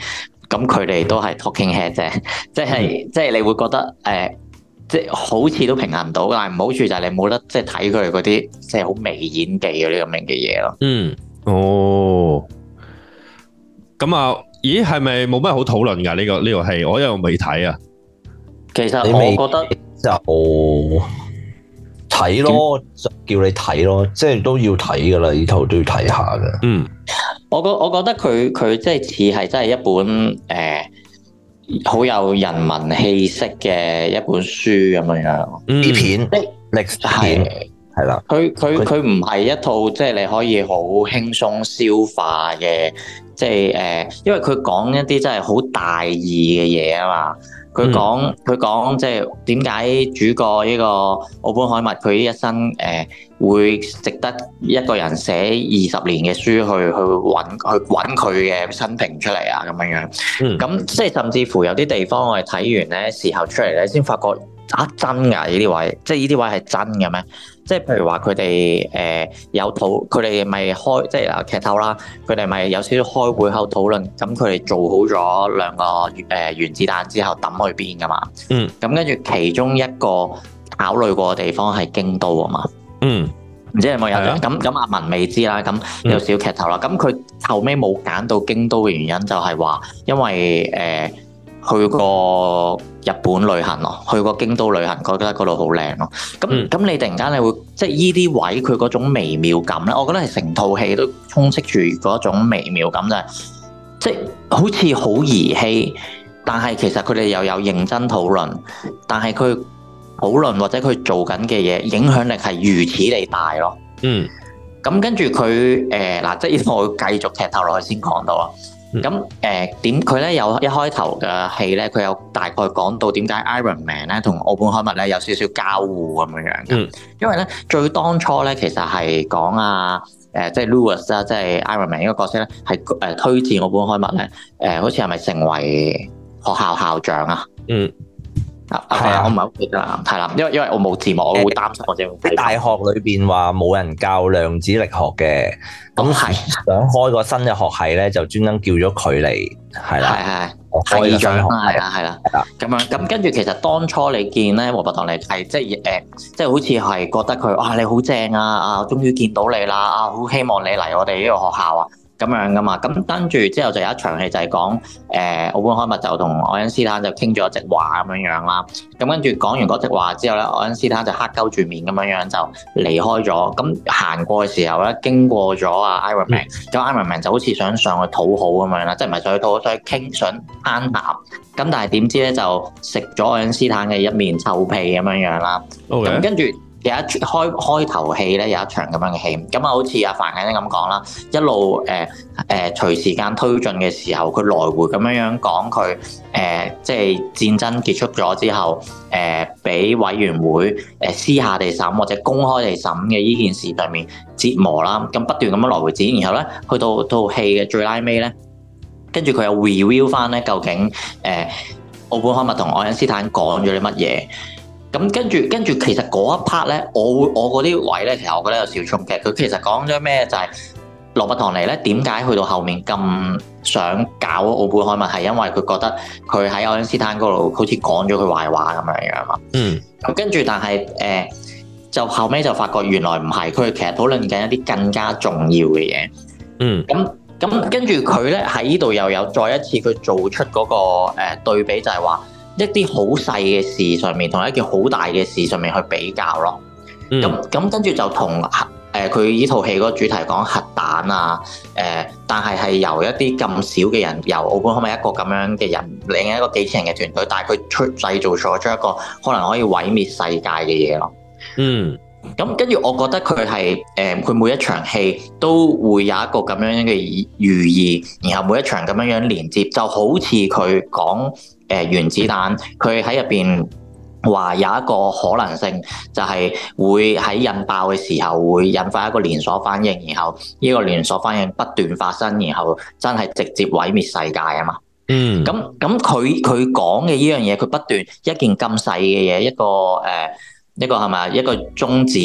咁佢哋都係 talking head 啫，即係、嗯、即係你會覺得誒、呃，即係好似都平衡到，但係唔好處就係你冇得即係睇佢哋嗰啲即係好微演技嗰啲咁樣嘅嘢咯。嗯，哦，咁啊。咦，係咪冇咩好討論㗎？呢、呢個呢、呢個戲，我又未睇啊。其實我覺得你就睇咯，就叫你睇咯，即係都要睇㗎啦，呢套都要睇下嘅。嗯，我我覺得佢佢即係似係真係一本誒好、呃、有人文氣息嘅一本書咁樣樣啲、嗯、片，即歷史片係啦。佢佢佢唔係一套即係、就是、你可以好輕鬆消化嘅。即係誒，因為佢講一啲真係好大義嘅嘢啊嘛，佢講佢講即係點解主角呢個奧本海默佢一生誒、呃、會值得一個人寫二十年嘅書去去揾去揾佢嘅生平出嚟啊咁樣樣，咁、嗯、即係甚至乎有啲地方我哋睇完咧時候出嚟咧先發覺。啊真噶！呢啲位，即係呢啲位係真嘅咩？即係譬如話佢哋誒有討，佢哋咪開，即係啊劇透啦，佢哋咪有少少開會後討論，咁佢哋做好咗兩個誒、呃、原子彈之後抌去邊噶嘛嗯嗯？嗯。咁跟住其中一個考慮過嘅地方係京都啊嘛。嗯。唔知係咪有？咁咁的、啊、阿文未知啦。咁有少劇透啦。咁佢、嗯嗯、後尾冇揀到京都嘅原因就係話，因為誒。呃去過日本旅行咯，去過京都旅行，覺得嗰度好靚咯。咁咁、嗯、你突然間你會即係依啲位佢嗰種微妙感咧，我覺得係成套戲都充斥住嗰種微妙感就啫。即係好似好兒戲，但係其實佢哋又有認真討論。但係佢討論或者佢做緊嘅嘢，影響力係如此地大咯。嗯。咁跟住佢誒嗱，即係我繼續劇透落去先講到啊。咁誒點佢咧，有一開頭嘅戲咧，佢有大概講到點解 Iron Man 咧同奧本海默咧有少少交互咁樣樣嘅，因為咧最當初咧其實係講啊誒、呃，即係 Louis 啊，即係 Iron Man 呢個角色咧係誒推薦奧本海默咧誒，好似係咪成為學校校長啊？嗯。啊，係啊，我唔係好記得啦，係啦，因為因為我冇字幕，我會擔心我正喺大學裏邊話冇人教量子力學嘅，咁係想開個新嘅學系咧，就專登叫咗佢嚟，係啦，係係第二張，係啦係啦係啦，咁樣咁跟住其實當初你見咧，胡伯棠你係即係誒，即係好似係覺得佢，哇你好正啊，啊終於見到你啦，啊好希望你嚟我哋呢個學校啊。咁樣噶嘛，咁跟住之後就有一場戲就係講，誒、呃、奧、 哦、本海默，就同愛因斯坦就傾咗一席話咁樣樣啦，咁跟住講完嗰席話之後咧，愛因斯坦就黑鳩住面咁樣樣就離開咗，咁、嗯、行過嘅時候咧，經過咗 Iron Man，咁 Iron Man 就好似想上去討好咁樣啦，即係唔係上去討好，所以傾想攀談，咁但係點知咧就食咗愛因斯坦嘅一面臭屁咁樣樣啦，咁、嗯 Okay. 嗯、跟住。有一開開頭戲咧有一場咁樣嘅戲，咁啊好似阿範景升咁講啦，一路誒誒、呃呃、隨時間推進嘅時候，佢來回咁樣樣講佢誒，即係戰爭結束咗之後，誒、呃、俾委員會誒、呃、私下地審或者公開地審嘅呢件事上面折磨啦，咁不斷咁樣來回展，然後咧去到套戲嘅最拉尾咧，跟住佢又 reveal 翻咧究竟誒奧、呃、本海默同愛因斯坦講咗啲乜嘢？咁跟住，跟住其實嗰一 part 咧，我會我嗰啲位咧，其實我覺得有少重劇。佢其實講咗咩？就係羅伯唐尼咧，點解去到後面咁想搞奧本海默？係因為佢覺得佢喺愛因斯坦嗰度好似講咗佢壞話咁樣樣嘛。嗯。咁跟住，但係誒、呃，就後尾就發覺原來唔係，佢其實討論緊一啲更加重要嘅嘢。嗯。咁咁跟住佢咧喺呢度又有再一次佢做出嗰、那個誒、呃、對比就，就係話。一啲好細嘅事上面，同一件好大嘅事上面去比較咯。咁咁、嗯、跟住就同核佢依套戲個主題講核彈啊誒、呃，但係係由一啲咁少嘅人，由奧本可唔可以一個咁樣嘅人，另一個幾千人嘅團隊，但係佢出製造咗將一個可能可以毀滅世界嘅嘢咯。嗯，咁跟住我覺得佢係誒佢每一場戲都會有一個咁樣嘅寓意，然後每一場咁樣樣連接，就好似佢講。誒、呃、原子彈，佢喺入邊話有一個可能性，就係會喺引爆嘅時候會引發一個連鎖反應，然後呢個連鎖反應不斷發生，然後真係直接毀滅世界啊嘛。嗯。咁咁佢佢講嘅呢樣嘢，佢不斷一件咁細嘅嘢，一個誒、呃、一個係咪一個中子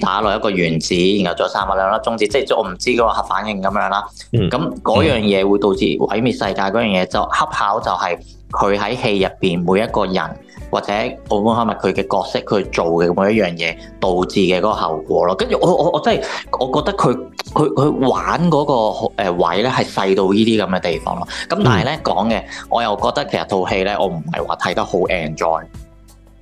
打落一個原子，然後再散埋兩粒中子，即係我唔知個核反應咁樣啦。嗯。咁嗰樣嘢會導致毀滅世界嗰樣嘢，就恰巧就係、是。佢喺戲入邊每一個人或者我冇睇埋佢嘅角色，佢做嘅每一樣嘢導致嘅嗰個後果咯。跟住我我我真係我覺得佢佢佢玩嗰個誒位咧係細到呢啲咁嘅地方咯。咁但係咧講嘅，我又覺得其實套戲咧我唔係話睇得好 enjoy。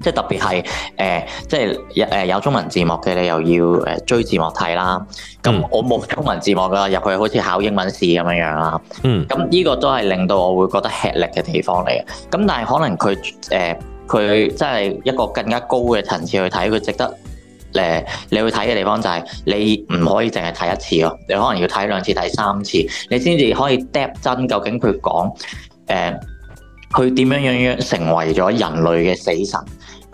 即係特別係誒、呃，即係有誒有中文字幕嘅，你又要誒追字幕睇啦。咁、嗯、我冇中文字幕噶，入去好似考英文試咁樣樣啦。嗯，咁呢個都係令到我會覺得吃力嘅地方嚟嘅。咁但係可能佢誒佢即係一個更加高嘅層次去睇，佢值得誒、呃、你會睇嘅地方就係你唔可以淨係睇一次咯，你可能要睇兩次、睇三次，你先至可以嗒真究竟佢講誒佢點樣樣樣成為咗人類嘅死神。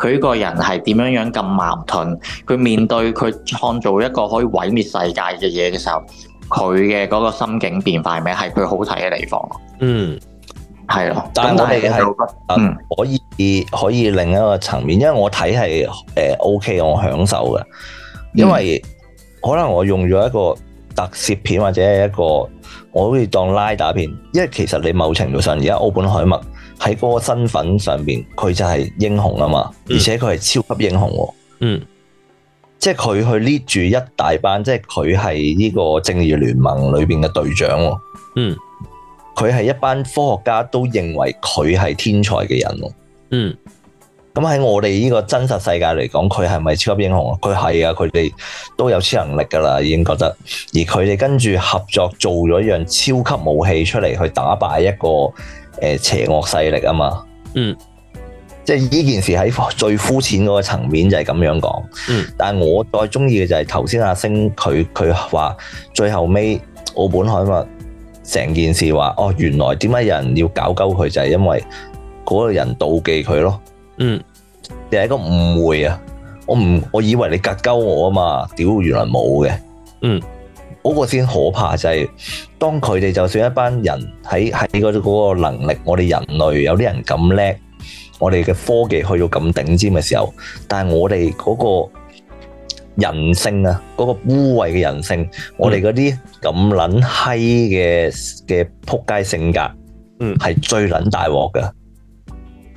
佢個人係點樣樣咁矛盾？佢面對佢創造一個可以毀滅世界嘅嘢嘅時候，佢嘅嗰個心境變化，係咩係佢好睇嘅地方？嗯，係咯的。但係我哋係，嗯，可以可以另一個層面，因為我睇係誒 O K，我享受嘅。因為可能我用咗一個特攝片或者係一個我好似當拉打片，因為其實你某程度上而家奧本海默。喺嗰個身份上邊，佢就係英雄啊嘛，而且佢係超級英雄，啊，嗯，即係佢去 lead 住一大班，即係佢係呢個正義聯盟裏邊嘅隊長，啊，嗯，佢係一班科學家都認為佢係天才嘅人，啊，嗯，咁喺我哋呢個真實世界嚟講，佢係咪超級英雄啊？佢係啊，佢哋都有超能力噶啦，已經覺得，而佢哋跟住合作做咗樣超級武器出嚟，去打敗一個。誒、呃、邪惡勢力啊嘛，嗯，即係呢件事喺最膚淺嗰個層面就係咁樣講，嗯。但係我最中意嘅就係頭先阿星佢佢話最後尾奧本海默成件事話哦，原來點解有人要搞鳩佢就係因為嗰個人妒忌佢咯，嗯。係一個誤會啊，我唔我以為你夾鳩我啊嘛，屌原來冇嘅，嗯。嗰個先可怕就係，當佢哋就算一班人喺喺嗰嗰個能力，我哋人類有啲人咁叻，我哋嘅科技去到咁頂尖嘅時候，但係我哋嗰個人性啊，嗰個污穢嘅人性，我哋嗰啲咁撚閪嘅嘅撲街性格，嗯，係最撚大鑊嘅，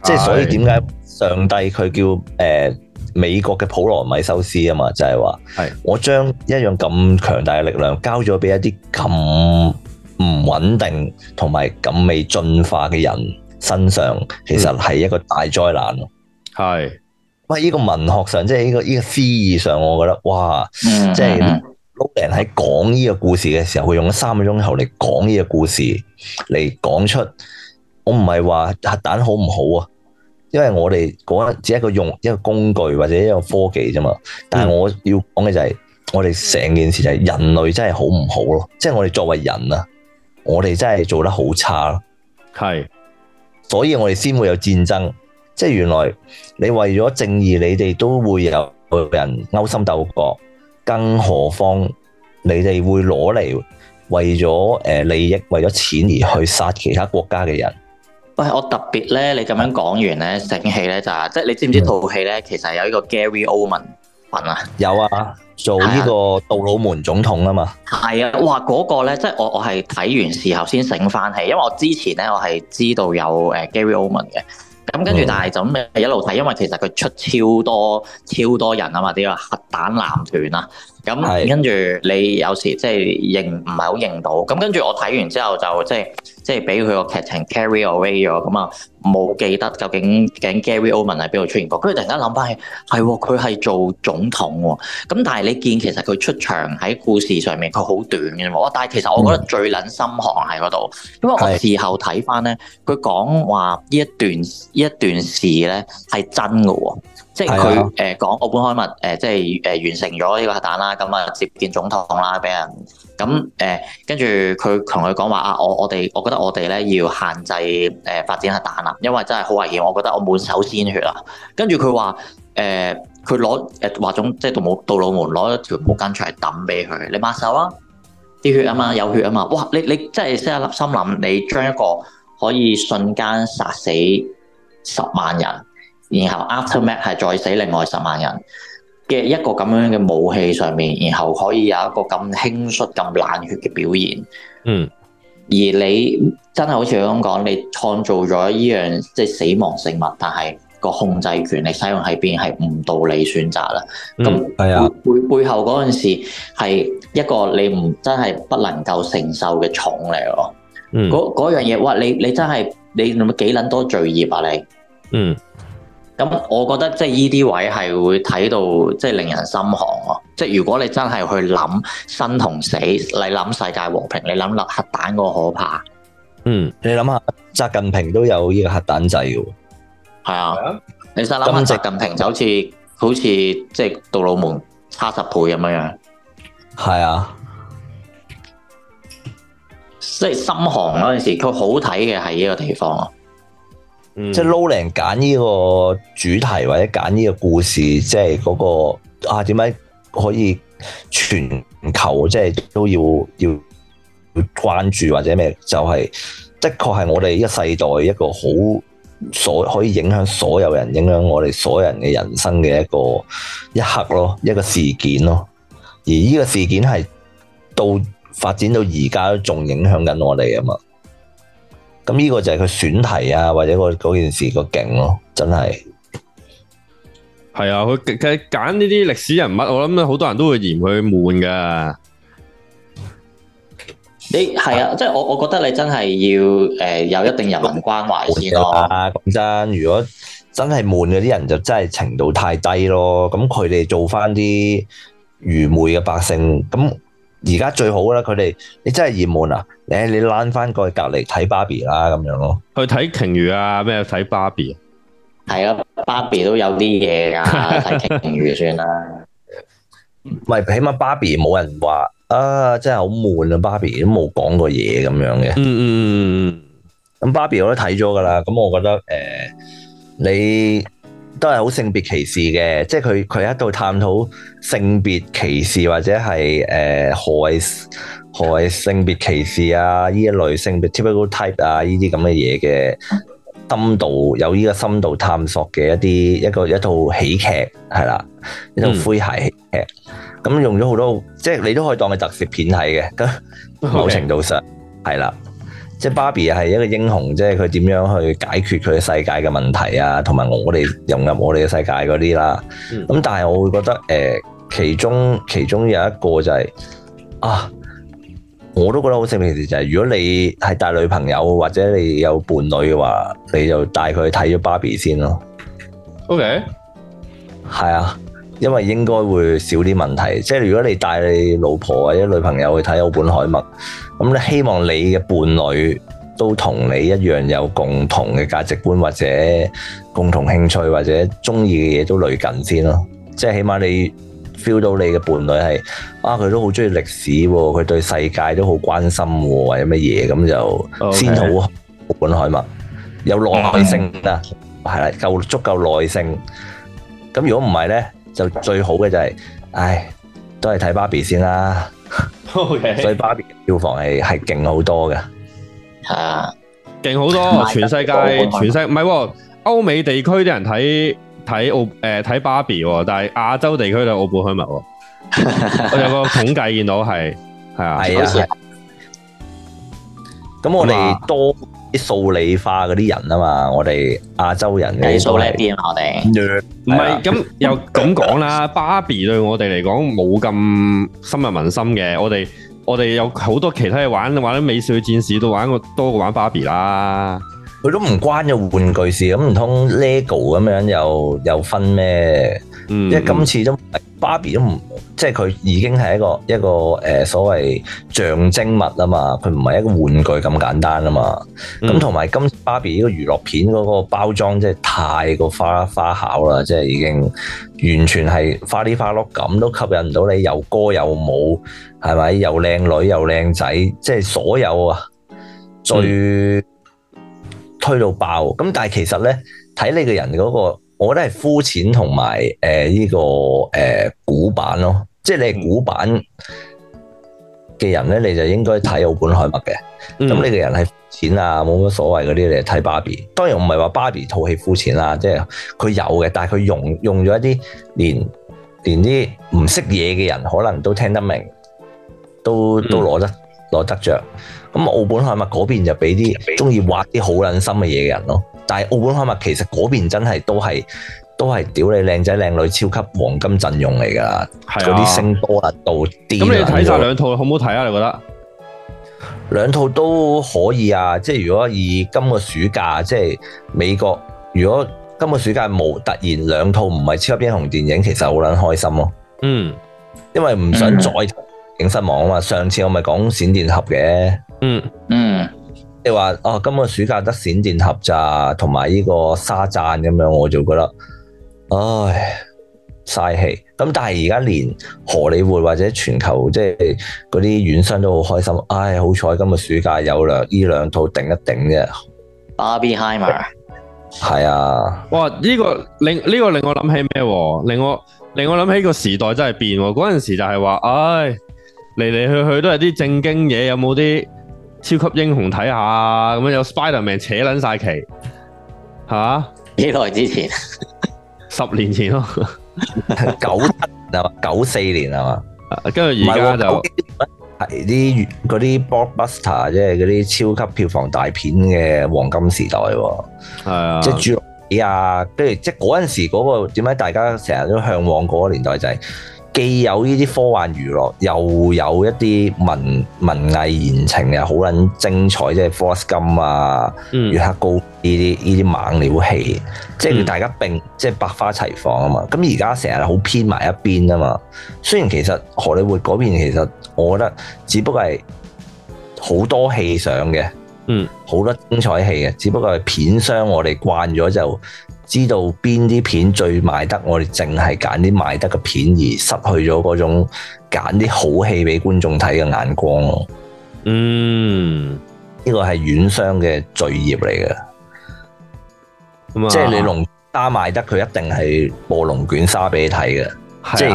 即係所以點解上帝佢叫誒？美國嘅普羅米修斯啊嘛，就係、是、話，是我將一樣咁強大嘅力量交咗俾一啲咁唔穩定同埋咁未進化嘅人身上，其實係一個大災難。係是，喂，呢個文學上即係呢、這個呢、這個詩意上，我覺得哇，即係 Nolan 喺講呢個故事嘅時候，佢用咗三個鐘頭嚟講呢個故事，嚟講出，我唔係話核彈好唔好啊？因為我哋講只係一個用一個工具或者一個科技啫嘛，但係我要講嘅就係我哋成件事就係人類真係好唔好咯，即係我哋作為人啊，我哋真係做得好差咯。係，所以我哋先會有戰爭。即係原來你為咗正義，你哋都會有人勾心鬥角，更何況你哋會攞嚟為咗誒利益、為咗錢而去殺其他國家嘅人。喂，我特別咧，你咁樣講完咧，醒起咧就係、是，即係你知唔知套戲咧，其實有依個 Gary Oldman 份啊？有啊，做呢個杜魯門總統啊嘛。係啊，哇、啊！嗰、那個咧，即係我我係睇完時候先醒返起，因為我之前咧，我係知道有誒 Gary Oldman 嘅。咁跟住，但係就咁一路睇，因為其實佢出超多超多人啊嘛，啲核彈男團啊。咁跟住你有時即係認唔係好認到。咁跟住我睇完之後就即係。即係俾佢個劇情 carry away 咗，咁啊冇記得究竟 Gary Oldman 係邊度出現過。跟住突然間諗翻起，係喎，佢係做總統喎。咁但係你見其實佢出場喺故事上面，佢好短嘅啫喎。但係其實我覺得最撚心寒喺嗰度，嗯、因為我事後睇翻咧，佢講話呢一段一段事咧係真嘅喎。即係佢誒講奧本海默誒，即係誒、呃、完成咗呢個核彈啦，咁啊接見總統啦，俾人。咁誒，嗯、他跟住佢同佢講話啊，我我哋我覺得我哋咧要限制誒發展核彈啊，因為真係好危險，我覺得我滿、呃、手鮮血啊。跟住佢話誒，佢攞誒華總即係杜老杜魯門攞一條毛巾出嚟揼俾佢，你抹手啊，啲血啊嘛，有血啊嘛，哇！你你，你真係心諗，你將一個可以瞬間殺死十萬人，然後 aftermath 係再死另外十萬人，嘅一個咁樣嘅武器上面，然後可以有一個咁輕率、咁冷血嘅表現。嗯。而你真係好似佢咁講，你創造咗依樣即係死亡生物，但係個控制權力使用喺邊，係唔道理選擇啦。咁係、嗯、背啊，背背後嗰陣時係一個你唔真係不能夠承受嘅重嚟咯。嗯。嗰樣嘢，哇！你你，你真係你幾撚多，多罪孽啊你？嗯。咁我覺得即係依啲位係會睇到即係、就是、令人心寒喎。即係如果你真係去諗生同死，你諗世界和平，你諗落核彈個可怕。嗯，你諗下習近平都有呢個核彈掣嘅，係啊。你真係諗下習近平就好似好似即係杜魯門差十倍咁樣樣。係啊，即係心寒嗰陣時，佢好睇嘅係呢個地方啊。嗯、即係 Nolan 揀呢個主題或者揀呢個故事，即係嗰個啊點解可以全球即係都要要關注或者咩？就係的確係我哋一世代一個好所可以影響所有人，影響我哋所有人嘅人生嘅一個一刻咯，一個事件咯。而呢個事件係到發展到而家都仲影響緊我哋啊嘛。咁呢個就係佢選題啊，或者個嗰件事個勁咯，真係。係啊，佢佢揀呢啲歷史人物，我諗好多人都會嫌佢悶噶。你係啊，即係我我覺得你真係要誒有一定人文關懷先咯。講真，如果真係悶嘅啲人，就真係程度太低咯。咁佢哋做翻啲愚昧嘅百姓咁。而家最好啦，佢哋你真係厭悶啊！誒，你躝翻過去隔離睇芭比啦咁樣咯。去睇鯨魚啊？咩睇芭比？係啊，芭比都有啲嘢㗎，睇鯨魚算啦。唔係起碼芭比冇人話啊，真係好悶啊！芭比都冇講過嘢咁樣嘅、嗯。嗯嗯嗯嗯咁芭比我都睇咗㗎啦。咁我覺得誒、呃、你。都係好性別歧視嘅，即係佢佢喺度探討性別歧視或者係誒、呃、何為何為性別歧視啊？呢一類性別 typical type 啊呢啲咁嘅嘢嘅深度有呢個深度探索嘅一啲一個一套喜劇係啦，一套詼諧喜劇，咁、嗯、用咗好多，即係你都可以當佢特攝片睇嘅，咁 Okay. 某程度上係啦。即係芭比係一個英雄，即係佢點樣去解決佢世界嘅問題啊，同埋我哋融入我哋嘅世界嗰啲啦。咁、嗯、但係我會覺得誒、呃，其中其中有一個就係、是、啊，我都覺得好正平嘅就係、是，如果你係帶女朋友或者你有伴侶嘅話，你就帶佢去睇咗芭比先咯。OK，係啊，因為應該會少啲問題。即、就、係、是、如果你帶你老婆或者女朋友去睇《奧本海默》。咁你希望你嘅伴侶都同你一樣有共同嘅價值觀，或者共同興趣，或者中意嘅嘢都類近先咯。即係起碼你 feel 到你嘅伴侶係啊，佢都好中意歷史喎、啊，佢對世界都好關心喎、啊，或者乜嘢咁就先好。本 Okay. 海默有耐性啊，係啦、嗯，夠足夠耐性。咁如果唔係咧，就最好嘅就係、是，唉，都係睇芭比先啦。Okay. 所以芭比票房係係勁好多嘅，係啊，勁好多！全世，多全世界、全世唔係，歐、啊、美地區啲人睇睇澳誒睇芭比，但係亞洲地區就奧本海默。 我有個統計見到係係啊，係 啊，咁、啊啊、我哋多。啲數理化嗰啲人啊嘛，我哋亞洲人嘅數叻啲，我哋唔係咁又咁講啦。芭比對我哋嚟講冇咁深入民心嘅，我哋我哋有好多其他嘢玩，玩美少女戰士都玩過多過玩芭比啦。佢都唔關嘅玩具事，咁唔通 Lego 咁樣又又分咩？因為、嗯嗯、今次都芭比都唔即係佢已經係一個一個誒、呃、所謂象徵物啊嘛，佢唔係一個玩具咁簡單啊嘛。咁同埋今次芭比呢個娛樂片嗰個包裝真係太過花花巧啦，即係已經完全係花里花碌咁都吸引唔到你，又歌又舞，係咪又靚女又靚仔，即係所有啊最推到爆。咁、嗯、但係其實咧睇你個人嗰、嗰個。我覺得係膚淺同埋誒呢個、呃、古板咯，即係你係古板嘅人咧，你就應該睇澳本海默嘅。咁你嘅人係膚淺啊，冇乜所謂嗰啲，你睇芭比。當然唔係話芭比套戲膚淺啦，即係佢有嘅，但係佢用用咗一啲連連啲唔識嘢嘅人可能都聽得明，都、嗯、都攞得攞得着。咁奧本海默嗰邊就俾啲中意畫啲好撚深嘅嘢嘅人咯。但係奧本海默，其實嗰邊真係都係都係屌你靚仔靚女超級黃金陣容嚟㗎，嗰啲、啊、星多啊到癲，咁你睇曬兩套好唔好睇啊？這個、你覺得兩套都可以啊！即係如果以今個暑假，即係美國，如果今個暑假冇突然兩套唔係超級英雄電影，其實好撚開心咯、啊。嗯，因為唔想再影失望啊嘛。嗯、上次我咪講閃電俠嘅，嗯嗯。嗯你話哦，今個暑假得閃電俠咋，同埋呢個沙讚咁樣，我就覺得，唉，嘥氣。咁但係而家連荷里活或者全球即係嗰啲院商都好開心，唉，好彩今個暑假有兩呢兩套頂一頂啫。Barbieheimer 係啊，哇，呢、呢個令呢、呢個令我諗起咩？令我令我諗起個時代真係變。嗰陣時就係話，唉，嚟嚟去去都係啲正經嘢，有冇啲？超級英雄睇下，咁樣有 Spider-Man 扯撚曬旗，係咪？幾耐之前？十年前咯，九七年啊，九四年係嘛，跟住而家就係啲嗰啲 Blockbuster，即係嗰啲超級票房大片嘅黃金時代喎。係啊，即係侏羅紀啊，跟住即係嗰陣時嗰個點解大家成日都嚮往嗰個年代就係。既有呢啲科幻娛樂，又有一啲文文藝言情嘅好撚精彩，即係《Forrest Gump》啊，嗯，《月黑高》呢啲呢啲猛料戲，即係大家並即係百花齊放啊嘛。咁而家成日好偏埋一邊啊嘛。雖然其實荷里活嗰邊其實我覺得只、嗯，只不過係好多戲上嘅，嗯，好多精彩戲嘅，只不過係片商我哋慣咗就。知道邊啲片最賣得，我哋淨係揀啲賣得嘅片，而失去咗嗰種揀啲好戲俾觀眾睇嘅眼光咯。嗯，呢個係院商嘅罪孽嚟嘅。啊、即係你龍沙賣得，佢一定係播龍捲鯊俾你睇嘅。啊、即係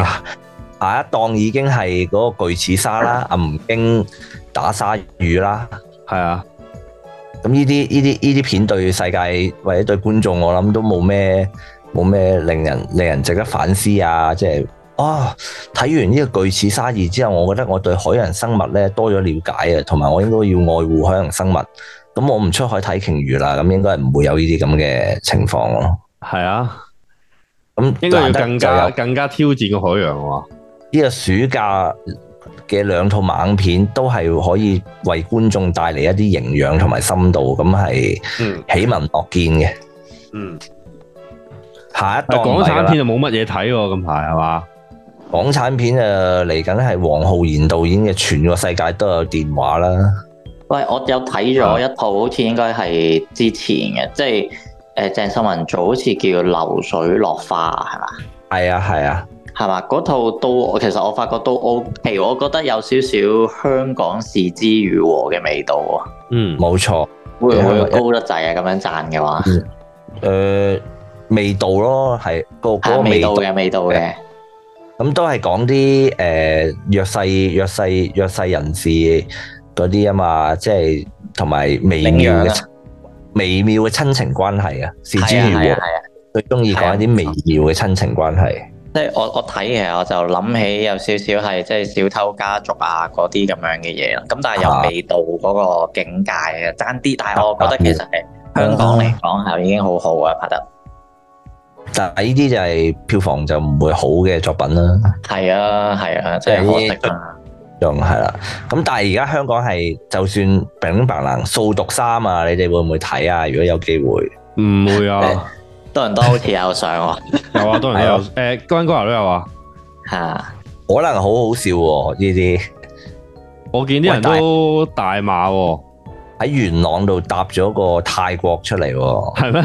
下一檔已經係嗰個巨齒鯊啦，阿吳京打鯊魚啦，係啊。咁呢啲呢啲呢啲片對世界或者對觀眾，我諗都冇咩冇咩令人令人值得反思啊！即係哦，睇、啊、完呢個巨齒鯊二之後，我覺得我對海洋生物咧多咗了解啊，同埋我應該要愛護海洋生物。咁我唔出海睇鯨魚啦，咁應該係唔會有呢啲咁嘅情況咯。係啊，咁、啊、應該要更加更加挑戰個海洋喎、啊。呢個暑假嘅兩套猛片都係可以為觀眾帶嚟一啲營養同埋深度，咁係喜聞樂見嘅。嗯，下一檔港產片就冇乜嘢睇喎，近排係嘛？港產片誒，嚟緊係黃浩然導演嘅《全個世界都有電話》啦。喂，我有睇咗一套，嗯、好似應該係之前嘅，即係誒鄭秀文做，好似叫《流水落花》，係嘛？係啊，係啊。係嘛？嗰套都，其實我發覺都 O、OK, K，我覺得有少少香港是枝裕和嘅味道啊。嗯，冇錯會，會高得滯啊。咁、嗯、樣讚嘅話，誒、嗯呃、味道咯，係、那個嗰個、啊、味道嘅味道嘅。咁、嗯、都係講啲誒、呃、弱勢弱勢弱勢人士嗰啲啊嘛，即係同埋微妙嘅、啊、微妙嘅親情關係啊。是枝裕和佢中意講一啲微妙嘅親情關係。即係我我睇嘅，我就諗起有少少係即係小偷家族啊嗰啲咁樣嘅嘢啦。咁但係又未到嗰個境界啊，爭啲。但係我覺得其實係香港嚟講係已經好好啊，拍得。但係呢啲就係票房就唔會好嘅作品啦。係啊係啊，真係可惜啊。仲係啦。咁但係而家香港係就算平平難，掃毒三啊，你哋會唔會睇啊？如果有機會，唔會啊。多人都好似有上喎、啊， 有啊，多人都有誒，軍哥也都有啊，嚇， 可能好好笑喎呢啲，我見啲人都大馬喺、啊、喂元朗度搭咗個泰國出嚟喎、啊，係咩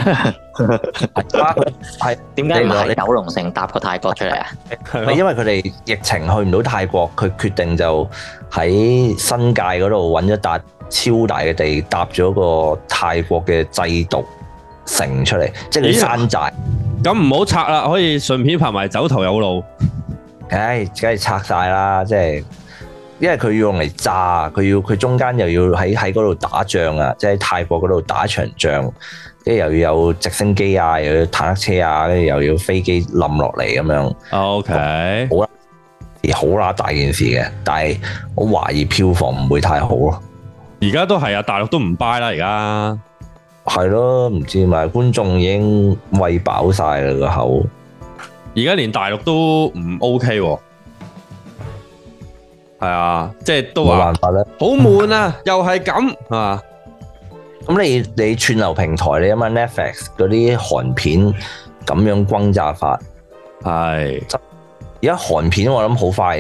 是嗎？係點解唔係喺九龍城搭個泰國出嚟啊？係因為佢哋疫情去唔到泰國，佢決定就喺新界嗰度揾一笪超大嘅地，搭咗個泰國嘅制度。成出嚟，即係啲山寨。咁唔好拆啦，可以順便拍埋走頭有路。唉、哎，梗係拆晒啦，即係，因為佢要用嚟炸，佢要佢中間又要喺喺嗰度打仗啊，即係喺泰國嗰度打一場仗，跟住又要有直升機啊，又要坦克車啊，跟住又要飛機冧落嚟咁樣。OK，好啦，好啦，大件事嘅，但係我懷疑票房唔會太好咯。而家都係啊，大陸都唔 buy 啦，而家。係咯，唔知咪觀眾已經餵飽晒啦個口。而家連大陸都唔 OK 喎。係啊，即係都冇辦法咧，好悶啊， 又係咁啊。咁你你串流平台你諗下 Netflix 嗰啲韓片咁樣轟炸法係。而家韓片我諗好快，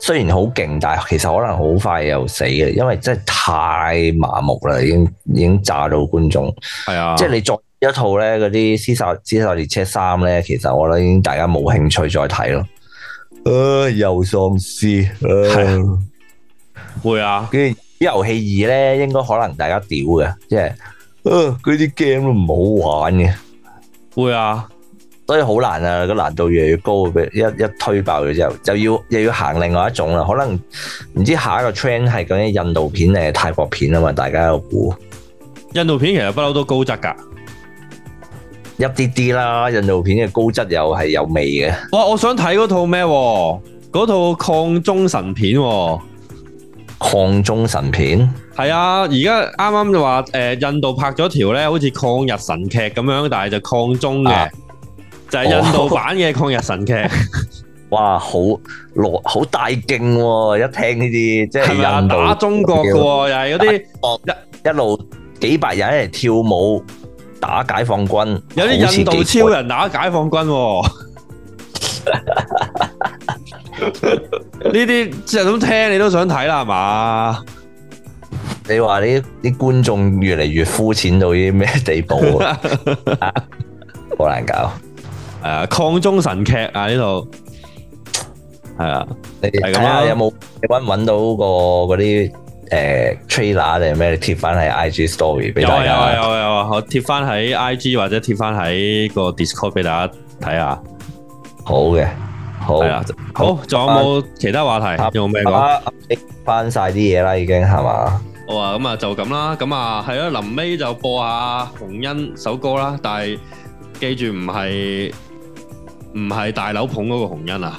雖然好勁，但係其實可能好快又死嘅，因為真係太麻木啦，已經已經炸到觀眾。係啊，即係你作一套咧，嗰啲《屍殺屍殺列車三》咧，其實我諗已經大家冇興趣再睇咯。誒，又喪屍，係會啊？啲遊戲二咧，應該可能大家屌嘅，即係，誒，啲 game 都唔好玩嘅，會啊？所以好難啊！個難度越嚟越高，俾一,一推爆嘅之後，又要又要又要行另外一種啦。可能唔知下一個 trend 係印度片定係泰國片啊嘛？大家個估印度片其實不嬲都高質噶，一啲啲啦。印度片嘅高質又係有味嘅。哇！我想睇嗰套咩？嗰套抗中神片。抗中神片？係啊！而家啱啱就話印度拍咗條咧，好似抗日神劇咁樣，但係就抗中嘅。啊就係印度版嘅抗日神劇，哇！好落好大勁喎，一聽呢啲即係印度打中國㗎喎，又係嗰啲一一路幾百人嚟跳舞打解放軍，有啲印度超人打解放軍喎。呢啲即係咁聽，你都想睇啦，係嘛？你話呢啲觀眾越嚟越膚淺到啲咩地步啊？好難搞。係、嗯、啊，抗中神劇啊呢度，係啊，你睇下有冇溫揾到、個嗰啲誒 trailer 定係咩？貼翻喺 IG story 俾大家有、啊、有、啊、有、啊、有、啊，我貼翻喺 IG 或者貼翻喺個 Discord 俾大家睇下。好嘅，好係啦，好，仲、啊、有冇其他話題？有咩講？翻晒啲嘢啦，已經係嘛？好咁啊，就咁啦，咁啊，係咯，臨尾就播下洪因首歌啦，但係記住唔係。唔係大佬捧嗰個洪因啊？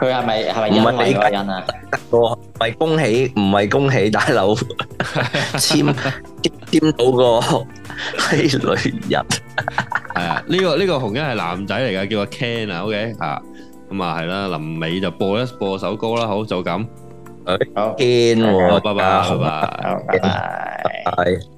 佢係咪係咪唔係李嘉欣啊？得個，唔係恭喜，唔係恭喜大佬簽簽到個係女人。係啊，呢個呢個洪因係男仔嚟㗎，叫阿 Ken 啊，OK 嚇。咁啊係啦，臨尾就播一播首歌啦，好就咁。好 Ken，拜拜，拜拜，拜拜。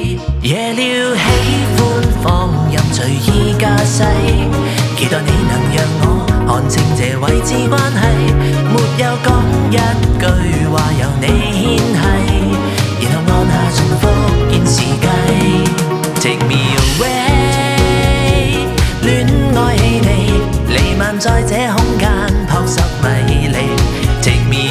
夜、yeah, 了，喜歡放任隨意駕駛，期待你能讓我看清這位置關係。沒有講一句話，由你牽繫，然後按下重複鍵時計。Take me away，戀愛氣味瀰漫在這空間，撲朔迷離。Take me。